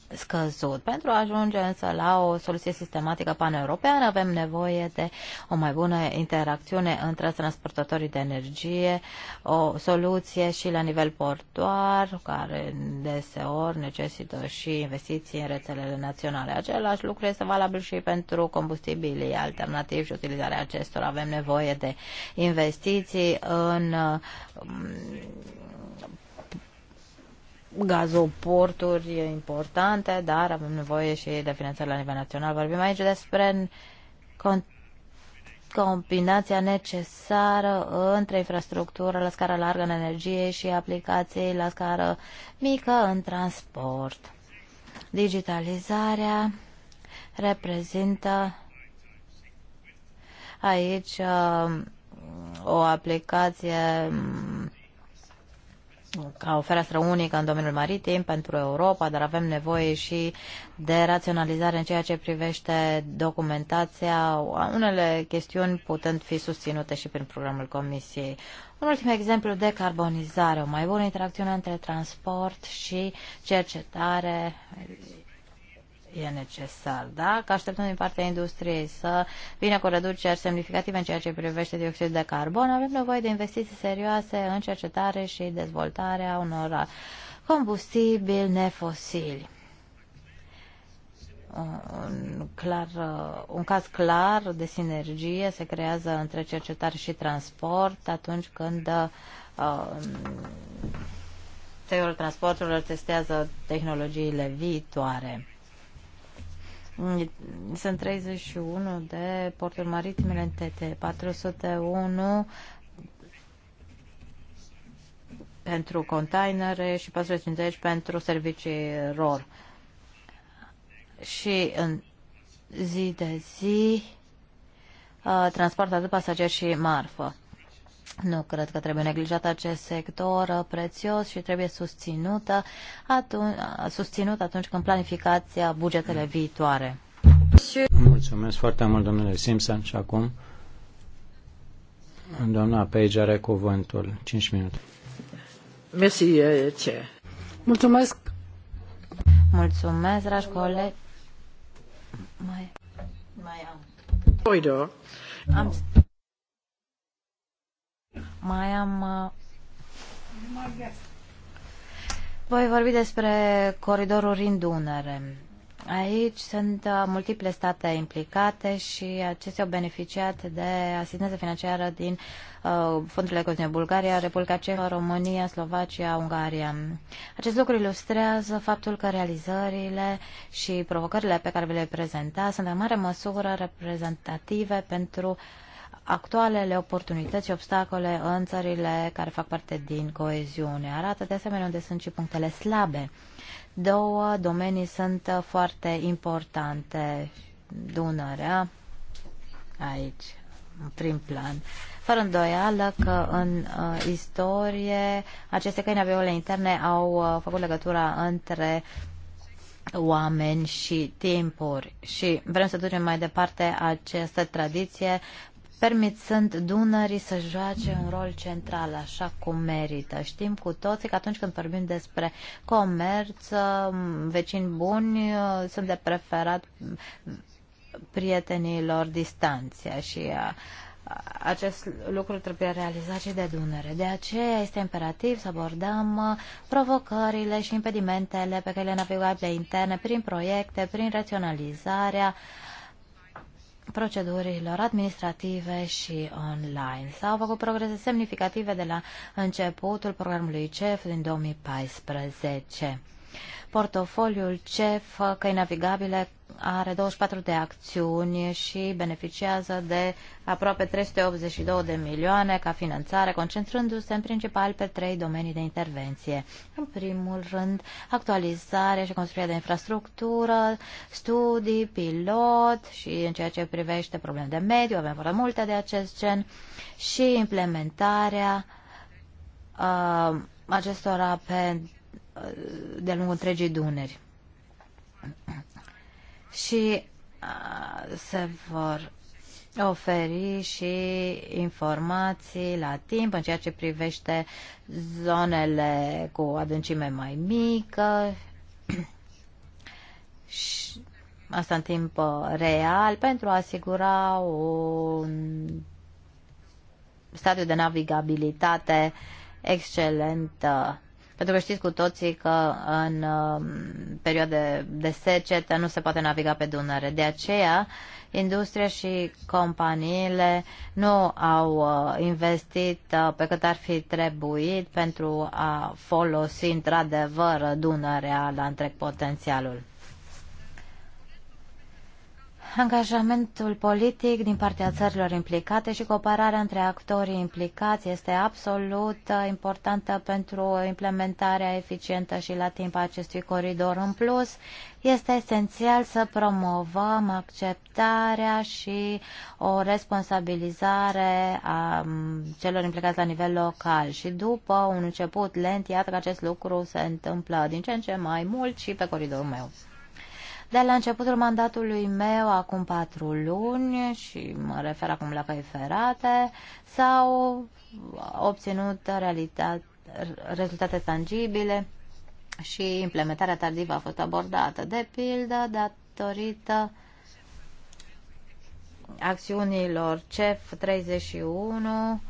scăzut. Pentru a ajunge însă la o soluție sistematică paneuropeană avem nevoie de o mai bună interacțiune între transportatorii de energie, o soluție și la nivel portuar, care deseori necesită și investiții în rețelele naționale. Același lucru este valabil și pentru combustibilii alternativi și utilizarea acestora. Avem nevoie de investiții în gazoporturi importante, dar avem nevoie și de finanțare la nivel național. Vorbim aici despre combinația necesară între infrastructură la scară largă în energie și aplicații la scară mică în transport. Digitalizarea reprezintă aici uh, o aplicație um, ca o fereastră unică în domeniul maritim pentru Europa, dar avem nevoie și de raționalizare în ceea ce privește documentația, unele chestiuni putând fi susținute și prin programul Comisiei. Un ultim exemplu de carbonizare, o mai bună interacțiune între transport și cercetare e necesar. da. Că așteptăm din partea industriei să vină cu reduceri semnificative în ceea ce privește dioxid de carbon, avem nevoie de investiții serioase în cercetare și dezvoltarea unor combustibili nefosili. Un, clar, un caz clar de sinergie se creează între cercetare și transport atunci când uh, sectorul transporturilor testează tehnologiile viitoare. Sunt 31 de porturi maritime în TT, 401 pentru containere și 450 pentru servicii ROR. Și în zi de zi uh, transportă atât pasageri și marfă. Nu cred că trebuie neglijat acest sector uh, prețios și trebuie susținută atunci, uh, susținut atunci când planificați bugetele viitoare. Mulțumesc foarte mult, domnule Simpson. Și acum, doamna Page are cuvântul. 5 minute. Mersi, uh, ce? Mulțumesc. Mulțumesc, dragi colegi. Mai, mai am. Oido. Am mai am... Uh, voi vorbi despre coridorul Rin-Dunăre. Aici sunt uh, multiple state implicate și acestea au beneficiat de asistență financiară din uh, fondurile cozine Bulgaria, Republica Cehă, România, Slovacia, Ungaria. Acest lucru ilustrează faptul că realizările și provocările pe care vi le prezenta sunt în mare măsură reprezentative pentru uh, actualele oportunități și obstacole în țările care fac parte din coeziune. Arată de asemenea unde sunt și punctele slabe. Două domenii sunt foarte importante. Dunărea, aici, în prim plan. Fără îndoială că în uh, istorie aceste căi navigabile interne au uh, făcut legătura între oameni și timpuri și vrem să ducem mai departe această tradiție permițând Dunării să joace un rol central, așa cum merită. Știm cu toții că atunci când vorbim despre comerț, vecini buni uh, sunt de preferat prietenilor distanția și uh, acest lucru trebuie realizat și de Dunăre. De aceea este imperativ să abordăm uh, provocările și impedimentele pe care le navigabile interne prin proiecte, prin raționalizarea uh, procedurilor administrative și online. S-au făcut progrese semnificative de la începutul programului CEF din 2014. Portofoliul CEF, căi navigabile, are 24 de acțiuni și beneficiază de aproape 382 de milioane ca finanțare, concentrându-se în principal pe trei domenii de intervenție. În primul rând, actualizare și construirea de infrastructură, studii, pilot și în ceea ce privește probleme de mediu, avem foarte multe de acest gen, și implementarea uh, acestora pentru de-a lungul întregii Duneri. Și se vor oferi și informații la timp în ceea ce privește zonele cu adâncime mai mică și asta în timp uh, real pentru a asigura un stadiu de navigabilitate excelentă. Pentru că știți cu toții că în um, perioade de secetă nu se poate naviga pe Dunăre. De aceea, industria și companiile nu au uh, investit uh, pe cât ar fi trebuit pentru a folosi într-adevăr Dunărea la întreg potențialul. Angajamentul politic din partea țărilor implicate și cooperarea între actorii implicați este absolut importantă pentru implementarea eficientă și la timp a acestui coridor. În plus, este esențial să promovăm acceptarea și o responsabilizare a celor implicați la nivel local. Și după un început lent, iată că acest lucru se întâmplă din ce în ce mai mult și pe coridorul meu. De la începutul mandatului meu, acum patru luni, și mă refer acum la căi ferate, s-au obținut realitate, rezultate tangibile și implementarea tardivă a fost abordată. De pildă, datorită acțiunilor CEF 31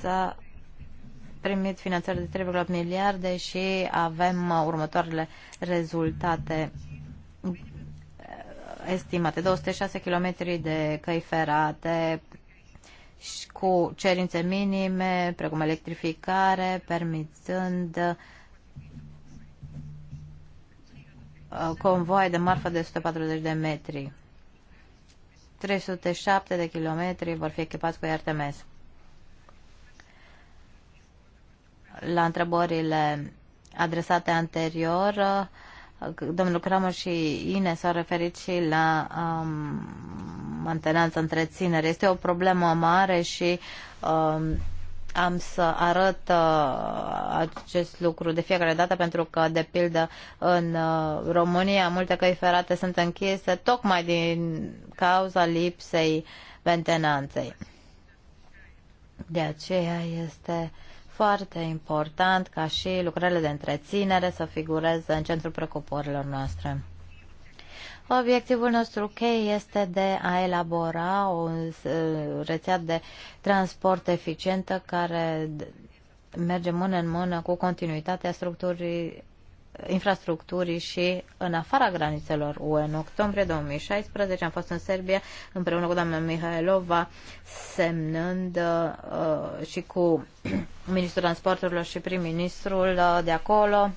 să primit finanțări de 3,8 miliarde și avem uh, următoarele rezultate uh, estimate. 206 km de căi ferate cu cerințe minime, precum electrificare, permițând uh, convoi de marfă de 140 de metri. 307 de kilometri vor fi echipați cu RTMS. la întrebările adresate anterior, domnul Cramer și Ine s-au referit și la um, mantenanță, întreținere. Este o problemă mare și um, am să arăt uh, acest lucru de fiecare dată pentru că, de pildă, în uh, România multe căi ferate sunt închise tocmai din cauza lipsei mentenanței. De aceea este uh, foarte important ca și lucrările de întreținere să figureze în centrul preocupărilor noastre. Obiectivul nostru cheie este de a elabora o uh, rețea de transport eficientă care merge mână în mână cu continuitatea structurii infrastructurii și în afara granițelor UE. În octombrie 2016 am fost în Serbia împreună cu doamna Mihailova semnând uh, și cu ministrul transporturilor și prim-ministrul uh, de acolo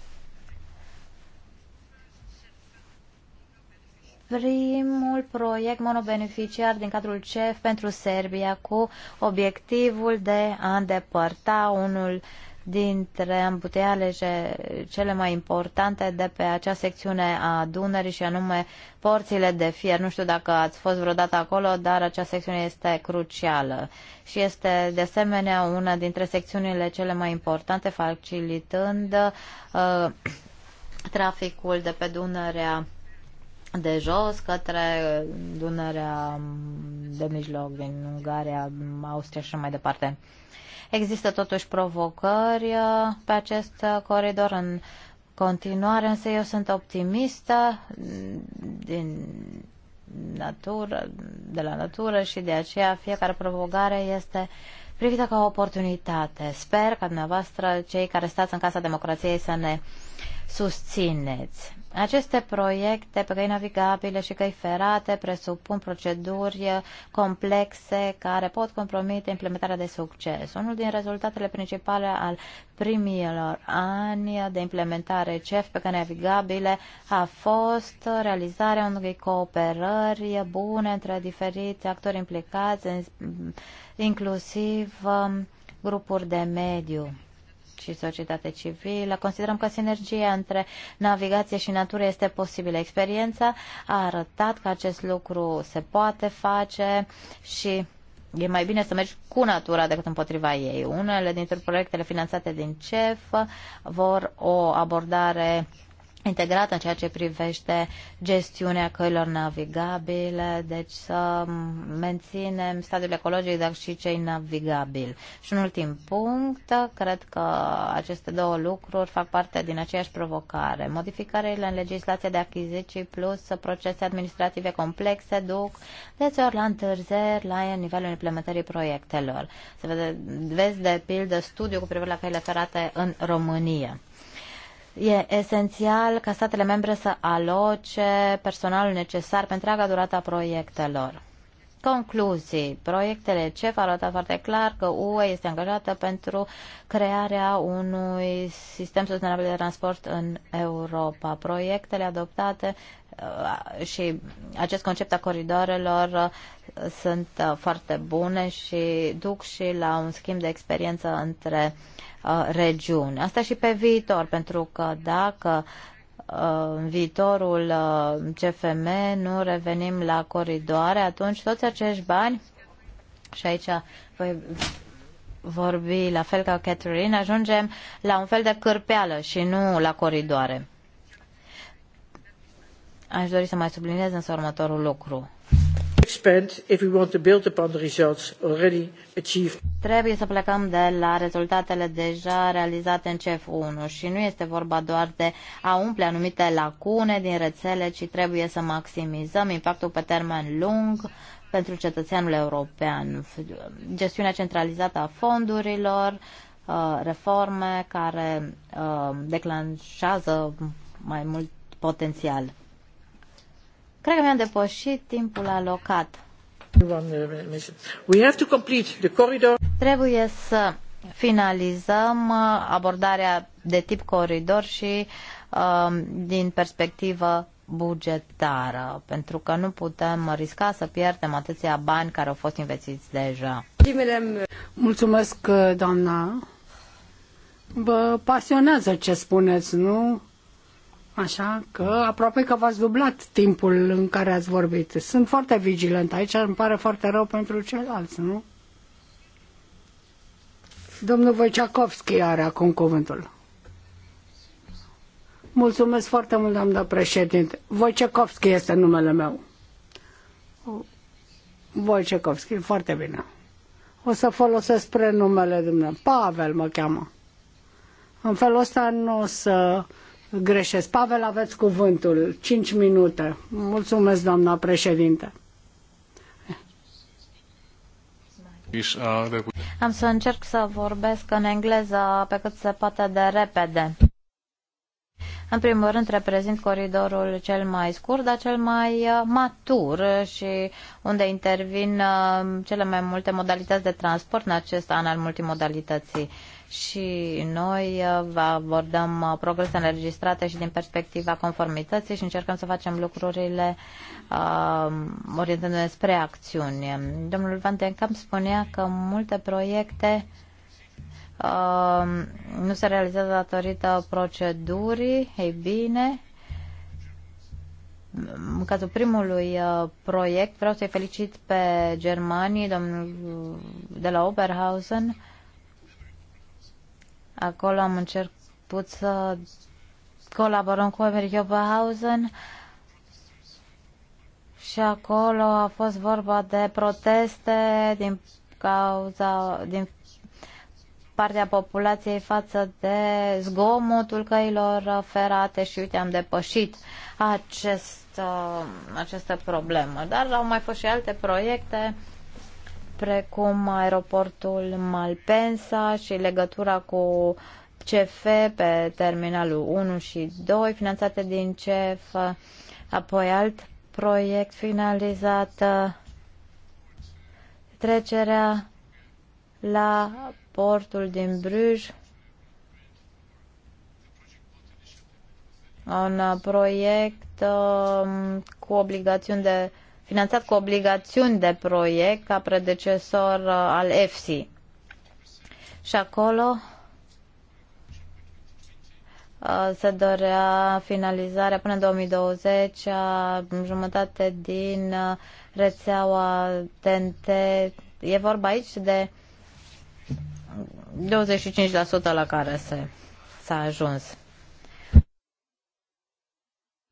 primul proiect monobeneficiar din cadrul CEF pentru Serbia cu obiectivul de a îndepărta unul uh, dintre, am putea alege cele mai importante de pe acea secțiune a Dunării și anume porțile de fier. Nu știu dacă ați fost vreodată acolo, dar acea secțiune este crucială și este de asemenea una dintre secțiunile cele mai importante, facilitând uh, traficul de pe Dunărea de jos către Dunărea de mijloc, din Ungaria, Austria și mai departe. Uh, Există totuși provocări uh, pe acest uh, coridor în continuare, însă eu sunt optimistă din natură, de la natură și de aceea fiecare provocare este privită ca o oportunitate. Sper ca dumneavoastră, cei care stați în Casa Democrației, să ne susțineți. Aceste proiecte pe căi navigabile și căi ferate presupun proceduri complexe care pot compromite implementarea de succes. Unul din rezultatele principale al primilor ani de implementare CEF pe căi navigabile a fost realizarea unei cooperări bune între diferiți actori implicați, inclusiv um, grupuri de mediu și societate civilă. Considerăm că sinergia între navigație și natură este posibilă. Experiența a arătat că acest lucru se poate face și e mai bine să mergi cu natura decât împotriva ei. Unele dintre proiectele finanțate din CEF vor o abordare integrat în ceea ce privește gestiunea căilor navigabile, deci să menținem stadiul ecologic, dar și cei navigabili. Și un ultim punct, cred că aceste două lucruri fac parte din aceeași provocare. Modificările în legislația de achiziții plus procese administrative complexe duc deseori la întârzieri la nivelul implementării proiectelor. Se vede, vezi de pildă studiu cu privire la căile ferate în România. E esențial ca statele membre să aloce personalul necesar pentru întreaga durata proiectelor. Concluzii. Proiectele CEF arată foarte clar că UE este angajată pentru crearea unui sistem sustenabil de transport în Europa. Proiectele adoptate uh, și acest concept a coridoarelor uh, sunt uh, foarte bune și duc și la un schimb de experiență între regiune. Uh, regiuni. Asta și pe viitor, pentru că dacă uh, în viitorul uh, CFM nu revenim la coridoare, atunci toți acești bani, și aici voi vorbi la fel ca Catherine, ajungem la un fel de cârpeală și nu la coridoare. Aș dori să mai subliniez însă următorul lucru expand if we want to build upon the results already achieved. Trebuie să plecăm de la rezultatele deja realizate în CEF 1 și nu este vorba doar de a umple anumite lacune din rețele, ci trebuie să maximizăm impactul pe termen lung pentru cetățeanul european, gestiunea centralizată a fondurilor, uh, reforme care uh, declanșează mai mult potențial. Cred că mi-am depășit timpul alocat. We have to complete the corridor. Trebuie să finalizăm uh, abordarea de tip coridor și um, din perspectivă bugetară, pentru că nu putem risca să pierdem atâția bani care au fost investiți deja. Mulțumesc, uh, doamna. Vă pasionează ce spuneți, nu? Așa că aproape că v-ați dublat timpul în care ați vorbit. Sunt foarte vigilent aici, îmi pare foarte rău pentru ceilalți, nu? Domnul Wojciechowski are acum cuvântul. Mulțumesc foarte mult, doamnă președinte. Wojciechowski este numele meu. Wojciechowski, foarte bine. O să folosesc prenumele dumneavoastră. Pavel mă cheamă. În felul ăsta nu o să greșesc. Pavel, aveți cuvântul. 5 minute. Mulțumesc, doamna președinte. Uh, Am să încerc să vorbesc în engleză pe cât se poate de repede. În primul rând, reprezint coridorul cel mai scurt, dar cel mai uh, matur și unde intervin uh, cele mai multe modalități de transport în acest an al multimodalității și noi uh, abordăm uh, progresele înregistrate și din perspectiva conformității și încercăm să facem lucrurile uh, orientându-ne spre acțiuni. Domnul Van den Kamp spunea că multe proiecte uh, nu se realizează datorită procedurii. Ei bine, în cazul primului uh, proiect, vreau să-i felicit pe germanii, domnul de la Oberhausen, Acolo am început să colaborăm cu Emerick Oberhausen și acolo a fost vorba de proteste din cauza din partea populației față de zgomotul căilor ferate și uite am depășit acest, uh, această problemă. Dar au mai fost și alte proiecte precum aeroportul Malpensa și legătura cu CF pe terminalul 1 și 2, finanțate din CEF, apoi alt proiect finalizat, trecerea la portul din Bruges, un proiect um, cu obligațiuni de finanțat cu obligațiuni de proiect ca predecesor uh, al EFSI. Și acolo uh, se dorea finalizarea până în 2020 a uh, jumătate din rețeaua TNT. E vorba aici de 25% la care se s-a ajuns.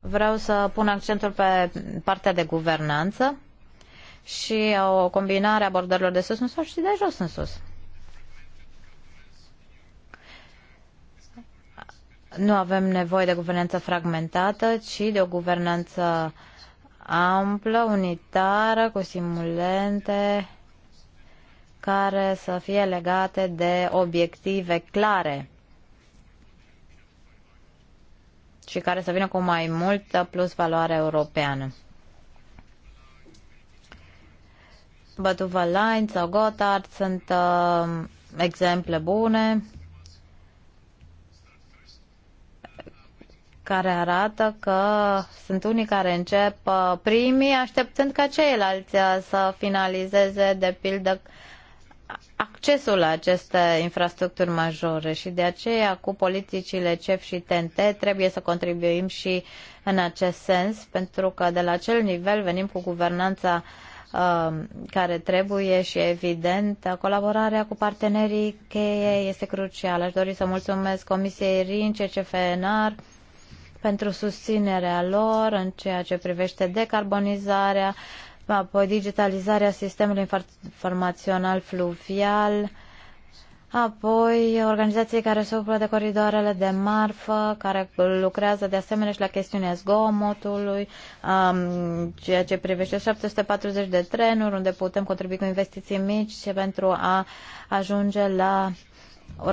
Vreau să pun accentul pe partea de guvernanță și o combinare a abordărilor de sus în sus și de jos în sus. Nu avem nevoie de guvernanță fragmentată, ci de o guvernanță amplă, unitară, cu simulente care să fie legate de obiective clare și care să vină cu mai multă plus valoare europeană. Bătuva Line sau Gotard sunt uh, exemple bune care arată că sunt unii care încep uh, primii așteptând ca ceilalți uh, să finalizeze de pildă accesul la aceste infrastructuri majore și de aceea cu politicile CEF și TNT trebuie să contribuim și în acest sens pentru că de la acel nivel venim cu guvernanța uh, care trebuie și evident colaborarea cu partenerii cheie este crucială. Aș dori să mulțumesc Comisiei RIN, CCFNR pentru susținerea lor în ceea ce privește decarbonizarea, uh, apoi digitalizarea sistemului informațional fluvial, apoi organizații care se ocupă de coridoarele de marfă, care lucrează de asemenea și la chestiunea zgomotului, um, ceea ce privește 740 de trenuri, unde putem contribui cu investiții mici pentru a ajunge la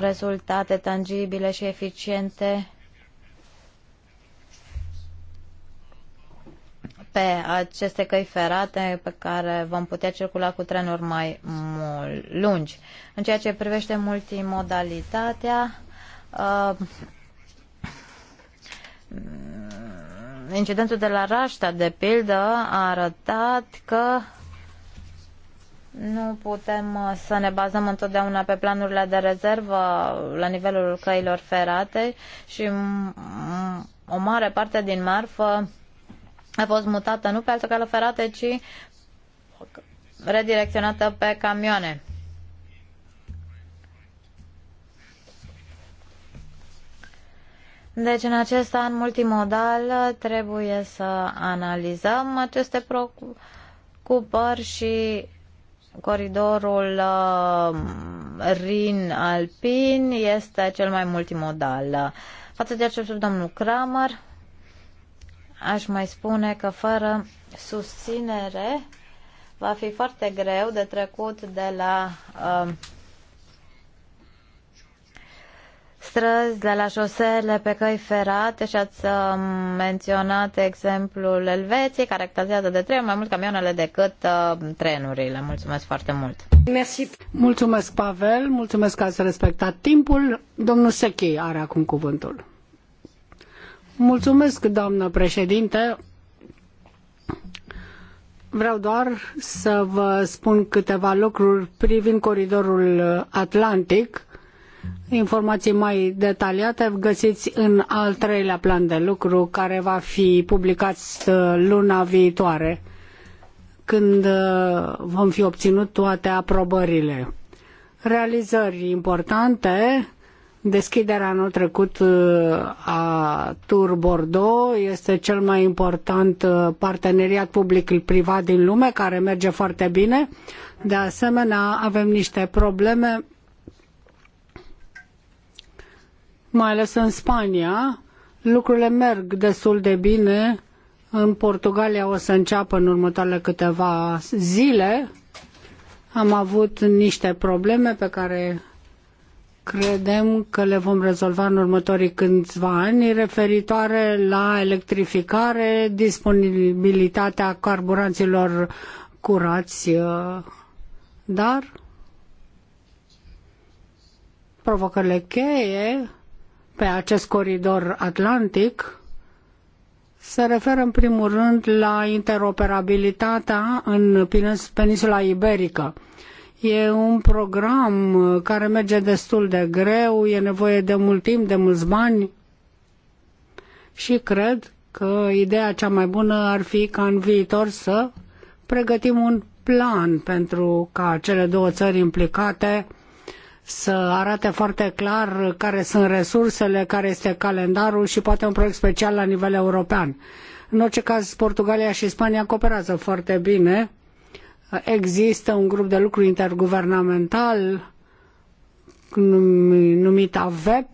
rezultate tangibile și eficiente pe aceste căi ferate pe care vom putea circula cu trenuri mai lungi. În ceea ce privește multimodalitatea, uh, mm, incidentul de la Rașta, de pildă, a arătat că nu putem uh, să ne bazăm întotdeauna pe planurile de rezervă la nivelul căilor ferate și o mare parte din marfă a fost mutată nu pe cale ferată, ci redirecționată pe camioane. Deci în acest an multimodal trebuie să analizăm aceste preocupări și coridorul uh, Rin-Alpin este cel mai multimodal. Față de acest domnul Kramer, aș mai spune că fără susținere va fi foarte greu de trecut de la uh, străzi, de la șosele pe căi ferate și ați uh, menționat exemplul Elveției, care actazează de trei mai mult camioanele decât uh, trenurile. Mulțumesc foarte mult! Merci. Mulțumesc, Pavel, mulțumesc că ați respectat timpul. Domnul Sechei are acum cuvântul. Mulțumesc, doamnă președinte. Vreau doar să vă spun câteva lucruri privind coridorul atlantic. Informații mai detaliate găsiți în al treilea plan de lucru care va fi publicat luna viitoare când uh, vom fi obținut toate aprobările. Realizări importante Deschiderea anul trecut uh, a Tour Bordeaux este cel mai important uh, parteneriat public-privat din lume, care merge foarte bine. De asemenea, avem niște probleme, mai ales în Spania. Lucrurile merg destul de bine. În Portugalia o să înceapă în următoarele câteva zile. Am avut niște probleme pe care credem că le vom rezolva în următorii câțiva ani referitoare la electrificare, disponibilitatea carburanților curați, uh, dar provocările cheie pe acest coridor atlantic se referă în primul rând la interoperabilitatea în peninsula iberică E un program uh, care merge destul de greu, e nevoie de mult timp, de mulți bani și cred că ideea cea mai bună ar fi ca în viitor să pregătim un plan pentru ca cele două țări implicate să arate foarte clar care sunt resursele, care este calendarul și poate un proiect special la nivel european. În orice caz, Portugalia și Spania cooperează foarte bine Există un grup de lucru interguvernamental numit AVEP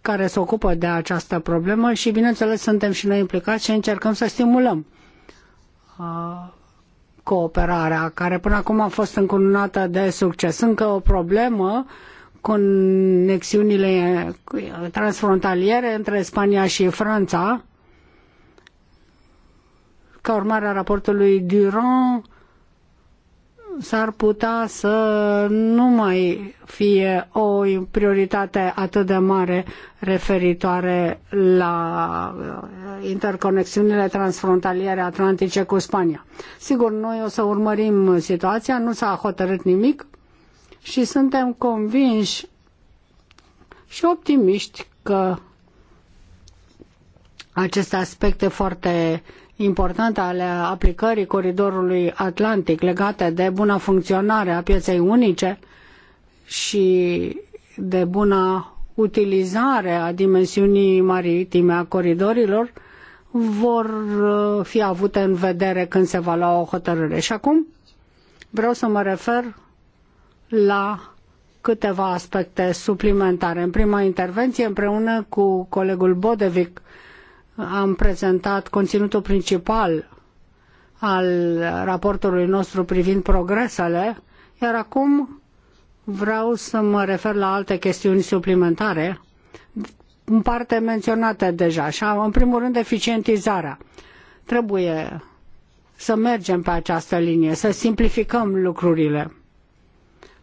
care se ocupă de această problemă și, bineînțeles, suntem și noi implicați și încercăm să stimulăm cooperarea, care până acum a fost încununată de succes. Încă o problemă conexiunile transfrontaliere între Spania și Franța, ca urmare a raportului Durand, s-ar putea să nu mai fie o prioritate atât de mare referitoare la uh, interconexiunile transfrontaliere atlantice cu Spania. Sigur, noi o să urmărim situația, nu s-a hotărât nimic și suntem convinși și optimiști că aceste aspecte foarte importante ale aplicării coridorului Atlantic legate de buna funcționare a pieței unice și de buna utilizare a dimensiunii maritime a coridorilor vor uh, fi avute în vedere când se va lua o hotărâre. Și acum vreau să mă refer la câteva aspecte suplimentare. În prima intervenție, împreună cu colegul Bodevic, am prezentat conținutul principal al raportului nostru privind progresele, iar acum vreau să mă refer la alte chestiuni suplimentare, în parte menționate deja. Și în primul rând, eficientizarea. Trebuie să mergem pe această linie, să simplificăm lucrurile.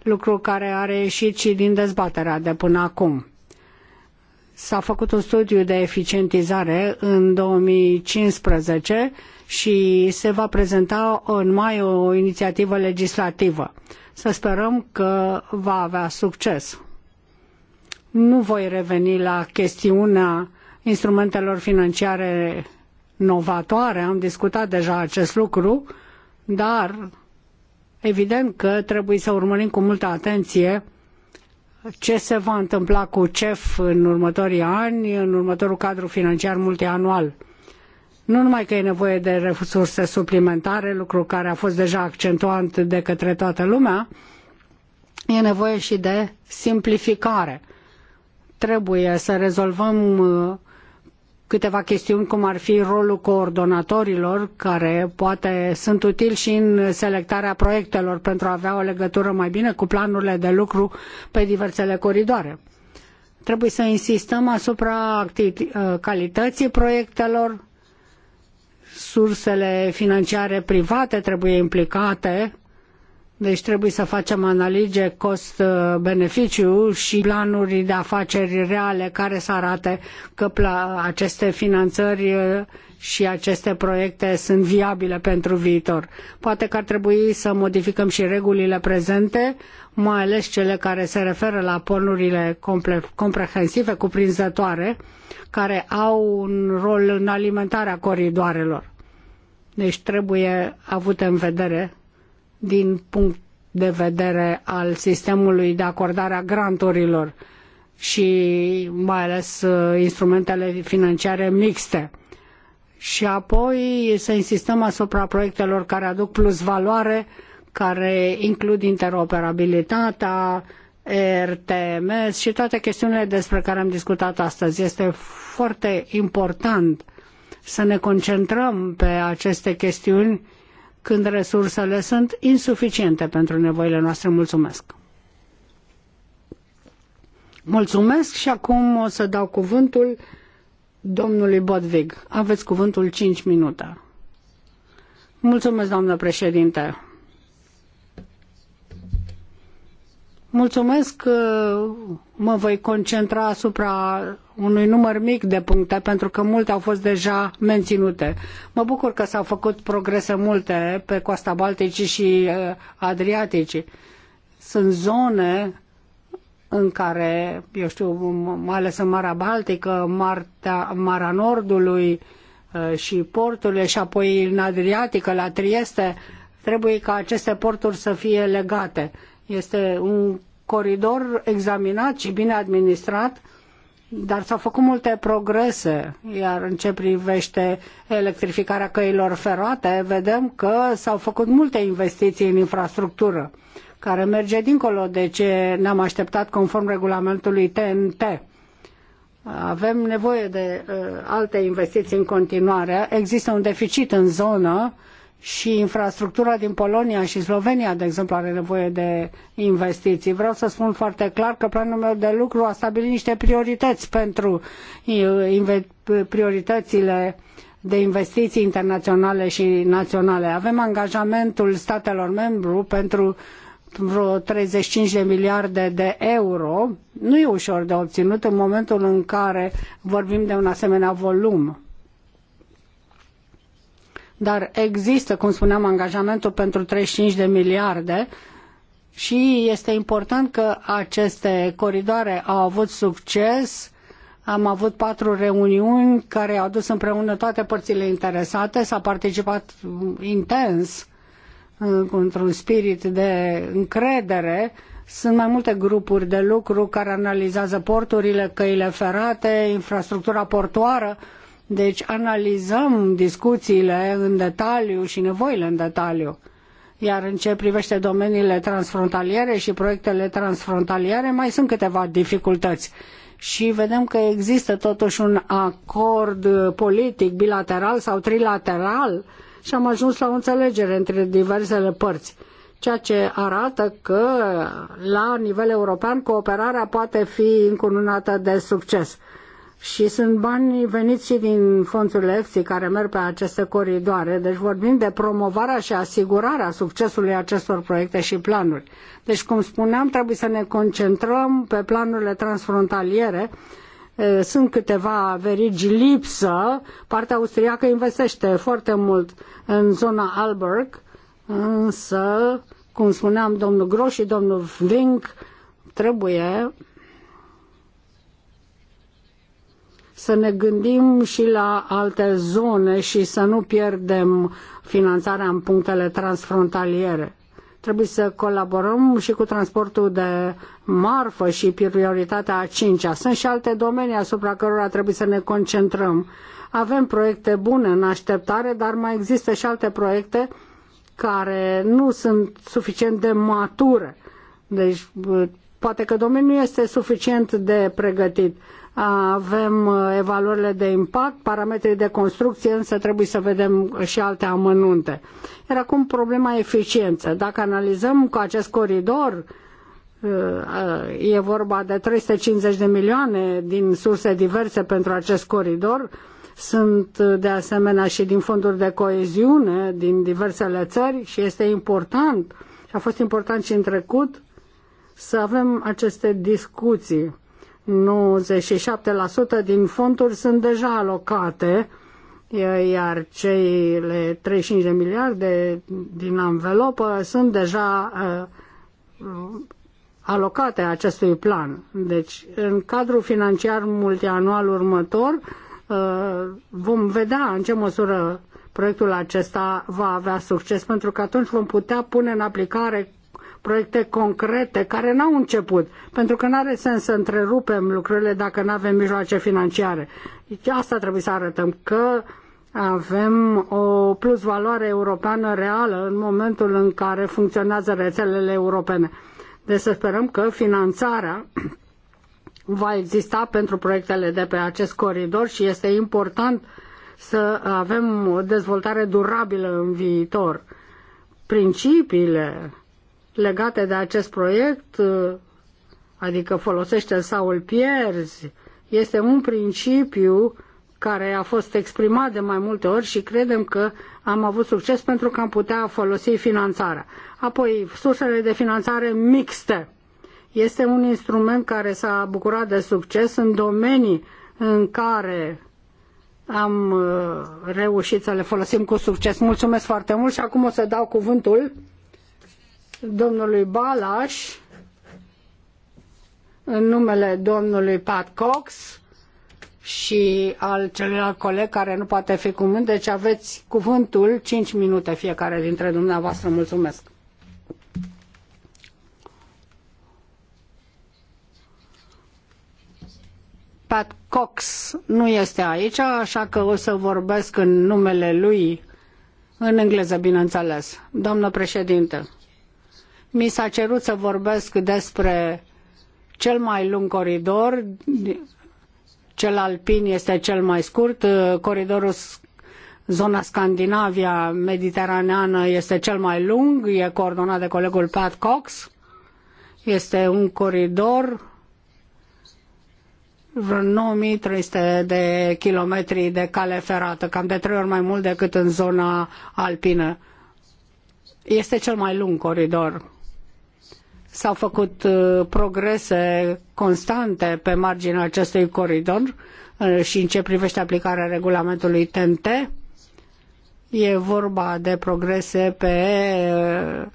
Lucru care a ieșit și din dezbaterea de până acum. S-a făcut un studiu de eficientizare în 2015 și se va prezenta în mai o inițiativă legislativă. Să sperăm că va avea succes. Nu voi reveni la chestiunea instrumentelor financiare novatoare, am discutat deja acest lucru, dar evident că trebuie să urmărim cu multă atenție ce se va întâmpla cu CEF în următorii ani, în următorul cadru financiar multianual. Nu numai că e nevoie de resurse suplimentare, lucru care a fost deja accentuat de către toată lumea, e nevoie și de simplificare. Trebuie să rezolvăm uh, câteva chestiuni, cum ar fi rolul coordonatorilor, care poate sunt utili și în selectarea proiectelor pentru a avea o legătură mai bine cu planurile de lucru pe diversele coridoare. Trebuie să insistăm asupra calității proiectelor, sursele financiare private trebuie implicate deci trebuie să facem analize cost-beneficiu și planuri de afaceri reale care să arate că aceste finanțări uh, și aceste proiecte sunt viabile pentru viitor. Poate că ar trebui să modificăm și regulile prezente, mai ales cele care se referă la pornurile comprehensive, cuprinzătoare, care au un rol în alimentarea coridoarelor. Deci trebuie avut în vedere din punct de vedere al sistemului de acordare a granturilor și mai ales uh, instrumentele financiare mixte. Și apoi să insistăm asupra proiectelor care aduc plus valoare, care includ interoperabilitatea, RTMS și toate chestiunile despre care am discutat astăzi. Este foarte important să ne concentrăm pe aceste chestiuni când resursele sunt insuficiente pentru nevoile noastre. Mulțumesc! Mulțumesc și acum o să dau cuvântul domnului Bodvig. Aveți cuvântul 5 minute. Mulțumesc, doamnă președinte. Mulțumesc că mă voi concentra asupra unui număr mic de puncte, pentru că multe au fost deja menținute. Mă bucur că s-au făcut progrese multe pe coasta Balticii și eh, Adriaticii. Sunt zone în care, eu știu, mai ales în Marea Baltică, Marta, Marea Nordului eh, și porturile și apoi în Adriatică, la Trieste, trebuie ca aceste porturi să fie legate este un coridor examinat și bine administrat, dar s-au făcut multe progrese, iar în ce privește electrificarea căilor ferate, vedem că s-au făcut multe investiții în infrastructură, care merge dincolo de ce ne-am așteptat conform regulamentului TNT. Avem nevoie de uh, alte investiții în continuare. Există un deficit în zonă uh, și infrastructura din Polonia și Slovenia, de exemplu, are nevoie de investiții. Vreau să spun foarte clar că planul meu de lucru a stabilit niște priorități pentru prioritățile de investiții internaționale și naționale. Avem angajamentul statelor membru pentru vreo 35 de miliarde de euro. Nu e ușor de obținut în momentul în care vorbim de un asemenea volum dar există, cum spuneam, angajamentul pentru 35 de miliarde și este important că aceste coridoare au avut succes. Am avut patru reuniuni care au dus împreună toate părțile interesate, s-a participat intens într-un spirit de încredere. Sunt mai multe grupuri de lucru care analizează porturile, căile ferate, infrastructura portoară, deci analizăm discuțiile în detaliu și nevoile în detaliu. Iar în ce privește domeniile transfrontaliere și proiectele transfrontaliere, mai sunt câteva dificultăți. Și vedem că există totuși un acord politic, bilateral sau trilateral și am ajuns la o înțelegere între diversele părți ceea ce arată că la nivel european cooperarea poate fi încununată de succes și sunt bani veniți și din fondurile EFSI care merg pe aceste coridoare. Deci vorbim de promovarea și asigurarea succesului acestor proiecte și planuri. Deci, cum spuneam, trebuie să ne concentrăm pe planurile transfrontaliere. Sunt câteva verigi lipsă. Partea austriacă investește foarte mult în zona Alberg, însă, cum spuneam, domnul Gros și domnul Vink trebuie să ne gândim și la alte zone și să nu pierdem finanțarea în punctele transfrontaliere. Trebuie să colaborăm și cu transportul de marfă și prioritatea a cincea. Sunt și alte domenii asupra cărora trebuie să ne concentrăm. Avem proiecte bune în așteptare, dar mai există și alte proiecte care nu sunt suficient de mature. Deci poate că domeniul este suficient de pregătit, avem uh, evaluările de impact, parametrii de construcție, însă trebuie să vedem și alte amănunte. Iar acum problema eficiență. Dacă analizăm cu acest coridor, uh, uh, e vorba de 350 de milioane din surse diverse pentru acest coridor, sunt de asemenea și din fonduri de coeziune din diversele țări și este important, și a fost important și în trecut, să avem aceste discuții 97% din fonduri sunt deja alocate, iar cele 35 de miliarde din anvelopă sunt deja uh, alocate acestui plan. Deci, în cadrul financiar multianual următor, uh, vom vedea în ce măsură proiectul acesta va avea succes, pentru că atunci vom putea pune în aplicare proiecte concrete care n-au început, pentru că nu are sens să întrerupem lucrurile dacă nu avem mijloace financiare. Deci asta trebuie să arătăm, că avem o plusvaloare europeană reală în momentul în care funcționează rețelele europene. Deci să sperăm că finanțarea va exista pentru proiectele de pe acest coridor și este important să avem o dezvoltare durabilă în viitor. Principiile legate de acest proiect, adică folosește sau îl pierzi, este un principiu care a fost exprimat de mai multe ori și credem că am avut succes pentru că am putea folosi finanțarea. Apoi, sursele de finanțare mixte. Este un instrument care s-a bucurat de succes în domenii în care am uh, reușit să le folosim cu succes. Mulțumesc foarte mult și acum o să dau cuvântul domnului Balaș, în numele domnului Pat Cox și al celuilalt coleg care nu poate fi cu mânt, deci aveți cuvântul 5 minute fiecare dintre dumneavoastră. Mulțumesc! Pat Cox nu este aici, așa că o să vorbesc în numele lui, în engleză, bineînțeles. Doamnă președinte mi s-a cerut să vorbesc despre cel mai lung coridor, cel alpin este cel mai scurt, coridorul zona Scandinavia mediteraneană este cel mai lung, e coordonat de colegul Pat Cox, este un coridor vreo 9300 de kilometri de cale ferată, cam de trei ori mai mult decât în zona alpină. Este cel mai lung coridor S-au făcut uh, progrese constante pe marginea acestui coridor uh, și în ce privește aplicarea regulamentului TNT. E vorba de progrese pe uh,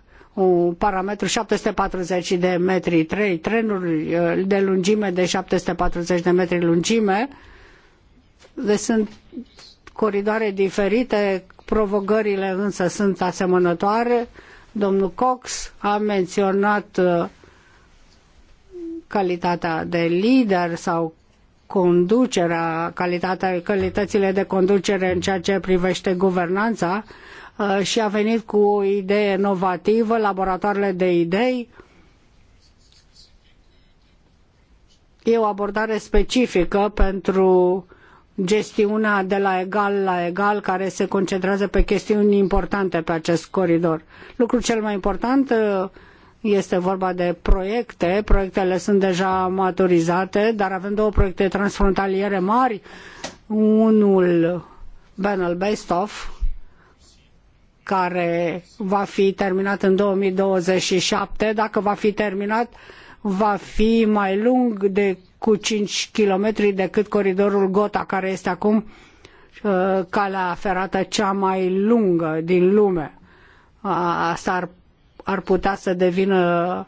un parametru 740 de metri 3, trenuri de lungime de 740 de metri lungime. Deci sunt coridoare diferite, provocările însă sunt asemănătoare Domnul Cox a menționat uh, calitatea de lider sau conducerea, calitatea, calitățile de conducere în ceea ce privește guvernanța uh, și a venit cu o idee inovativă, laboratoarele de idei. E o abordare specifică pentru gestiunea de la egal la egal care se concentrează pe chestiuni importante pe acest coridor. Lucru cel mai important uh, este vorba de proiecte, proiectele sunt deja maturizate, dar avem două proiecte transfrontaliere mari, unul Benel Bestov, care va fi terminat în 2027, dacă va fi terminat va fi mai lung de cu 5 km decât coridorul Gota, care este acum uh, calea ferată cea mai lungă din lume. Asta ar, ar putea să devină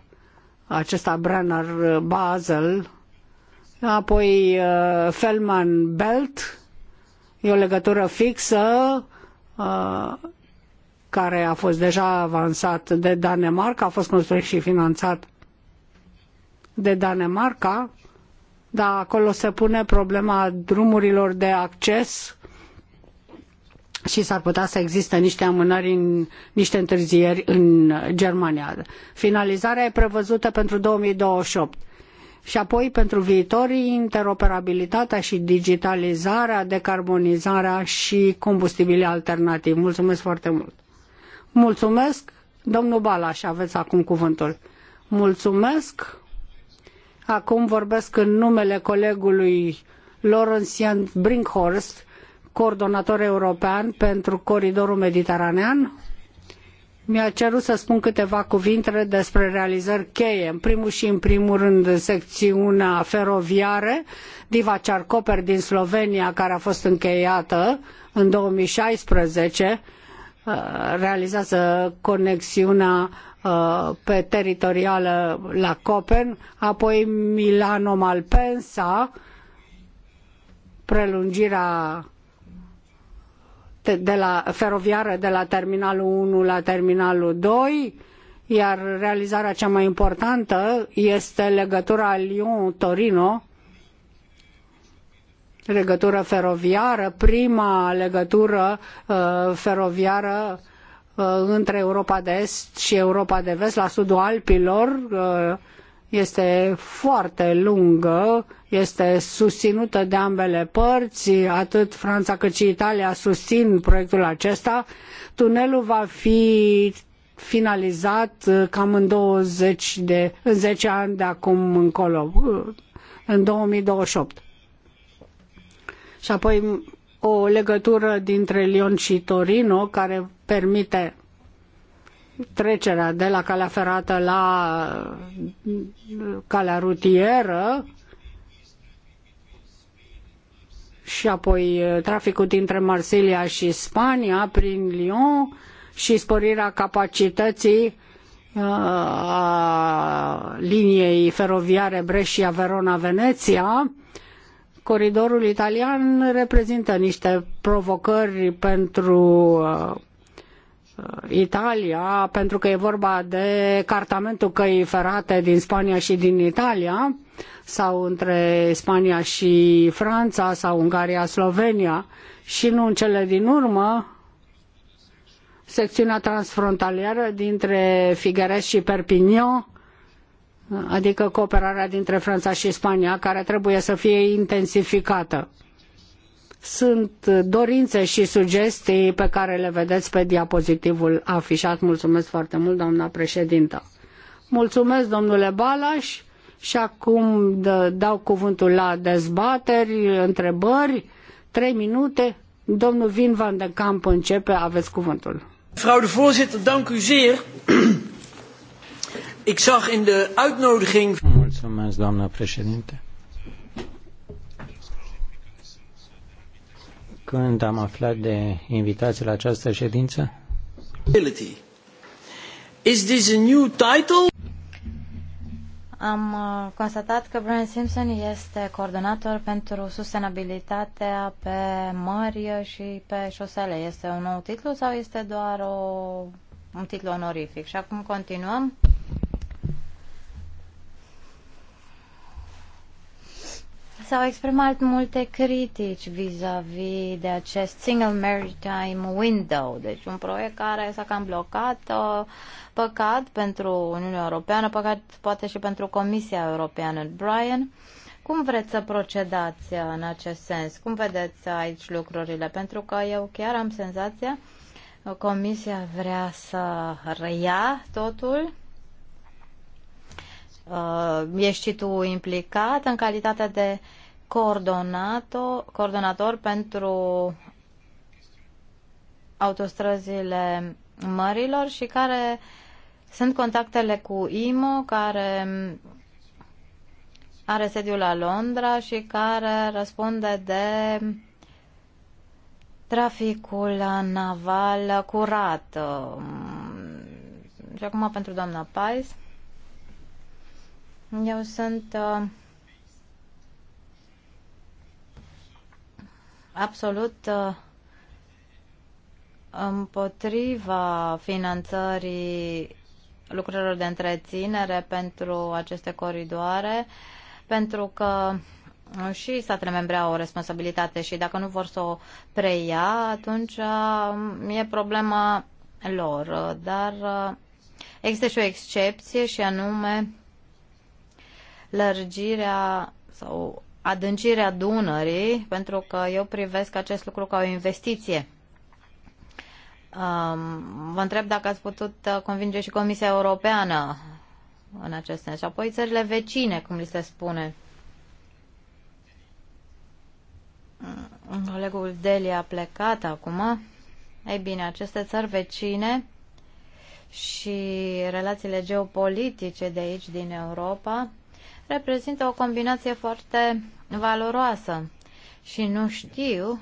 acesta Brenner uh, Basel, apoi uh, Fellman Belt, e o legătură fixă uh, care a fost deja avansat de Danemarca, a fost construit și finanțat de Danemarca, dar acolo se pune problema drumurilor de acces și s-ar putea să existe niște amânări, în, niște întârzieri în Germania. Finalizarea e prevăzută pentru 2028. Și apoi, pentru viitorii, interoperabilitatea și digitalizarea, decarbonizarea și combustibilii alternativi. Mulțumesc foarte mult! Mulțumesc, domnul Balaș, aveți acum cuvântul. Mulțumesc! Acum vorbesc în numele colegului Laurentian Brinkhorst, coordonator european pentru Coridorul Mediteranean. Mi-a cerut să spun câteva cuvinte despre realizări cheie. În primul și în primul rând în secțiunea feroviară, Diva Cearcoper din Slovenia, care a fost încheiată în 2016, uh, realizează conexiunea Uh, pe teritorială la Copen, apoi Milano Malpensa, prelungirea de la feroviară de la terminalul 1 la terminalul 2, iar realizarea cea mai importantă este legătura Lyon-Torino, legătură feroviară, prima legătură uh, feroviară Uh, între Europa de Est și Europa de Vest, la sudul Alpilor, uh, este foarte lungă, este susținută de ambele părți, atât Franța cât și Italia susțin proiectul acesta. Tunelul va fi finalizat uh, cam în 20 de, în 10 ani de acum încolo, în 2028. Și apoi o legătură dintre Lyon și Torino care permite trecerea de la calea ferată la uh, calea rutieră și apoi uh, traficul dintre Marsilia și Spania prin Lyon și sporirea capacității uh, a liniei feroviare Brescia-Verona-Veneția Coridorul italian reprezintă niște provocări pentru uh, Italia, pentru că e vorba de cartamentul căii ferate din Spania și din Italia, sau între Spania și Franța, sau Ungaria, Slovenia, și nu în cele din urmă, secțiunea transfrontalieră dintre Figueres și Perpignan, adică cooperarea dintre Franța și Spania, care trebuie să fie intensificată. Sunt dorințe și sugestii pe care le vedeți pe diapozitivul afișat. Mulțumesc foarte mult, doamna președintă. Mulțumesc, domnule Balaș. Și acum dau cuvântul la dezbateri, întrebări. Trei minute. Domnul Vin van de Camp începe. Aveți cuvântul. Frau de voorzitter, dank u zeer. Ik zag in de uitnodiging... Mulțumesc, președinte. Când am aflat de invitație la această ședință? Is this a new title? Am uh, constatat că Brian Simpson este coordonator pentru sustenabilitatea pe mări și pe șosele. Este un nou titlu sau este doar o, un titlu onorific? Și acum continuăm. S-au exprimat multe critici vis-a-vis -vis de acest Single Maritime Window, deci un proiect care s-a cam blocat, uh, păcat pentru Uniunea Europeană, păcat poate și pentru Comisia Europeană. Brian, cum vreți să procedați uh, în acest sens? Cum vedeți aici lucrurile? Pentru că eu chiar am senzația Comisia vrea să reia totul uh, ești și tu implicat în calitate de coordonator, coordonator pentru autostrăzile mărilor și care sunt contactele cu IMO, care are sediul la Londra și care răspunde de traficul naval curat. Uh, și acum pentru doamna Pais. Eu sunt uh, absolut uh, împotriva finanțării lucrurilor de întreținere pentru aceste coridoare, pentru că și statele membre au o responsabilitate și dacă nu vor să o preia, atunci uh, e problema lor. Dar uh, există și o excepție și anume lărgirea sau adâncirea Dunării, pentru că eu privesc acest lucru ca o investiție. Vă um, întreb dacă ați putut uh, convinge și Comisia Europeană în acest sens. Și apoi țările vecine, cum li se spune. Mm, colegul Deli a plecat acum. Ei bine, aceste țări vecine și relațiile geopolitice de aici, din Europa, reprezintă o combinație foarte valoroasă și nu știu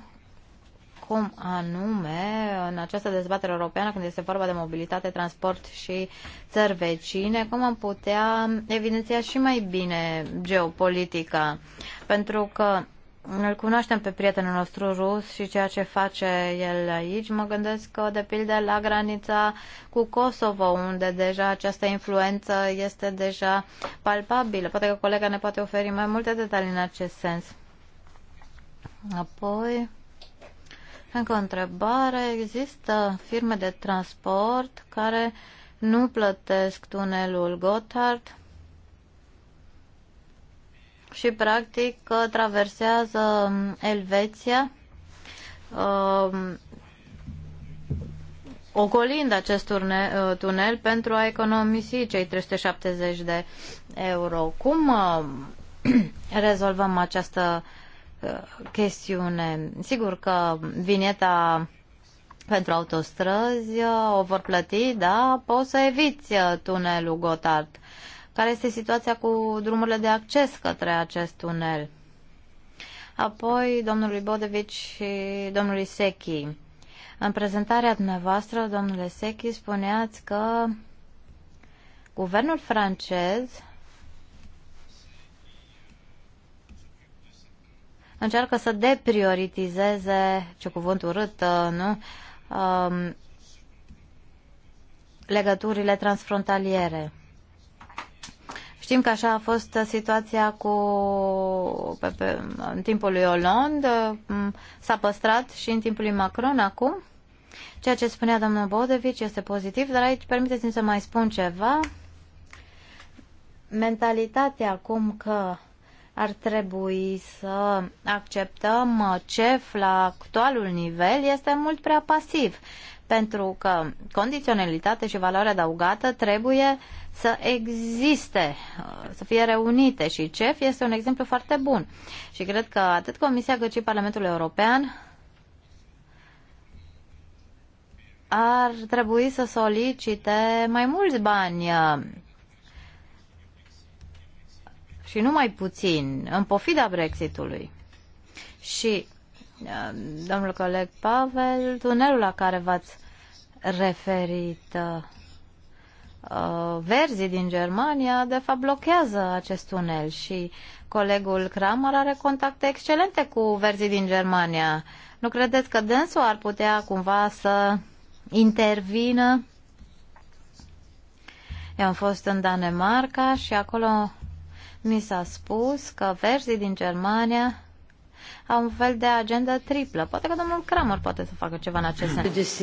cum anume în această dezbatere europeană, când este vorba de mobilitate, transport și țări vecine, cum am putea evidenția și mai bine geopolitica. Pentru că îl cunoaștem pe prietenul nostru rus și ceea ce face el aici. Mă gândesc că, de pildă, la granița cu Kosovo, unde deja această influență este deja palpabilă. Poate că colega ne poate oferi mai multe detalii în acest sens. Apoi, încă o întrebare. Există firme de transport care nu plătesc tunelul Gotthard? și practic traversează um, Elveția um, ocolind acest turne, uh, tunel pentru a economisi cei 370 de euro. Cum um, rezolvăm această uh, chestiune? Sigur că vineta pentru autostrăzi uh, o vor plăti, da, poți să eviți tunelul Gotard care este situația cu drumurile de acces către acest tunel. Apoi domnului Bodevici și domnului Sechi. În prezentarea dumneavoastră, domnule Sechi, spuneați că guvernul francez încearcă să deprioritizeze, ce cuvânt urât, uh, nu? Um, legăturile transfrontaliere. Știm că așa a fost situația cu, pe, pe, în timpul lui Hollande, mm, s-a păstrat și în timpul lui Macron acum. Ceea ce spunea domnul Bodevici este pozitiv, dar aici permiteți-mi să mai spun ceva. Mentalitatea acum că ar trebui să acceptăm uh, CEF la actualul nivel este mult prea pasiv, pentru că condiționalitate și valoare adăugată trebuie să existe, să fie reunite și CEF este un exemplu foarte bun. Și cred că atât Comisia cât și Parlamentul European ar trebui să solicite mai mulți bani și nu mai puțin, în pofida Brexitului. Și domnul coleg Pavel, tunelul la care v-ați referit uh, uh, verzii din Germania, de fapt, blochează acest tunel și colegul Kramer are contacte excelente cu verzii din Germania. Nu credeți că dânsul ar putea cumva să intervină? Eu am fost în Danemarca și acolo mi s-a spus că verzii din Germania a un fel de agenda triplă. Poate că domnul Kramer poate să facă ceva în acest sens.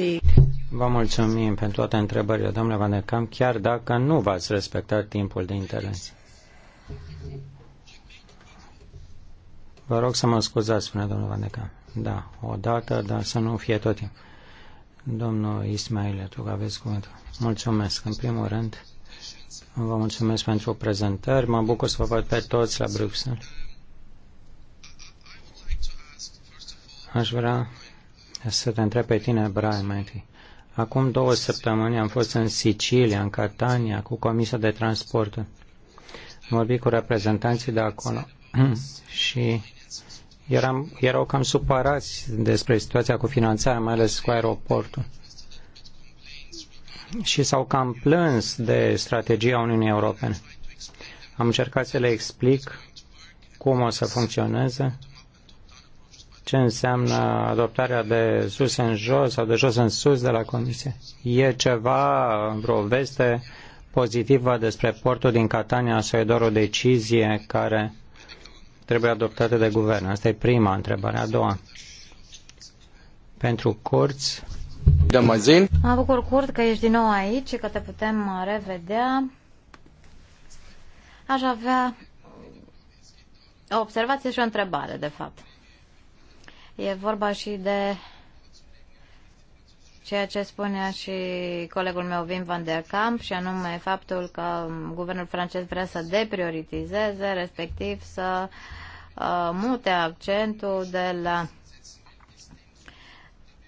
Vă mulțumim pentru toate întrebările, domnule Van Cam, chiar dacă nu v-ați respectat timpul de interes. Vă rog să mă scuzați, spune domnul Van Da, o dată, dar să nu fie tot timpul. Domnul Ismail, tu aveți cuvântul. Mulțumesc. În primul rând, vă mulțumesc pentru prezentări. Mă bucur să vă văd pe toți la Bruxelles. Aș vrea să te întreb pe tine, Brian, mai întâi. Acum două săptămâni am fost în Sicilia, în Catania, cu Comisia de Transport. Am vorbit cu reprezentanții de acolo și eram, erau cam supărați despre situația cu finanțarea, mai ales cu aeroportul. Și s-au cam plâns de strategia Uniunii Europene. Am încercat să le explic cum o să funcționeze ce înseamnă adoptarea de sus în jos sau de jos în sus de la Comisie. E ceva, vreo veste pozitivă despre portul din Catania sau e doar o decizie care trebuie adoptată de guvern? Asta e prima întrebare. A doua. Pentru curți. Damazin. Mă bucur, Curt, că ești din nou aici și că te putem revedea. Aș avea o observație și o întrebare, de fapt. E vorba și de ceea ce spunea și colegul meu Wim van der Kamp și anume faptul că guvernul francez vrea să deprioritizeze, respectiv să uh, mute accentul de la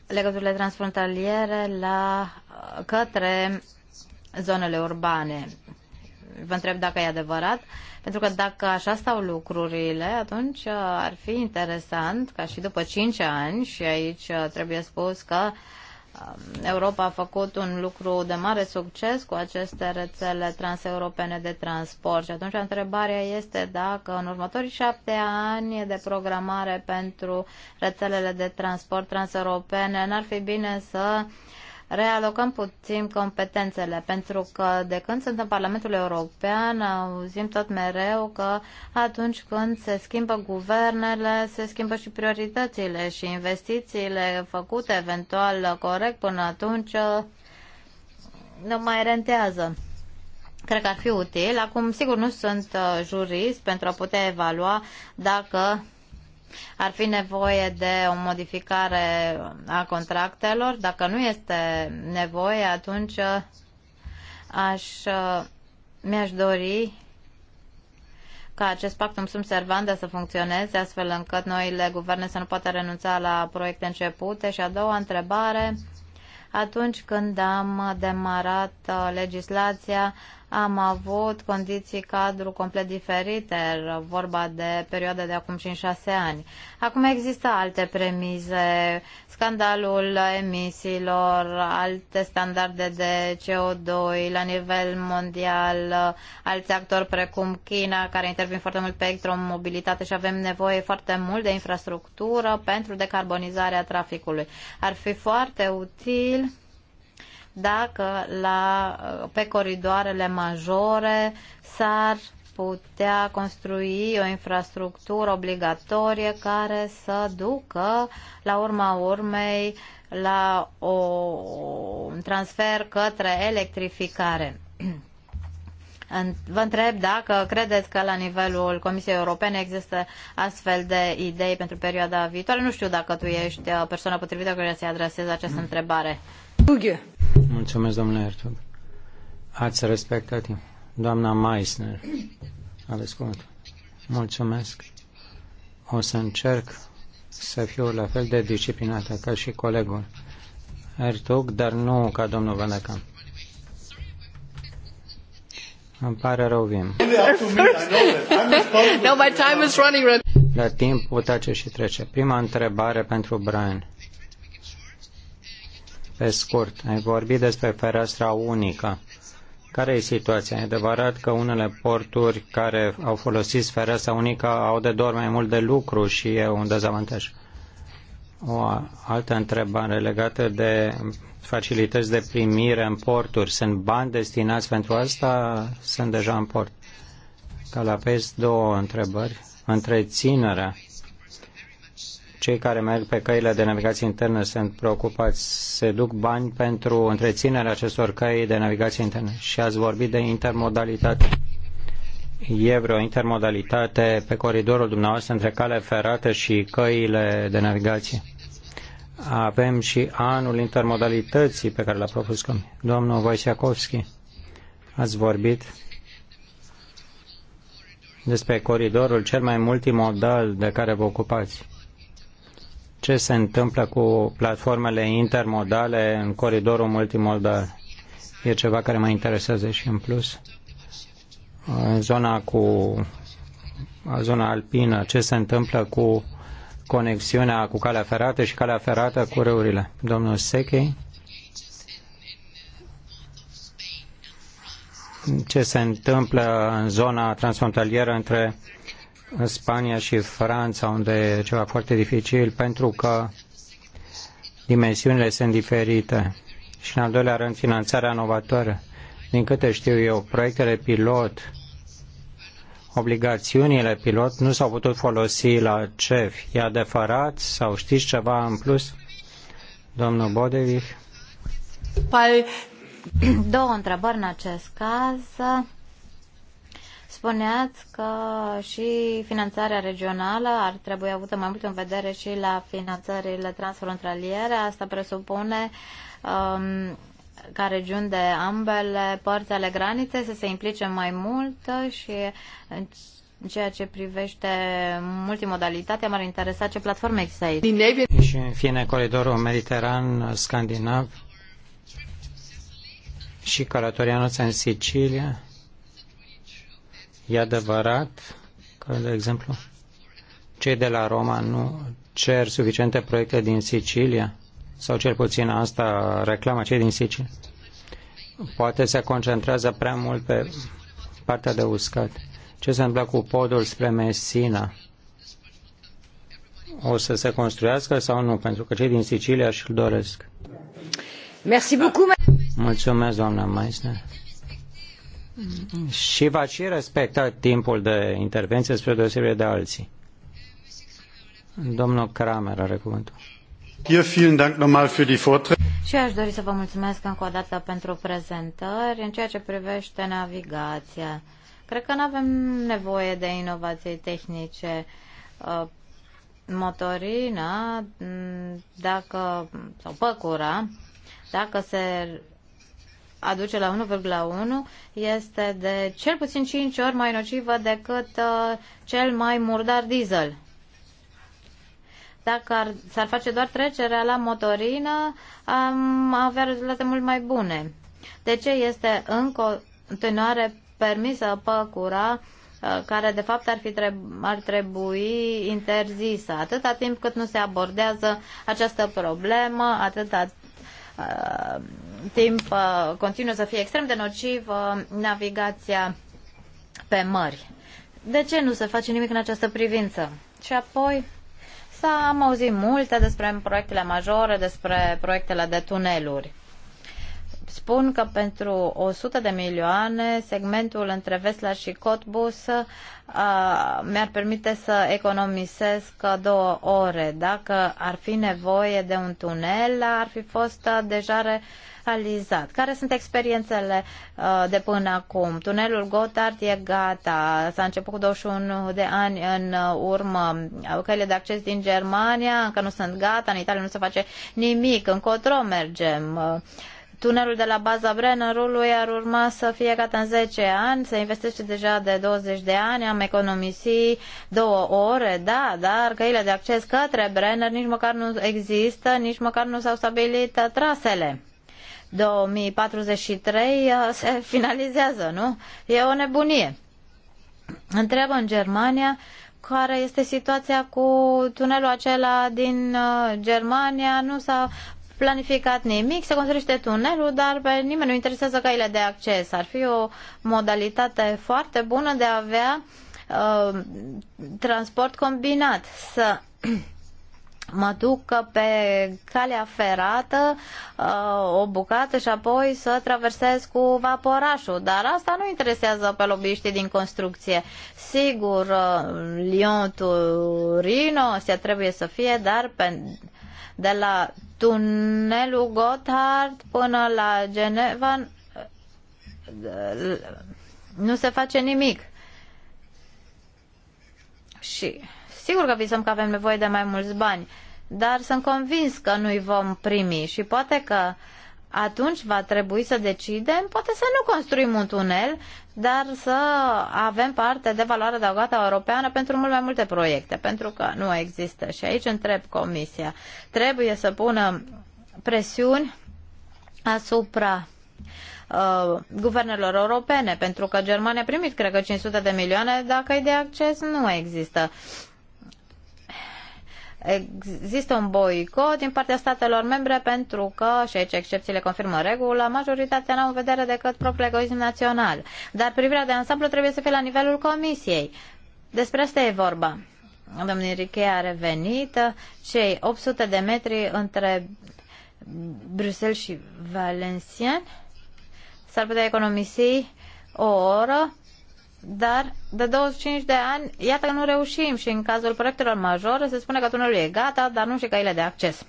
legăturile transfrontaliere la uh, către zonele urbane. Vă întreb dacă e adevărat pentru că dacă așa stau lucrurile, atunci uh, ar fi interesant ca și după 5 ani, și aici uh, trebuie spus că um, Europa a făcut un lucru de mare succes cu aceste rețele transeuropene de transport și atunci întrebarea este dacă în următorii șapte ani de programare pentru rețelele de transport transeuropene n-ar fi bine să uh, realocăm puțin competențele, pentru că de când sunt în Parlamentul European auzim tot mereu că atunci când se schimbă guvernele, se schimbă și prioritățile și investițiile făcute eventual corect până atunci uh, nu mai rentează. Cred că ar fi util. Acum, sigur, nu sunt uh, jurist pentru a putea evalua dacă ar fi nevoie de o modificare a contractelor. Dacă nu este nevoie, atunci uh, aș, uh, mi-aș dori ca acest pactum sunt servanda să funcționeze, astfel încât noile guverne să nu poată renunța la proiecte începute. Și a doua întrebare, atunci când am demarat uh, legislația, am avut condiții cadru complet diferite, vorba de perioada de acum 5-6 ani. Acum există alte premize, scandalul emisiilor, alte standarde de CO2 la nivel mondial, alți actori precum China, care intervin foarte mult pe electromobilitate și avem nevoie foarte mult de infrastructură pentru decarbonizarea traficului. Ar fi foarte util dacă la, pe coridoarele majore s-ar putea construi o infrastructură obligatorie care să ducă, la urma urmei, la o, un transfer către electrificare. Vă întreb dacă credeți că la nivelul Comisiei Europene există astfel de idei pentru perioada viitoare. Nu știu dacă tu ești uh, persoana potrivită care să-i adresezi această întrebare. Mulțumesc, domnule Ertug. Ați respectat timp. Doamna Meissner, aveți cuvântul. Mulțumesc. O să încerc să fiu la fel de disciplinată ca și colegul Ertug, dar nu ca domnul Vanecam. Îmi pare rău, Vim. no, my time is running. Dar timpul tace și trece. Prima întrebare pentru Brian. Pe scurt, ai vorbit despre fereastra unică. Care e situația? E adevărat că unele porturi care au folosit fereastra unică au de dor mai mult de lucru și e un dezavantaj. O altă întrebare legată de facilități de primire în porturi. Sunt bani destinați pentru asta? Sunt deja în port. Calapes, două întrebări. Întreținerea cei care merg pe căile de navigație internă sunt preocupați, se duc bani pentru întreținerea acestor căi de navigație internă. Și ați vorbit de intermodalitate. E vreo intermodalitate pe coridorul dumneavoastră între cale ferată și căile de navigație? Avem și anul intermodalității pe care l-a propus domnul Vaisiakovski, Ați vorbit despre coridorul cel mai multimodal de care vă ocupați ce se întâmplă cu platformele intermodale în coridorul multimodal. E ceva care mă interesează și în plus. În zona cu zona alpină, ce se întâmplă cu conexiunea cu calea ferată și calea ferată cu râurile. Domnul Sechei, ce se întâmplă în zona transfrontalieră între în Spania și Franța, unde e ceva foarte dificil, pentru că dimensiunile sunt diferite. Și în al doilea rând, finanțarea novatoare. Din câte știu eu, proiectele pilot, obligațiunile pilot nu s-au putut folosi la CEF. E adevărat? Sau știți ceva în plus? Domnul Bodevich? Pai, două întrebări în acest caz. Spuneați că și finanțarea regională ar trebui avută mai mult în vedere și la finanțările transfrontaliere. Asta presupune um, ca regiuni de ambele părți ale graniței să se implice mai mult și în ceea ce privește multimodalitatea, m-ar interesa ce platforme există aici. Și în fine, coridorul mediteran-scandinav și călătoria noastră în Sicilia E adevărat că, de exemplu, cei de la Roma nu cer suficiente proiecte din Sicilia, sau cel puțin asta reclamă cei din Sicilia. Poate se concentrează prea mult pe partea de uscat. Ce se întâmplă cu podul spre Messina? O să se construiască sau nu? Pentru că cei din Sicilia și-l doresc. Mulțumesc, doamna Meissner și va și respecta timpul de intervenție spre deosebire de alții. Domnul Kramer are cuvântul. Hier vielen Dank nochmal für die Vorträge. Și aș dori să vă mulțumesc încă o dată pentru prezentări în ceea ce privește navigația. Cred că nu avem nevoie de inovații tehnice. Uh, motorina, mm, dacă, sau păcura, dacă se aduce la 1,1 este de cel puțin 5 ori mai nocivă decât uh, cel mai murdar diesel. Dacă ar, s-ar face doar trecerea la motorină, am avea rezultate mult mai bune. De ce este în continuare permisă păcura uh, care de fapt ar, fi treb- ar trebui interzisă. Atâta timp cât nu se abordează această problemă, atâta Uh, timp uh, continuă să fie extrem de nocivă uh, navigația pe mări. De ce nu se face nimic în această privință? Și apoi s-a am auzit multe despre proiectele majore, despre proiectele de tuneluri spun că pentru 100 de milioane segmentul între Vesla și Cotbus uh, mi-ar permite să economisesc două ore. Dacă ar fi nevoie de un tunel, ar fi fost uh, deja realizat. Care sunt experiențele uh, de până acum? Tunelul Gotthard e gata. S-a început cu 21 de ani în urmă. Căile de acces din Germania încă nu sunt gata. În Italia nu se face nimic. Încotro mergem tunelul de la baza Brennerului ar urma să fie gata în 10 ani, se investește deja de 20 de ani, am economisit două ore, da, dar căile de acces către Brenner nici măcar nu există, nici măcar nu s-au stabilit trasele. 2043 uh, se finalizează, nu? E o nebunie. Întreabă în Germania care este situația cu tunelul acela din uh, Germania. Nu s-a planificat nimic, se construiește tunelul, dar pe nimeni nu interesează căile de acces. Ar fi o modalitate foarte bună de a avea uh, transport combinat. Să mă duc pe calea ferată uh, o bucată și apoi să traversez cu vaporașul. Dar asta nu interesează pe lobbyiștii din construcție. Sigur, uh, Lyon-Turino, se trebuie să fie, dar pentru de la tunelul Gotthard până la Geneva nu se face nimic. Și sigur că visăm că avem nevoie de mai mulți bani, dar sunt convins că nu-i vom primi și poate că uh, atunci va trebui să decidem, poate să nu construim un tunel, dar să avem parte de valoare adăugată europeană pentru mult mai multe proiecte, pentru că nu există. Și aici întreb Comisia. Trebuie să pună presiuni asupra uh, guvernelor europene, pentru că Germania a primit, cred că, 500 de milioane, dacă e de acces, nu există există un boicot din partea statelor membre pentru că, și aici excepțiile confirmă regula, majoritatea n-au în vedere decât propriul egoism național. Dar privirea de ansamblu trebuie să fie la nivelul comisiei. Despre asta e vorba. Domnul Riche a revenit cei 800 de metri între Bruxelles și Valenciennes. S-ar putea economisi o oră dar de 25 de ani, iată că nu reușim și în cazul proiectelor majore se spune că tunelul e gata, dar nu și căile de acces.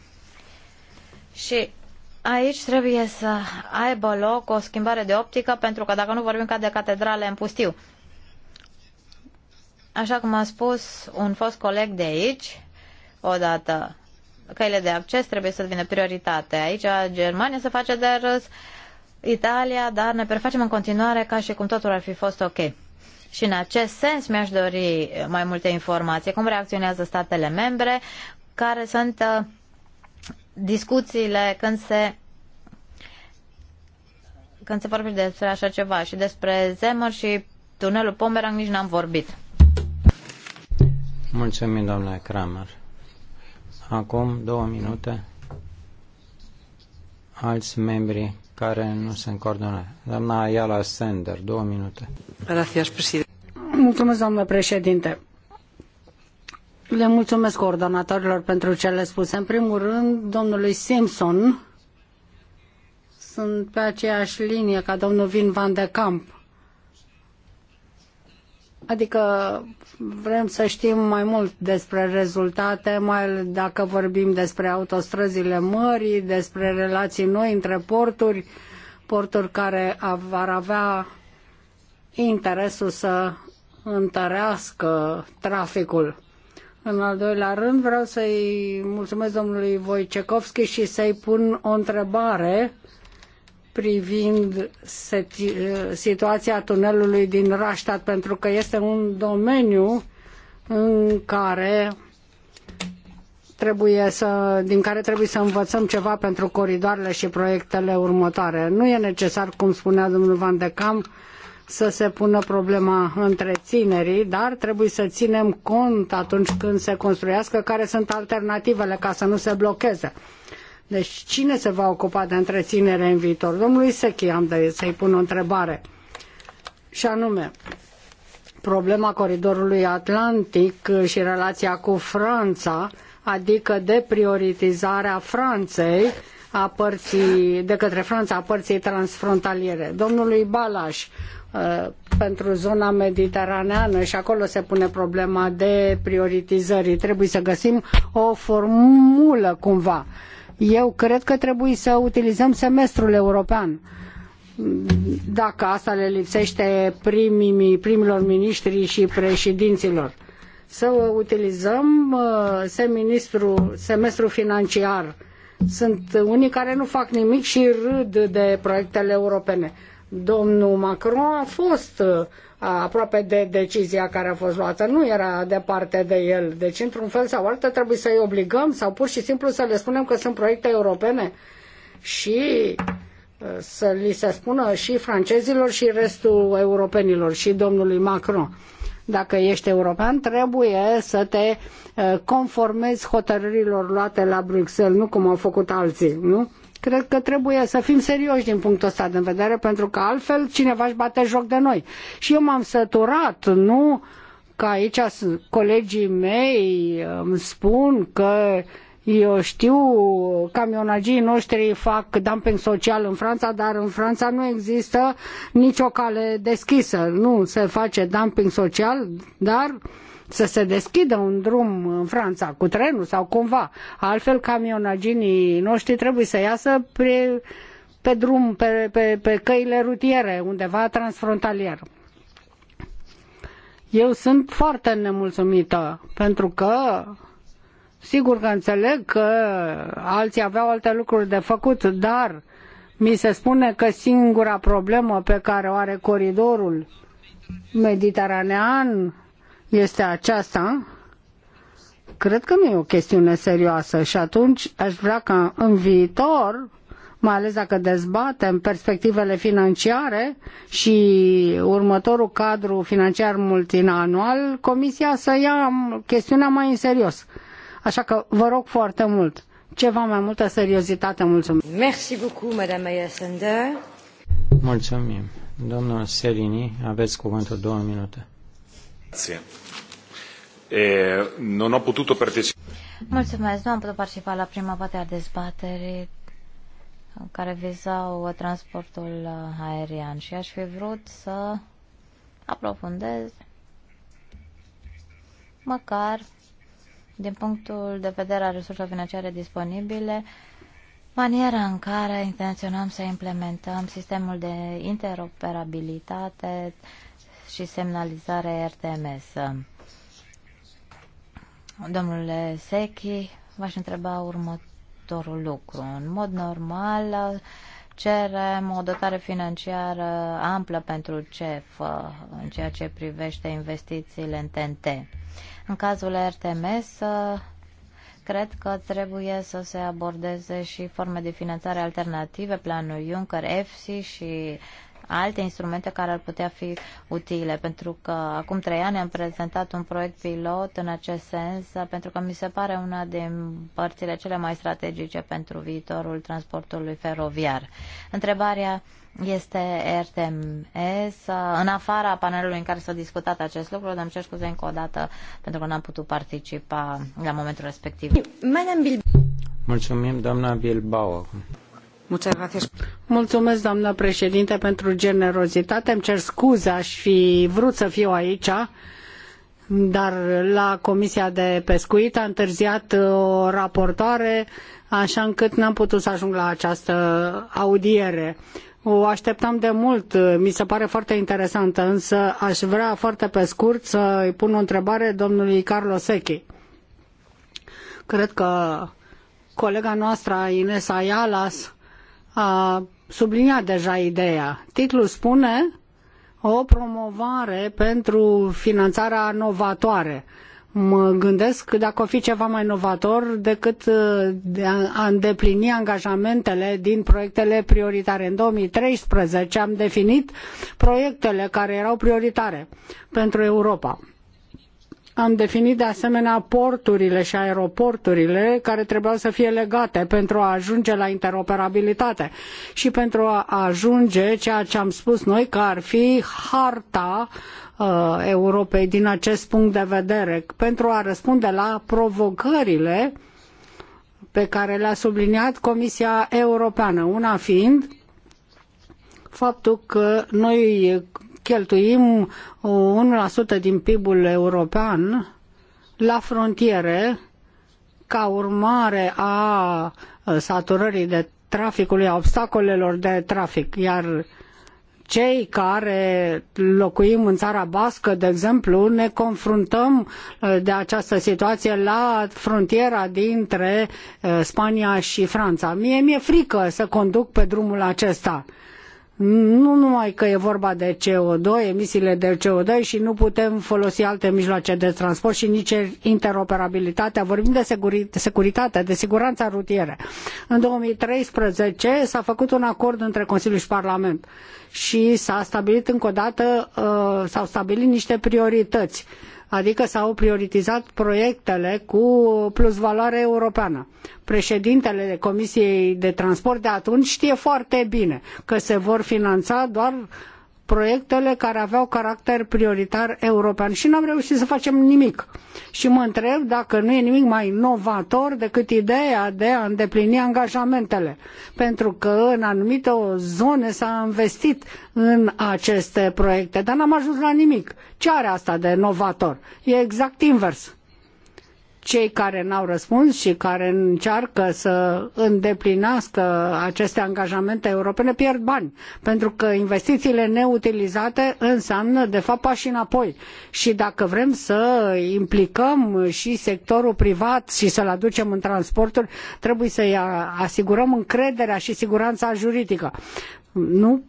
Și aici trebuie să aibă loc o schimbare de optică, pentru că dacă nu vorbim ca de catedrale în pustiu. Așa cum a spus un fost coleg de aici, odată căile de acces trebuie să devină prioritate. Aici Germania se face de râs, Italia, dar ne prefacem în continuare ca și cum totul ar fi fost ok. Și în acest sens mi-aș dori mai multe informații. Cum reacționează statele membre? Care sunt uh, discuțiile când se când se vorbește despre așa ceva și despre Zemăr și tunelul Pomerang nici n-am vorbit. Mulțumim, domnule Kramer. Acum două minute alți membri care nu sunt coordonate. Doamna Ayala Sender, două minute. Mulțumesc, doamnă președinte. Le mulțumesc coordonatorilor pentru ce cele spuse. În primul rând, domnului Simpson, sunt pe aceeași linie ca domnul Vin Van de Camp Adică vrem să știm mai mult despre rezultate, mai dacă vorbim despre autostrăzile mării, despre relații noi între porturi, porturi care ar avea interesul să întărească traficul. În al doilea rând vreau să-i mulțumesc domnului Wojciechowski și să-i pun o întrebare uh, privind situația tunelului din Raștat, pentru că este un domeniu în care trebuie să, din care trebuie să învățăm ceva pentru coridoarele și proiectele următoare. Nu e necesar, cum spunea domnul Van de Cam, să se pună problema întreținerii, dar trebuie să ținem cont atunci când se construiască care sunt alternativele ca să nu se blocheze. Deci cine se va ocupa de întreținere în viitor? Domnului Sechi am de să-i pun o întrebare. Și anume, problema coridorului atlantic și relația cu Franța, adică de prioritizarea Franței a părții, de către Franța a părții transfrontaliere. Domnului Balaș, uh, pentru zona mediteraneană și acolo se pune problema de prioritizării. Trebuie să găsim o formulă cumva. Eu cred că trebuie să utilizăm semestrul european. Dacă asta le lipsește primii, primilor miniștri și președinților. Să utilizăm uh, seministru, semestrul financiar. Sunt unii care nu fac nimic și râd de proiectele europene. Domnul Macron a fost uh, aproape de decizia care a fost luată. Nu era departe de el. Deci, într-un fel sau altul, trebuie să-i obligăm sau pur și simplu să le spunem că sunt proiecte europene și uh, să li se spună și francezilor și restul europenilor și domnului Macron. Dacă ești european, trebuie să te uh, conformezi hotărârilor luate la Bruxelles, nu cum au făcut alții, nu? Cred că trebuie să fim serioși din punctul ăsta de vedere, pentru că altfel cineva își bate joc de noi. Și eu m-am săturat, nu că aici colegii mei uh, îmi spun că eu știu, camionagii noștri fac dumping social în Franța, dar în Franța nu există nicio cale deschisă. Nu se face dumping social, dar uh, să se deschidă un drum în Franța cu trenul sau cumva. Altfel camionaginii noștri trebuie să iasă pe, pe drum, pe, pe, pe căile rutiere, undeva transfrontalier. Eu sunt foarte nemulțumită pentru că sigur că înțeleg că alții aveau alte lucruri de făcut, dar mi se spune că singura problemă pe care o are coridorul mediteranean este aceasta, cred că nu e o chestiune serioasă și atunci aș vrea ca în viitor, mai ales dacă dezbatem perspectivele financiare și următorul cadru financiar multianual, Comisia să ia chestiunea mai în serios. Așa că vă rog foarte mult, ceva mai multă seriozitate, mulțumesc. Merci beaucoup, Madame Mulțumim. Domnul Serini, aveți cuvântul două minute. Grazie. E, non ho potuto partecipare. Mulțumesc, nu am putut participa la prima parte a dezbaterii care vizau transportul aerian și aș fi vrut să aprofundez măcar din punctul de vedere al resurselor financiare disponibile, maniera în care intenționăm să implementăm sistemul de interoperabilitate, și semnalizare RTMS. Domnule Sechi, v-aș întreba următorul lucru. În mod normal, cerem o dotare financiară amplă pentru CEF în ceea ce privește investițiile în TNT. În cazul RTMS, cred că trebuie să se abordeze și forme de finanțare alternative, planul Juncker, EFSI și alte instrumente care ar putea fi utile, pentru că acum trei ani am prezentat un proiect pilot în acest sens, pentru că mi se pare una din părțile cele mai strategice pentru viitorul transportului feroviar. Întrebarea este RTMS. În afara panelului în care s-a discutat acest lucru, dar îmi cer scuze încă o dată pentru că n-am putut participa la momentul respectiv. Mulțumim, doamna Bilbao. Mulțumesc, doamnă președinte, pentru generozitate. Îmi cer scuze, aș fi vrut să fiu aici, dar la Comisia de Pescuit a întârziat uh, o raportoare, așa încât n-am putut să ajung la această audiere. O așteptam de mult, mi se pare foarte interesantă, însă aș vrea foarte pe scurt să-i pun o întrebare domnului Carlos Sechi. Cred că colega noastră, Ines Ayalas, a subliniat deja ideea. Titlul spune o promovare pentru finanțarea novatoare. Mă gândesc că dacă o fi ceva mai novator decât uh, de a îndeplini angajamentele din proiectele prioritare. În 2013 am definit proiectele care erau prioritare pentru Europa am definit de asemenea porturile și aeroporturile care trebuiau să fie legate pentru a ajunge la interoperabilitate și pentru a ajunge ceea ce am spus noi că ar fi harta uh, Europei din acest punct de vedere, pentru a răspunde la provocările pe care le-a subliniat Comisia Europeană, una fiind faptul că noi cheltuim 1% uh, din PIB-ul european la frontiere ca urmare a uh, saturării de traficului, a obstacolelor de trafic, iar cei care locuim în țara bască, de exemplu, ne confruntăm uh, de această situație la frontiera dintre Spania și Franța. Mie mi-e frică să conduc pe drumul acesta nu numai că e vorba de CO2, emisiile de CO2 și nu putem folosi alte mijloace de transport și nici interoperabilitatea. Vorbim de securitate, de siguranța rutieră. În 2013 s-a făcut un acord între Consiliu și Parlament și s-a stabilit încă o dată, uh, s-au stabilit niște priorități adică s-au prioritizat proiectele cu plusvaloare europeană. Președintele Comisiei de Transport de atunci știe foarte bine că se vor finanța doar proiectele care aveau caracter prioritar european și n-am reușit să facem nimic. Și mă întreb dacă nu e nimic mai inovator decât ideea de a îndeplini angajamentele, pentru că în anumite zone s-a investit în aceste proiecte, dar n-am ajuns la nimic. Ce are asta de novator? E exact invers cei care n-au răspuns și care încearcă să îndeplinească aceste angajamente europene pierd bani, pentru că investițiile neutilizate înseamnă de fapt pași înapoi. Și dacă vrem să implicăm și sectorul privat și să-l aducem în transporturi, trebuie să-i asigurăm încrederea și siguranța juridică. Nu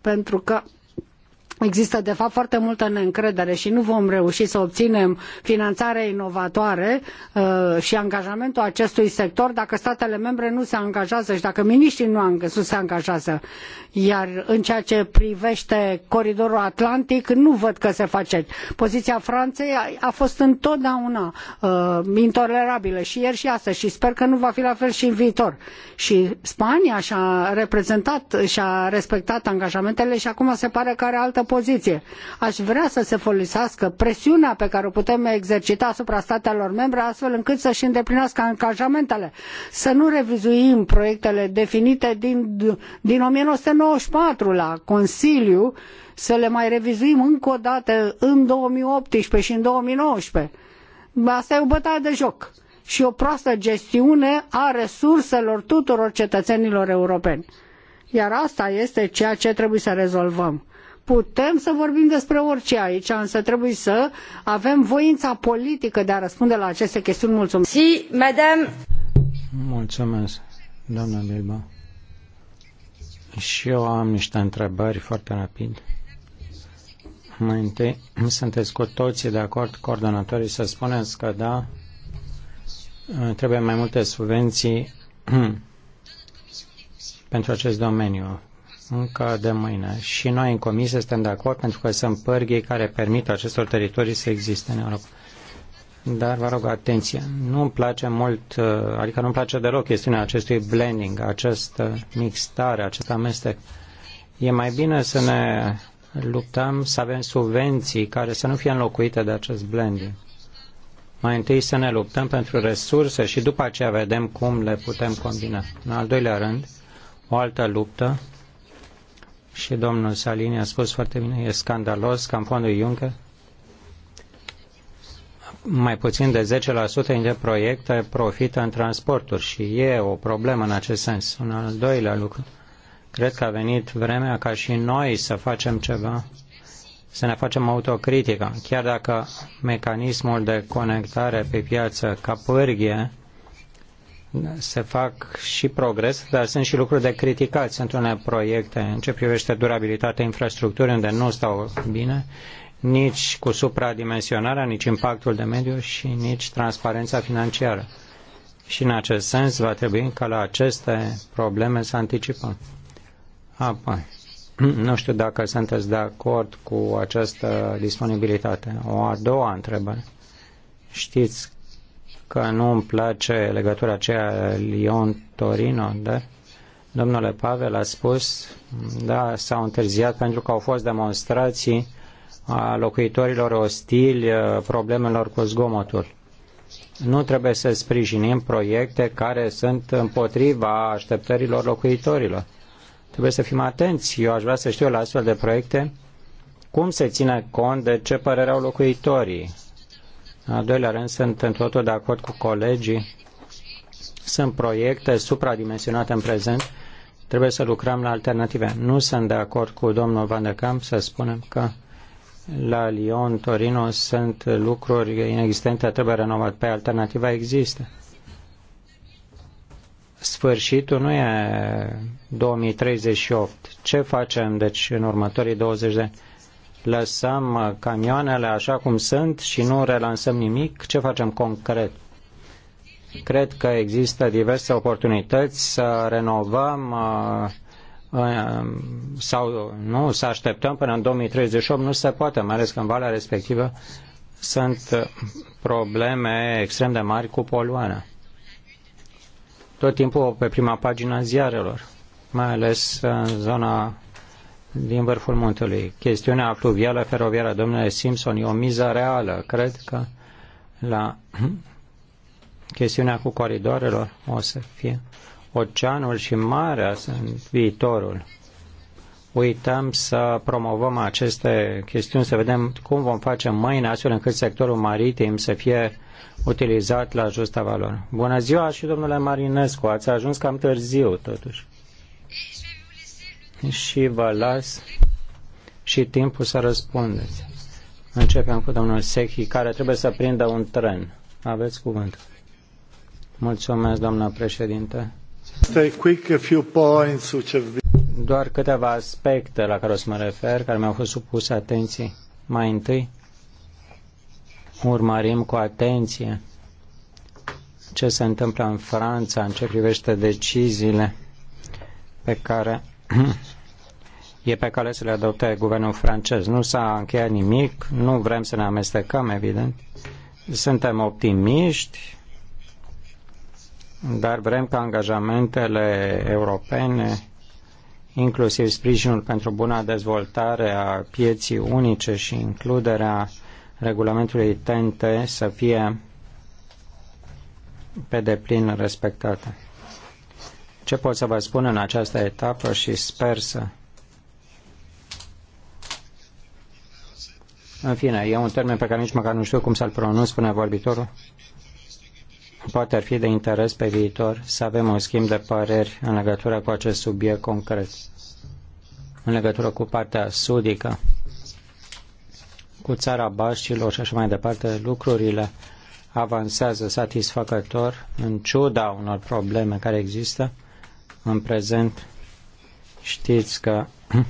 pentru că Există, de fapt, foarte multă neîncredere și nu vom reuși să obținem finanțare inovatoare uh, și angajamentul acestui sector dacă statele membre nu se angajează și dacă miniștrii nu, se angajează. Iar în ceea ce privește coridorul atlantic, nu văd că se face. Poziția Franței a fost întotdeauna uh, intolerabilă și ieri și astăzi și sper că nu va fi la fel și în viitor. Și Spania și-a reprezentat și-a respectat angajamentele și acum se pare că are altă opoziție. Aș vrea să se folosească presiunea pe care o putem exercita asupra statelor membre astfel încât să-și îndeplinească angajamentele. Să nu revizuim proiectele definite din, din 1994 la Consiliu, să le mai revizuim încă o dată în 2018 și în 2019. Asta e o bătaie de joc și o proastă gestiune a resurselor tuturor cetățenilor europeni. Iar asta este ceea ce trebuie să rezolvăm. Putem să vorbim despre orice aici, însă trebuie să avem voința politică de a răspunde la aceste chestiuni. Mulțumesc. Si, madame. Mulțumesc, doamna Bilba. Și eu am niște întrebări foarte rapid. Mai întâi, sunteți cu toții de acord, coordonatorii, să spuneți că da, trebuie mai multe subvenții pentru acest domeniu încă de mâine. Și noi în comisie suntem de acord pentru că sunt pârghii care permit acestor teritorii să existe în Europa. Dar vă rog atenție, nu îmi place mult, uh, adică nu-mi place deloc chestiunea acestui blending, această uh, mixtare, acest amestec. E mai bine să ne luptăm să avem subvenții care să nu fie înlocuite de acest blending. Mai întâi să ne luptăm pentru resurse și după aceea vedem cum le putem combina. În al doilea rând, o altă luptă și domnul Salini a spus foarte bine, e scandalos că în fondul Juncker mai puțin de 10% dintre proiecte profită în transporturi și e o problemă în acest sens. Un al doilea lucru. Cred că a venit vremea ca și noi să facem ceva, să ne facem autocritică, chiar dacă mecanismul de conectare pe piață ca pârghie se fac și progrese, dar sunt și lucruri de criticat. Sunt unele proiecte în ce privește durabilitatea infrastructurii unde nu stau bine, nici cu supradimensionarea, nici impactul de mediu și nici transparența financiară. Și în acest sens va trebui ca la aceste probleme să anticipăm. Apoi, nu știu dacă sunteți de acord cu această disponibilitate. O a doua întrebare. Știți că nu îmi place legătura aceea Lyon-Torino, da? domnule Pavel a spus, da, s-au întârziat pentru că au fost demonstrații a locuitorilor ostili problemelor cu zgomotul. Nu trebuie să sprijinim proiecte care sunt împotriva așteptărilor locuitorilor. Trebuie să fim atenți. Eu aș vrea să știu la astfel de proiecte cum se ține cont de ce părere au locuitorii. Al doilea rând, sunt în totul de acord cu colegii. Sunt proiecte supradimensionate în prezent. Trebuie să lucrăm la alternative. Nu sunt de acord cu domnul Van de Camp să spunem că la Lyon, Torino sunt lucruri inexistente, trebuie renovat. Pe alternativa există. Sfârșitul nu e 2038. Ce facem, deci, în următorii 20 de ani? lăsăm camioanele așa cum sunt și nu relansăm nimic, ce facem concret? Cred că există diverse oportunități să renovăm uh, uh, sau nu, să așteptăm până în 2038, nu se poate, mai ales că în valea respectivă sunt uh, probleme extrem de mari cu poluarea. Tot timpul pe prima pagina ziarelor, mai ales în zona din vârful muntelui. Chestiunea fluvială feroviară, domnule Simpson, e o miză reală. Cred că la chestiunea cu coridoarelor o să fie oceanul și marea sunt viitorul. Uităm să promovăm aceste chestiuni, să vedem cum vom face mâine astfel încât sectorul maritim să fie utilizat la justa valoare. Bună ziua și domnule Marinescu, ați ajuns cam târziu totuși și vă las și timpul să răspundeți. Începem cu domnul Sechi, care trebuie să prindă un tren. Aveți cuvânt. Mulțumesc, doamna președinte. Doar câteva aspecte la care o să mă refer, care mi-au fost supuse atenții. Mai întâi, urmărim cu atenție ce se întâmplă în Franța în ce privește deciziile pe care e pe cale să le adopte guvernul francez. Nu s-a încheiat nimic, nu vrem să ne amestecăm, evident. Suntem optimiști, dar vrem ca angajamentele europene, inclusiv sprijinul pentru buna dezvoltare a pieții unice și includerea regulamentului TNT să fie pe deplin respectate. Ce pot să vă spun în această etapă și sper să... În fine, e un termen pe care nici măcar nu știu cum să-l pronunț, spune vorbitorul. Poate ar fi de interes pe viitor să avem un schimb de păreri în legătură cu acest subiect concret, în legătură cu partea sudică, cu țara Baștilor și așa mai departe, lucrurile avansează satisfăcător în ciuda unor probleme care există în prezent știți că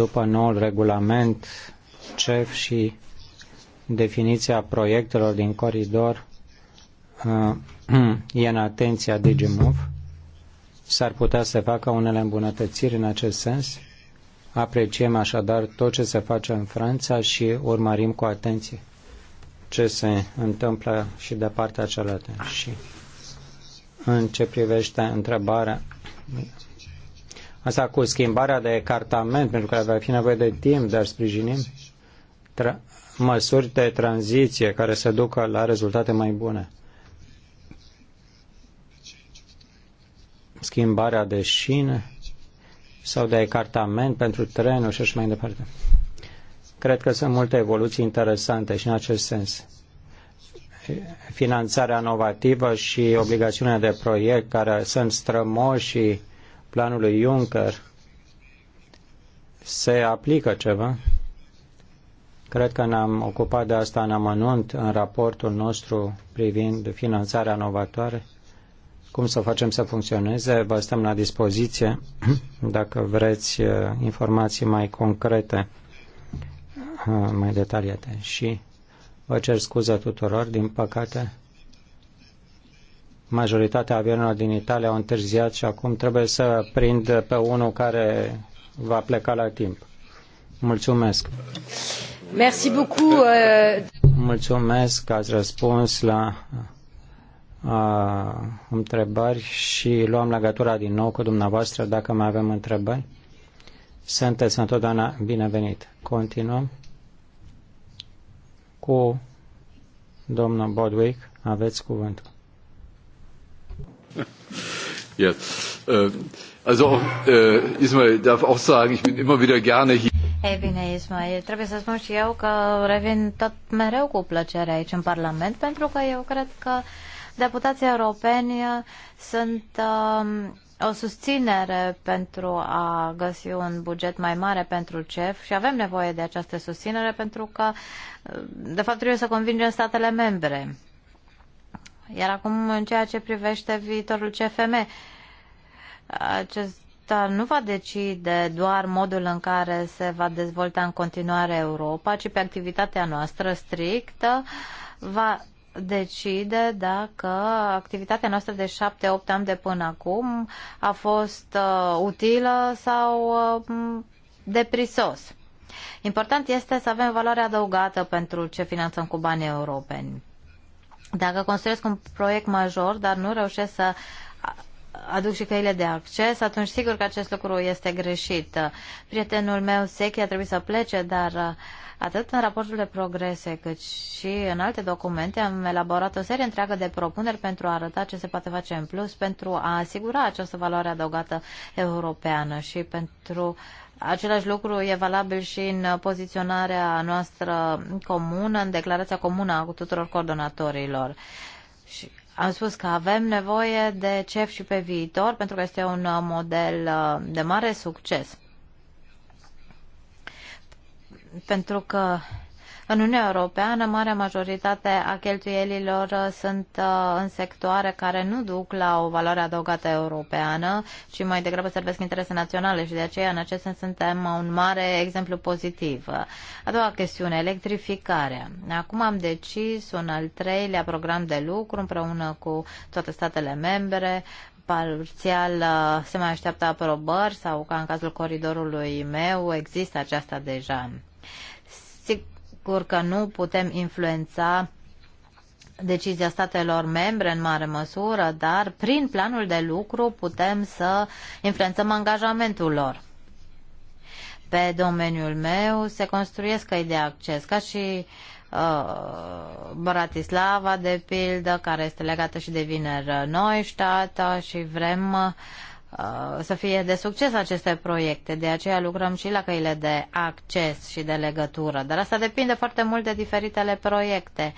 după noul regulament CEF și definiția proiectelor din coridor uh, e în atenția DGMOV. S-ar putea să facă unele îmbunătățiri în acest sens. Apreciem așadar tot ce se face în Franța și urmărim cu atenție ce se întâmplă și de partea cealaltă. Și în ce privește întrebarea. Asta cu schimbarea de cartament, pentru că va fi nevoie de timp, dar sprijinim măsuri de tranziție care să ducă la rezultate mai bune. Schimbarea de șine sau de cartament pentru trenul și așa mai departe. Cred că sunt multe evoluții interesante și în acest sens finanțarea inovativă și obligațiunea de proiect care sunt strămoșii planului Juncker, se aplică ceva? Cred că ne-am ocupat de asta în amănunt în raportul nostru privind finanțarea inovatoare. Cum să facem să funcționeze? Vă stăm la dispoziție dacă vreți eh, informații mai concrete, eh, mai detaliate. Și Vă cer scuze tuturor, din păcate majoritatea avionilor din Italia au întârziat și acum trebuie să prind pe unul care va pleca la timp. Mulțumesc! Merci beaucoup! Uh, Mulțumesc că ați răspuns la uh, întrebări și luăm legătura din nou cu dumneavoastră dacă mai avem întrebări. Sunteți întotdeauna binevenit. Continuăm cu domnul Bodwick. Aveți cuvântul. Yeah. Äh, also, äh, Ismail darf auch sagen, ich bin immer wieder gerne hier. Ei bine, Ismail, trebuie să spun și eu că revin tot mereu cu plăcere aici în Parlament, pentru că eu cred că deputații europeni sunt uh, o susținere pentru a găsi un buget mai mare pentru CEF și avem nevoie de această susținere pentru că, de fapt, trebuie să convingem statele membre. Iar acum, în ceea ce privește viitorul CFM, acesta nu va decide doar modul în care se va dezvolta în continuare Europa, ci pe activitatea noastră strictă va decide dacă activitatea noastră de șapte-opt ani de până acum a fost uh, utilă sau uh, deprisos. Important este să avem valoare adăugată pentru ce finanțăm cu banii europeni. Dacă construiesc un proiect major, dar nu reușesc să uh, aduc și căile de acces, atunci sigur că acest lucru este greșit. Prietenul meu, Sechi, a trebuit să plece, dar uh, atât în raportul de progrese cât și în alte documente am elaborat o serie întreagă de propuneri pentru a arăta ce se poate face în plus pentru a asigura această valoare adăugată europeană și pentru Același lucru e valabil și în poziționarea noastră comună, în declarația comună a tuturor coordonatorilor. Și am spus că avem nevoie de CEF și pe viitor, pentru că este un uh, model uh, de mare succes. Pentru că în Uniunea Europeană, marea majoritate a cheltuielilor sunt uh, în sectoare care nu duc la o valoare adăugată europeană, ci mai degrabă servesc interese naționale și de aceea, în acest sens, suntem un mare exemplu pozitiv. A doua chestiune, electrificarea. Acum am decis un al treilea program de lucru împreună cu toate statele membre parțial uh, se mai așteaptă aprobări sau ca în cazul coridorului meu există aceasta deja sigur că nu putem influența decizia statelor membre în mare măsură, dar prin planul de lucru putem să influențăm angajamentul lor. Pe domeniul meu se construiesc căi de acces, ca și uh, Bratislava, de pildă, care este legată și de vineri noi, ștata, și vrem uh, Uh, să fie de succes aceste proiecte. De aceea lucrăm și la căile de acces și de legătură. Dar asta depinde foarte mult de diferitele proiecte.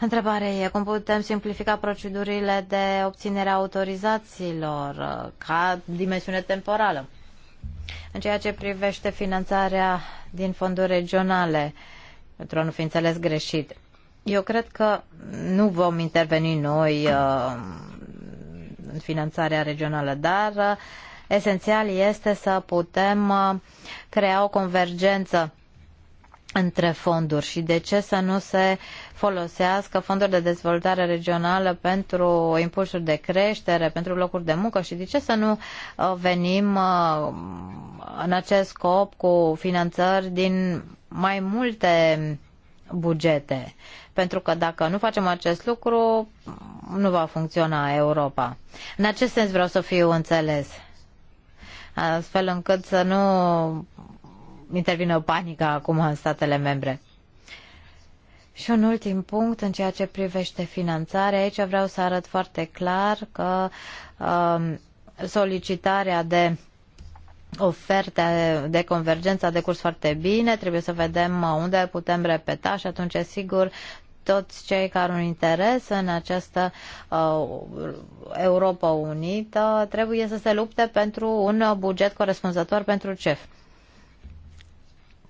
Întrebarea e cum putem simplifica procedurile de obținere a autorizațiilor uh, ca dimensiune temporală. În ceea ce privește finanțarea din fonduri regionale, pentru a nu fi înțeles greșit, eu cred că nu vom interveni noi uh, finanțarea regională, dar uh, esențial este să putem uh, crea o convergență între fonduri și de ce să nu se folosească fonduri de dezvoltare regională pentru impulsuri de creștere, pentru locuri de muncă și de ce să nu uh, venim în acest scop cu finanțări din mai multe bugete. Pentru că dacă nu facem acest lucru, nu va funcționa Europa. În acest sens vreau să fiu înțeles. Astfel încât să nu intervine o panică acum în statele membre. Și un ultim punct în ceea ce privește finanțarea. Aici vreau să arăt foarte clar că uh, solicitarea de oferte de convergență a decurs foarte bine, trebuie să vedem unde putem repeta și atunci, sigur, toți cei care au interes în această uh, Europa Unită trebuie să se lupte pentru un buget corespunzător pentru CEF.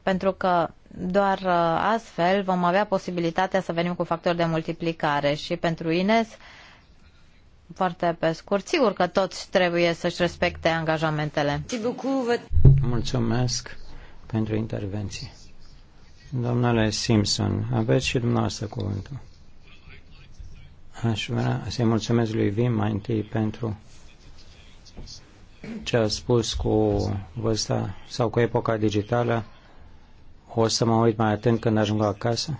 Pentru că doar uh, astfel vom avea posibilitatea să venim cu factori de multiplicare și pentru Ines uh, foarte pe scurt. Sigur că toți trebuie să-și respecte angajamentele. Mulțumesc pentru intervenție. Domnule Simpson, aveți și dumneavoastră cuvântul. Aș vrea să-i mulțumesc lui Vim mai întâi pentru ce a spus cu vârsta sau cu epoca digitală. O să mă uit mai atent când ajung acasă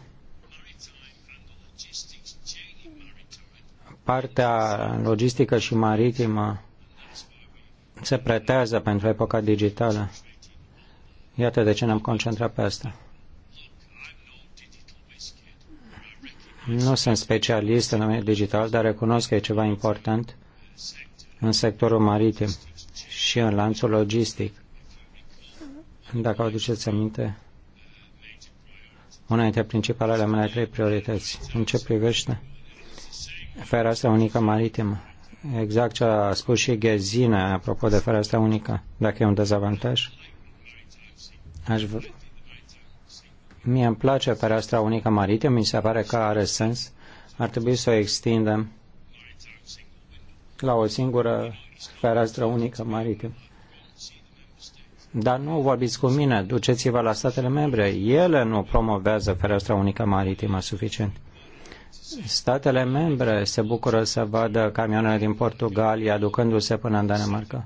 partea logistică și maritimă se pretează pentru epoca digitală. Iată de ce ne-am concentrat pe asta. Nu sunt specialist în domeniul digital, dar recunosc că e ceva important în sectorul maritim și în lanțul logistic. Dacă o duceți aminte, una dintre principalele mele trei priorități. În ce privește fereastra unică maritimă. Exact ce a spus și Ghezine apropo de fereastra unică, dacă e un dezavantaj. Aș v- Mie îmi place fereastra unică maritimă, mi se pare că are sens. Ar trebui să o extindem la o singură fereastră unică maritimă. Dar nu vorbiți cu mine, duceți-vă la statele membre. Ele nu promovează fereastra unică maritimă suficient. Statele membre se bucură să vadă camioanele din Portugalia aducându-se până în Danemarca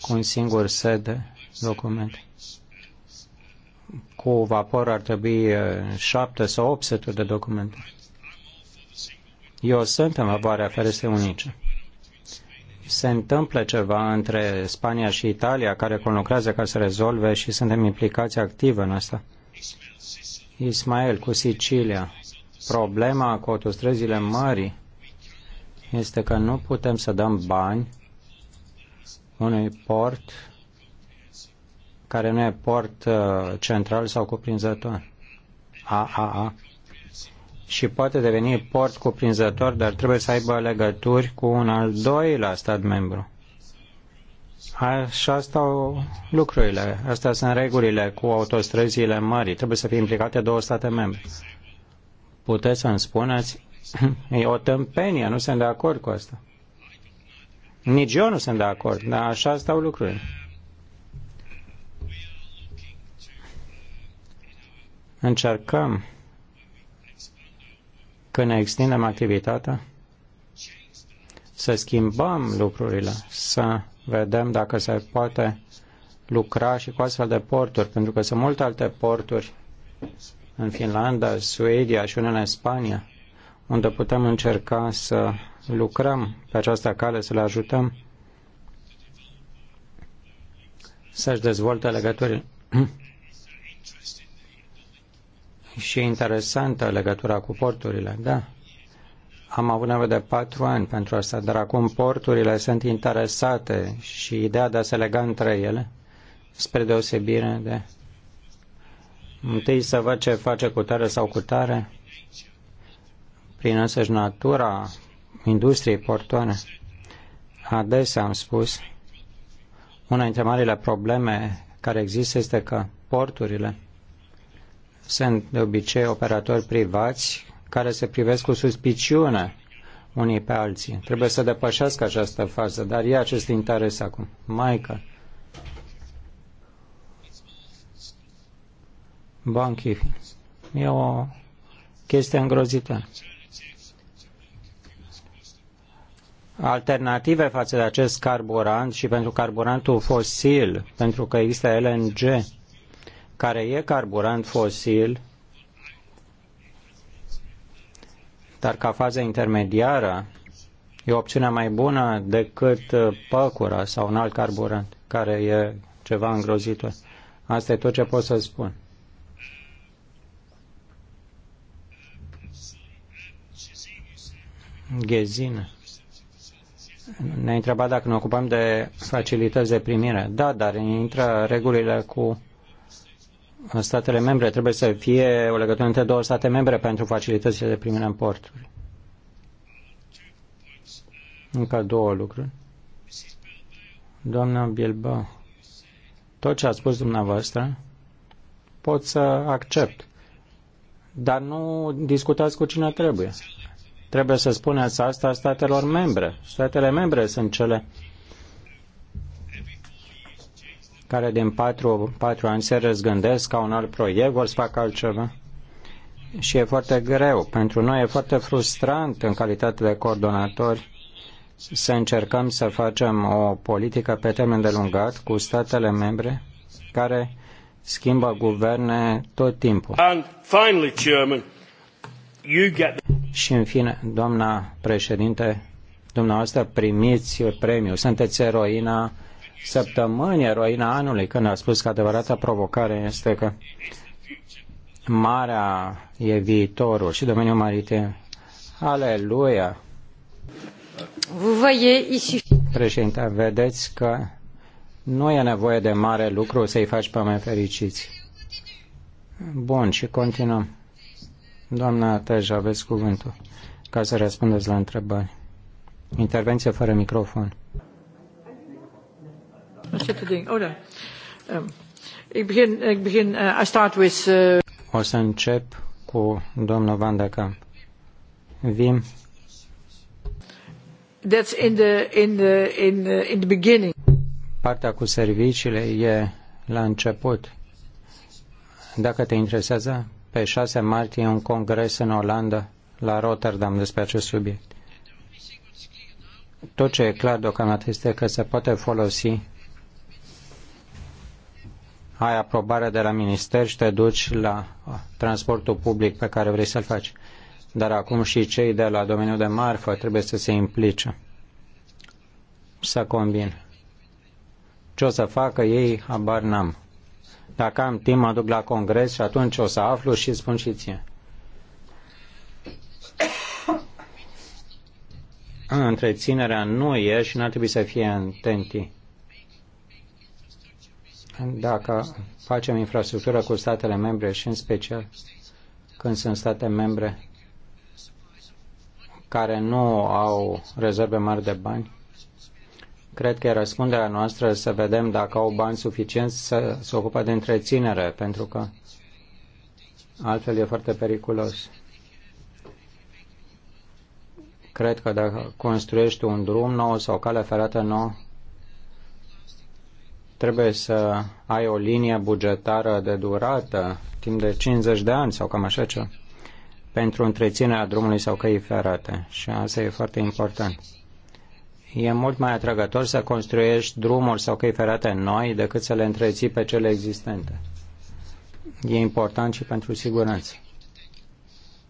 cu un singur set de documente. Cu vapor ar trebui eh, șapte sau opt seturi de documente. Eu sunt în favoarea ferestrei unice. Se întâmplă ceva între Spania și Italia care conlucrează ca să rezolve și suntem implicați activ în asta. Ismael cu Sicilia Problema cu autostrăzile mari este că nu putem să dăm bani unui port care nu e port uh, central sau cuprinzător. A, a, a. Și poate deveni port cuprinzător, dar trebuie să aibă legături cu un al doilea stat membru. Așa stau lucrurile. Astea sunt regulile cu autostrăzile mării. Trebuie să fie implicate două state membre puteți să-mi spuneți, e o tâmpenie, nu sunt de acord cu asta. Nici eu nu sunt de acord, dar așa stau lucrurile. Încercăm când ne extindem activitatea să schimbăm lucrurile, să vedem dacă se poate lucra și cu astfel de porturi, pentru că sunt multe alte porturi în Finlanda, Suedia și unele în Spania, unde putem încerca să lucrăm pe această cale, să le ajutăm să-și dezvolte legături și interesantă legătura cu porturile, da. Am avut nevoie de patru ani pentru asta, dar acum porturile sunt interesate și ideea de a se lega între ele, spre deosebire de întâi să văd ce face cu tare sau cu tare prin însăși natura industriei portoane. Adesea am spus, una dintre marile probleme care există este că porturile sunt de obicei operatori privați care se privesc cu suspiciune unii pe alții. Trebuie să depășească această fază, dar e acest interes acum. Michael, Banchi. E o chestie îngrozitoare. Alternative față de acest carburant și pentru carburantul fosil, pentru că există LNG, care e carburant fosil, dar ca fază intermediară e opțiunea mai bună decât uh, păcura sau un alt carburant, care e ceva îngrozitor. Asta e tot ce pot să spun. Ghezine ne-a întrebat dacă ne ocupăm de facilități de primire. Da, dar intră regulile cu statele membre. Trebuie să fie o legătură între două state membre pentru facilitățile de primire în porturi. Încă două lucruri. Doamna Bilba, tot ce a spus dumneavoastră pot să accept, dar nu discutați cu cine trebuie. Trebuie să spuneți asta statelor membre. Statele membre sunt cele care din patru, patru ani se răzgândesc ca un alt proiect, vor să fac altceva. Și e foarte greu. Pentru noi e foarte frustrant în calitate de coordonatori să încercăm să facem o politică pe termen de lungat cu statele membre care schimbă guverne tot timpul. And finally, Chairman, you get și în fine, doamna președinte, dumneavoastră primiți premiu. Sunteți eroina săptămânii, eroina anului, când a spus că adevărata provocare este că marea e viitorul și domeniul maritim. Aleluia! Președinte, vedeți că nu e nevoie de mare lucru să-i faci pe mai fericiți. Bun, și continuăm. Doamna Teja, aveți cuvântul ca să răspundeți la întrebări. Intervenție fără microfon. O să încep cu domnul Van de Camp. Vim. That's in the, in the, in the, in the beginning. Partea cu serviciile e la început. Dacă te interesează, pe 6 martie un congres în Olanda, la Rotterdam, despre acest subiect. Tot ce e clar deocamdată este că se poate folosi ai aprobare de la minister și te duci la transportul public pe care vrei să-l faci. Dar acum și cei de la domeniul de marfă trebuie să se implice, să combine. Ce o să facă ei, habar n-am. Dacă am timp, mă duc la congres și atunci o să aflu și spun și ție. Întreținerea nu e și nu ar trebui să fie în TNT. Dacă facem infrastructură cu statele membre și în special când sunt state membre care nu au rezerve mari de bani, Cred că e răspunderea noastră să vedem dacă au bani suficienți să se ocupe de întreținere, pentru că altfel e foarte periculos. Cred că dacă construiești un drum nou sau o cale ferată nouă, trebuie să ai o linie bugetară de durată, timp de 50 de ani sau cam așa ceva, pentru întreținerea drumului sau căii ferate. Și asta e foarte important. E mult mai atrăgător să construiești drumuri sau căi ferate noi decât să le întreții pe cele existente. E important și pentru siguranță.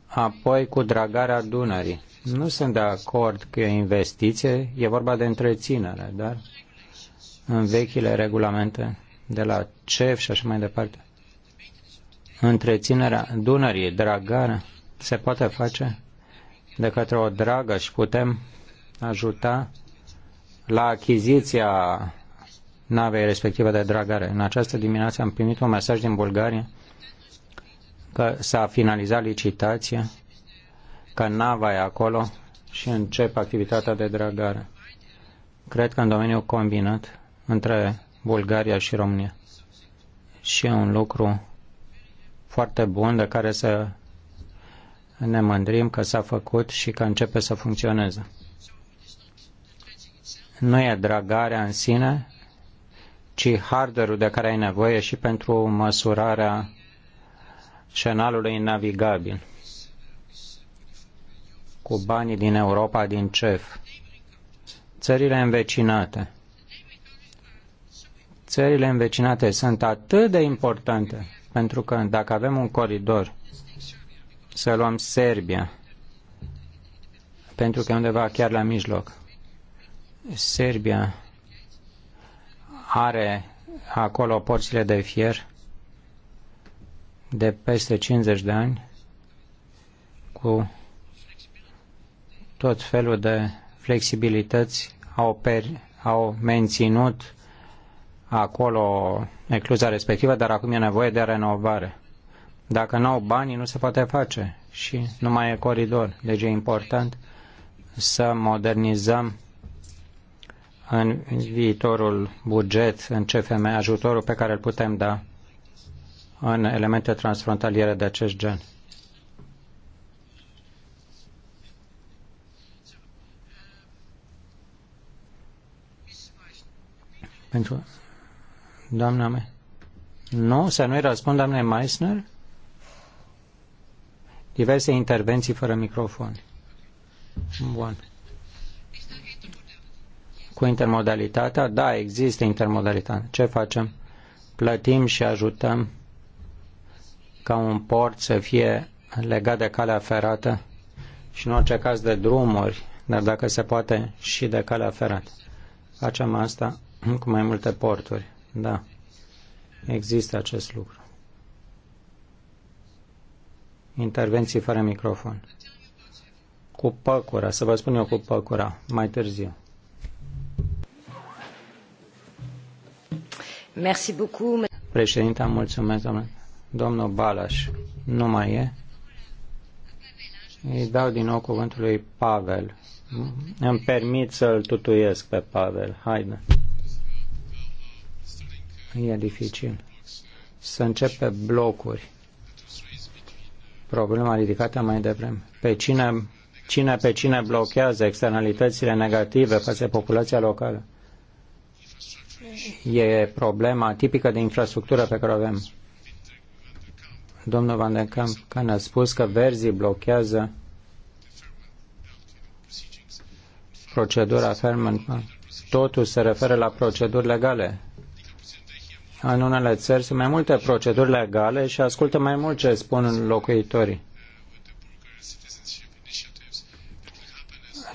Apoi cu dragarea Dunării. Nu sunt de acord că e investiție, e vorba de întreținere, dar în vechile regulamente de la CEF și așa mai departe. Întreținerea Dunării, dragarea, se poate face de către o dragă și putem ajuta la achiziția navei respective de dragare. În această dimineață am primit un mesaj din Bulgaria că s-a finalizat licitația, că nava e acolo și încep activitatea de dragare. Cred că în domeniul combinat între Bulgaria și România. Și e un lucru foarte bun de care să ne mândrim că s-a făcut și că începe să funcționeze. Nu e dragarea în sine, ci hardware-ul de care ai nevoie și pentru măsurarea șenalului navigabil cu banii din Europa, din CEF. Țările învecinate. Țările învecinate sunt atât de importante, pentru că dacă avem un coridor, să luăm Serbia, pentru că e undeva chiar la mijloc. Serbia are acolo porțile de fier de peste 50 de ani cu tot felul de flexibilități au, per, au menținut acolo ecluza respectivă, dar acum e nevoie de renovare. Dacă nu au banii, nu se poate face și nu mai e coridor. Deci e important să modernizăm în viitorul buget, în CFM, ajutorul pe care îl putem da în elemente transfrontaliere de acest gen. Pentru doamna mea. Nu, să nu-i răspund doamne Meissner? Diverse intervenții fără microfon. Bun cu intermodalitatea? Da, există intermodalitate. Ce facem? Plătim și ajutăm ca un port să fie legat de calea ferată și în orice caz de drumuri, dar dacă se poate și de calea ferată. Facem asta cu mai multe porturi. Da, există acest lucru. Intervenții fără microfon. Cu păcura, să vă spun eu cu păcura, mai târziu. Merci Președinte, mulțumesc, domnule. Domnul Balas nu mai e. Îi dau din nou cuvântul lui Pavel. Îmi permit să-l tutuiesc pe Pavel. Haide. E dificil. Să încep pe blocuri. Problema ridicată mai devreme. Pe cine, cine pe cine blochează externalitățile negative față de populația locală? e problema tipică de infrastructură pe care o avem. Domnul Van den Camp, când a spus că verzii blochează procedura Ferman, totul se referă la proceduri legale. În unele țări sunt mai multe proceduri legale și ascultă mai mult ce spun locuitorii.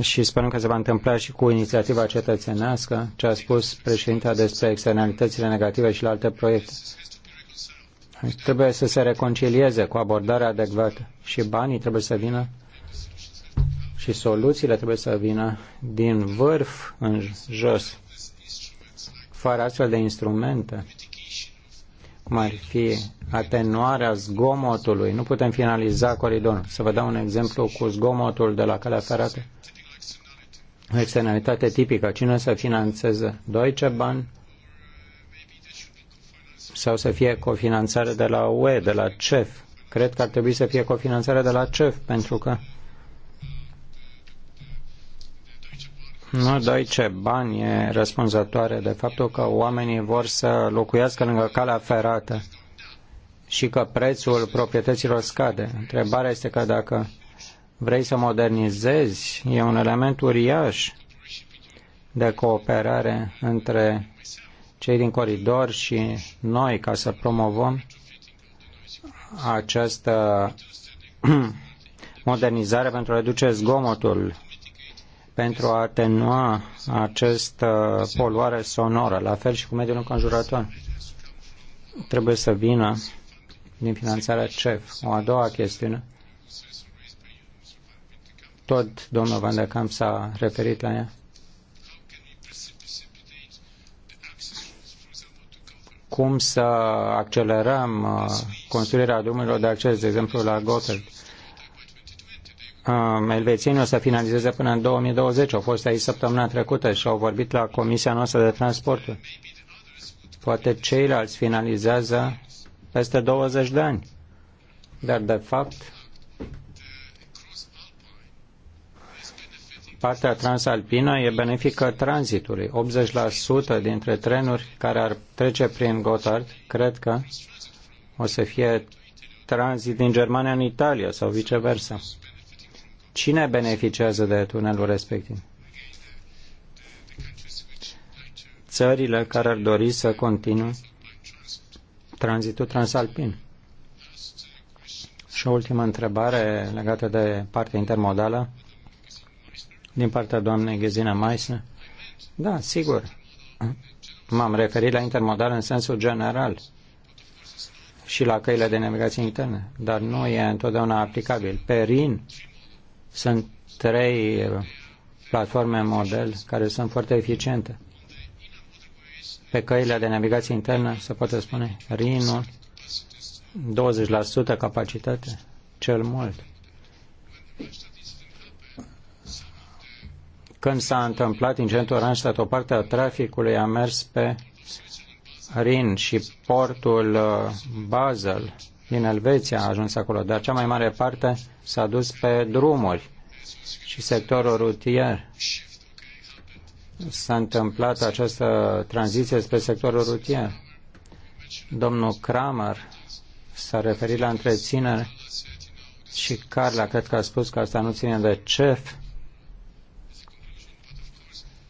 și sperăm că se va întâmpla și cu inițiativa cetățenească, ce a spus președinta despre externalitățile negative și la alte proiecte. Trebuie să se reconcilieze cu abordarea adecvată și banii trebuie să vină și soluțiile trebuie să vină din vârf în jos. Fără astfel de instrumente, cum ar fi atenuarea zgomotului. Nu putem finaliza coridorul. Să vă dau un exemplu cu zgomotul de la calea ferată o externalitate tipică. Cine să financeze? Deutsche Bahn? Sau să fie cofinanțare de la UE, de la CEF? Cred că ar trebui să fie cofinanțare de la CEF, pentru că Nu, Deutsche Bahn e răspunzătoare de faptul că oamenii vor să locuiască lângă calea ferată și că prețul proprietăților scade. Întrebarea este că dacă vrei să modernizezi, e un element uriaș de cooperare între cei din coridor și noi ca să promovăm această modernizare pentru a reduce zgomotul, pentru a atenua această poluare sonoră, la fel și cu mediul înconjurător. Trebuie să vină din finanțarea CEF. O a doua chestiune tot domnul Van de Camp s-a referit la ea. Cum să accelerăm uh, construirea drumurilor de acces, de exemplu, la Gotthard. Uh, Elvețienii o să finalizeze până în 2020. Au fost aici săptămâna trecută și au vorbit la Comisia noastră de Transporturi. Poate ceilalți finalizează peste 20 de ani. Dar, de fapt, Partea transalpină e benefică tranzitului. 80% dintre trenuri care ar trece prin Gotthard, cred că o să fie tranzit din Germania în Italia sau viceversa. Cine beneficiază de tunelul respectiv? Țările care ar dori să continue tranzitul transalpin. Și o ultimă întrebare legată de partea intermodală din partea doamnei Ghezina Maisne? Da, sigur. M-am referit la intermodal în sensul general și la căile de navigație interne, dar nu e întotdeauna aplicabil. Pe RIN sunt trei platforme model care sunt foarte eficiente. Pe căile de navigație internă se poate spune RIN-ul 20% capacitate, cel mult. Când s-a întâmplat incidentul Randstad, o parte a traficului a mers pe Rin și portul uh, Basel din Elveția a ajuns acolo, dar cea mai mare parte s-a dus pe drumuri și sectorul rutier. S-a întâmplat această tranziție spre sectorul rutier. Domnul Kramer s-a referit la întreținere și Carla cred că a spus că asta nu ține de CEF,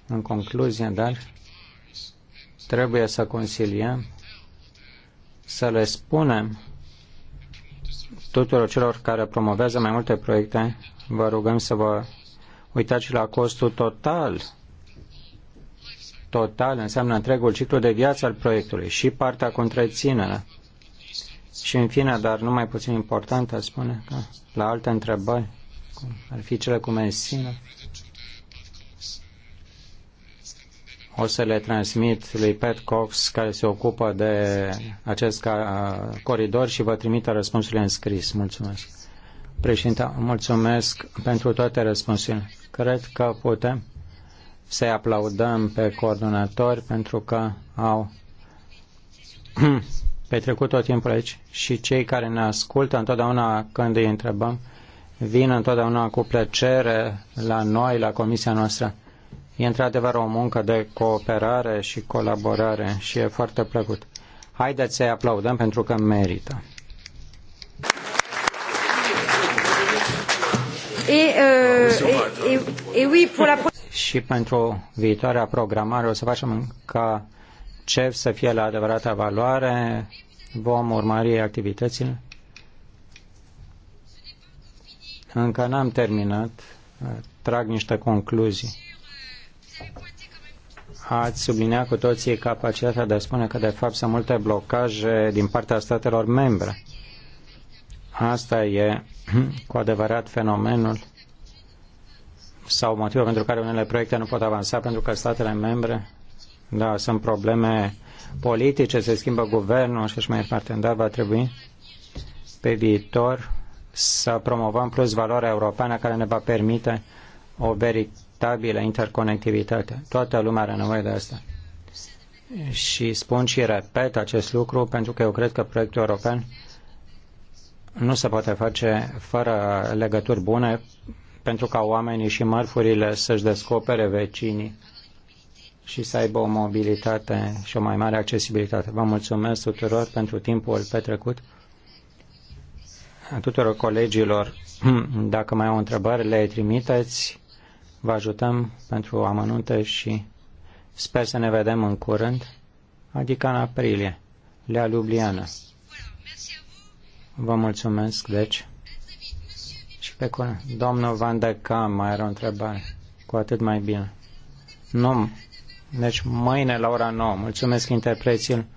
în concluzie, dar trebuie să conciliem, să le spunem tuturor celor care promovează mai multe proiecte, vă rugăm să vă uitați la costul total. Total înseamnă întregul ciclu de viață al proiectului și partea cu întreținere. Și în fine, dar nu mai puțin important, aș spune că la alte întrebări, cum ar fi cele cu mensină, O să le transmit lui Pat Cox, care se ocupă de acest coridor și vă trimite răspunsurile în scris. Mulțumesc. Președinte, mulțumesc pentru toate răspunsurile. Cred că putem să-i aplaudăm pe coordonatori pentru că au petrecut tot timpul aici și cei care ne ascultă întotdeauna când îi întrebăm vin întotdeauna cu plăcere la noi, la comisia noastră E într-adevăr o muncă de cooperare și colaborare și e foarte plăcut. Haideți să-i aplaudăm pentru că merită. Și pentru viitoarea programare o să facem ca ce să fie la adevărata valoare, vom urmări activitățile. Încă n-am terminat, trag niște concluzii ați subliniat cu toții capacitatea de a spune că de fapt sunt multe blocaje din partea statelor membre. Asta e cu adevărat fenomenul sau motivul pentru care unele proiecte nu pot avansa, pentru că statele membre, da, sunt probleme politice, se schimbă guvernul și așa mai departe, dar va trebui pe viitor să promovăm plus valoarea europeană care ne va permite o verită stabilă, interconectivitate. Toată lumea are nevoie de asta. Și spun și repet acest lucru pentru că eu cred că proiectul european nu se poate face fără legături bune pentru ca oamenii și mărfurile să-și descopere vecinii și să aibă o mobilitate și o mai mare accesibilitate. Vă mulțumesc tuturor pentru timpul petrecut. A tuturor colegilor, dacă mai au întrebări, le trimiteți Vă ajutăm pentru amănunte și sper să ne vedem în curând, adică în aprilie, la Ljubljana. Vă mulțumesc, deci. Și pe curând. Domnul Van de Cam mai are o întrebare. Cu atât mai bine. Nu. Deci mâine la ora 9. Mulțumesc interpreților.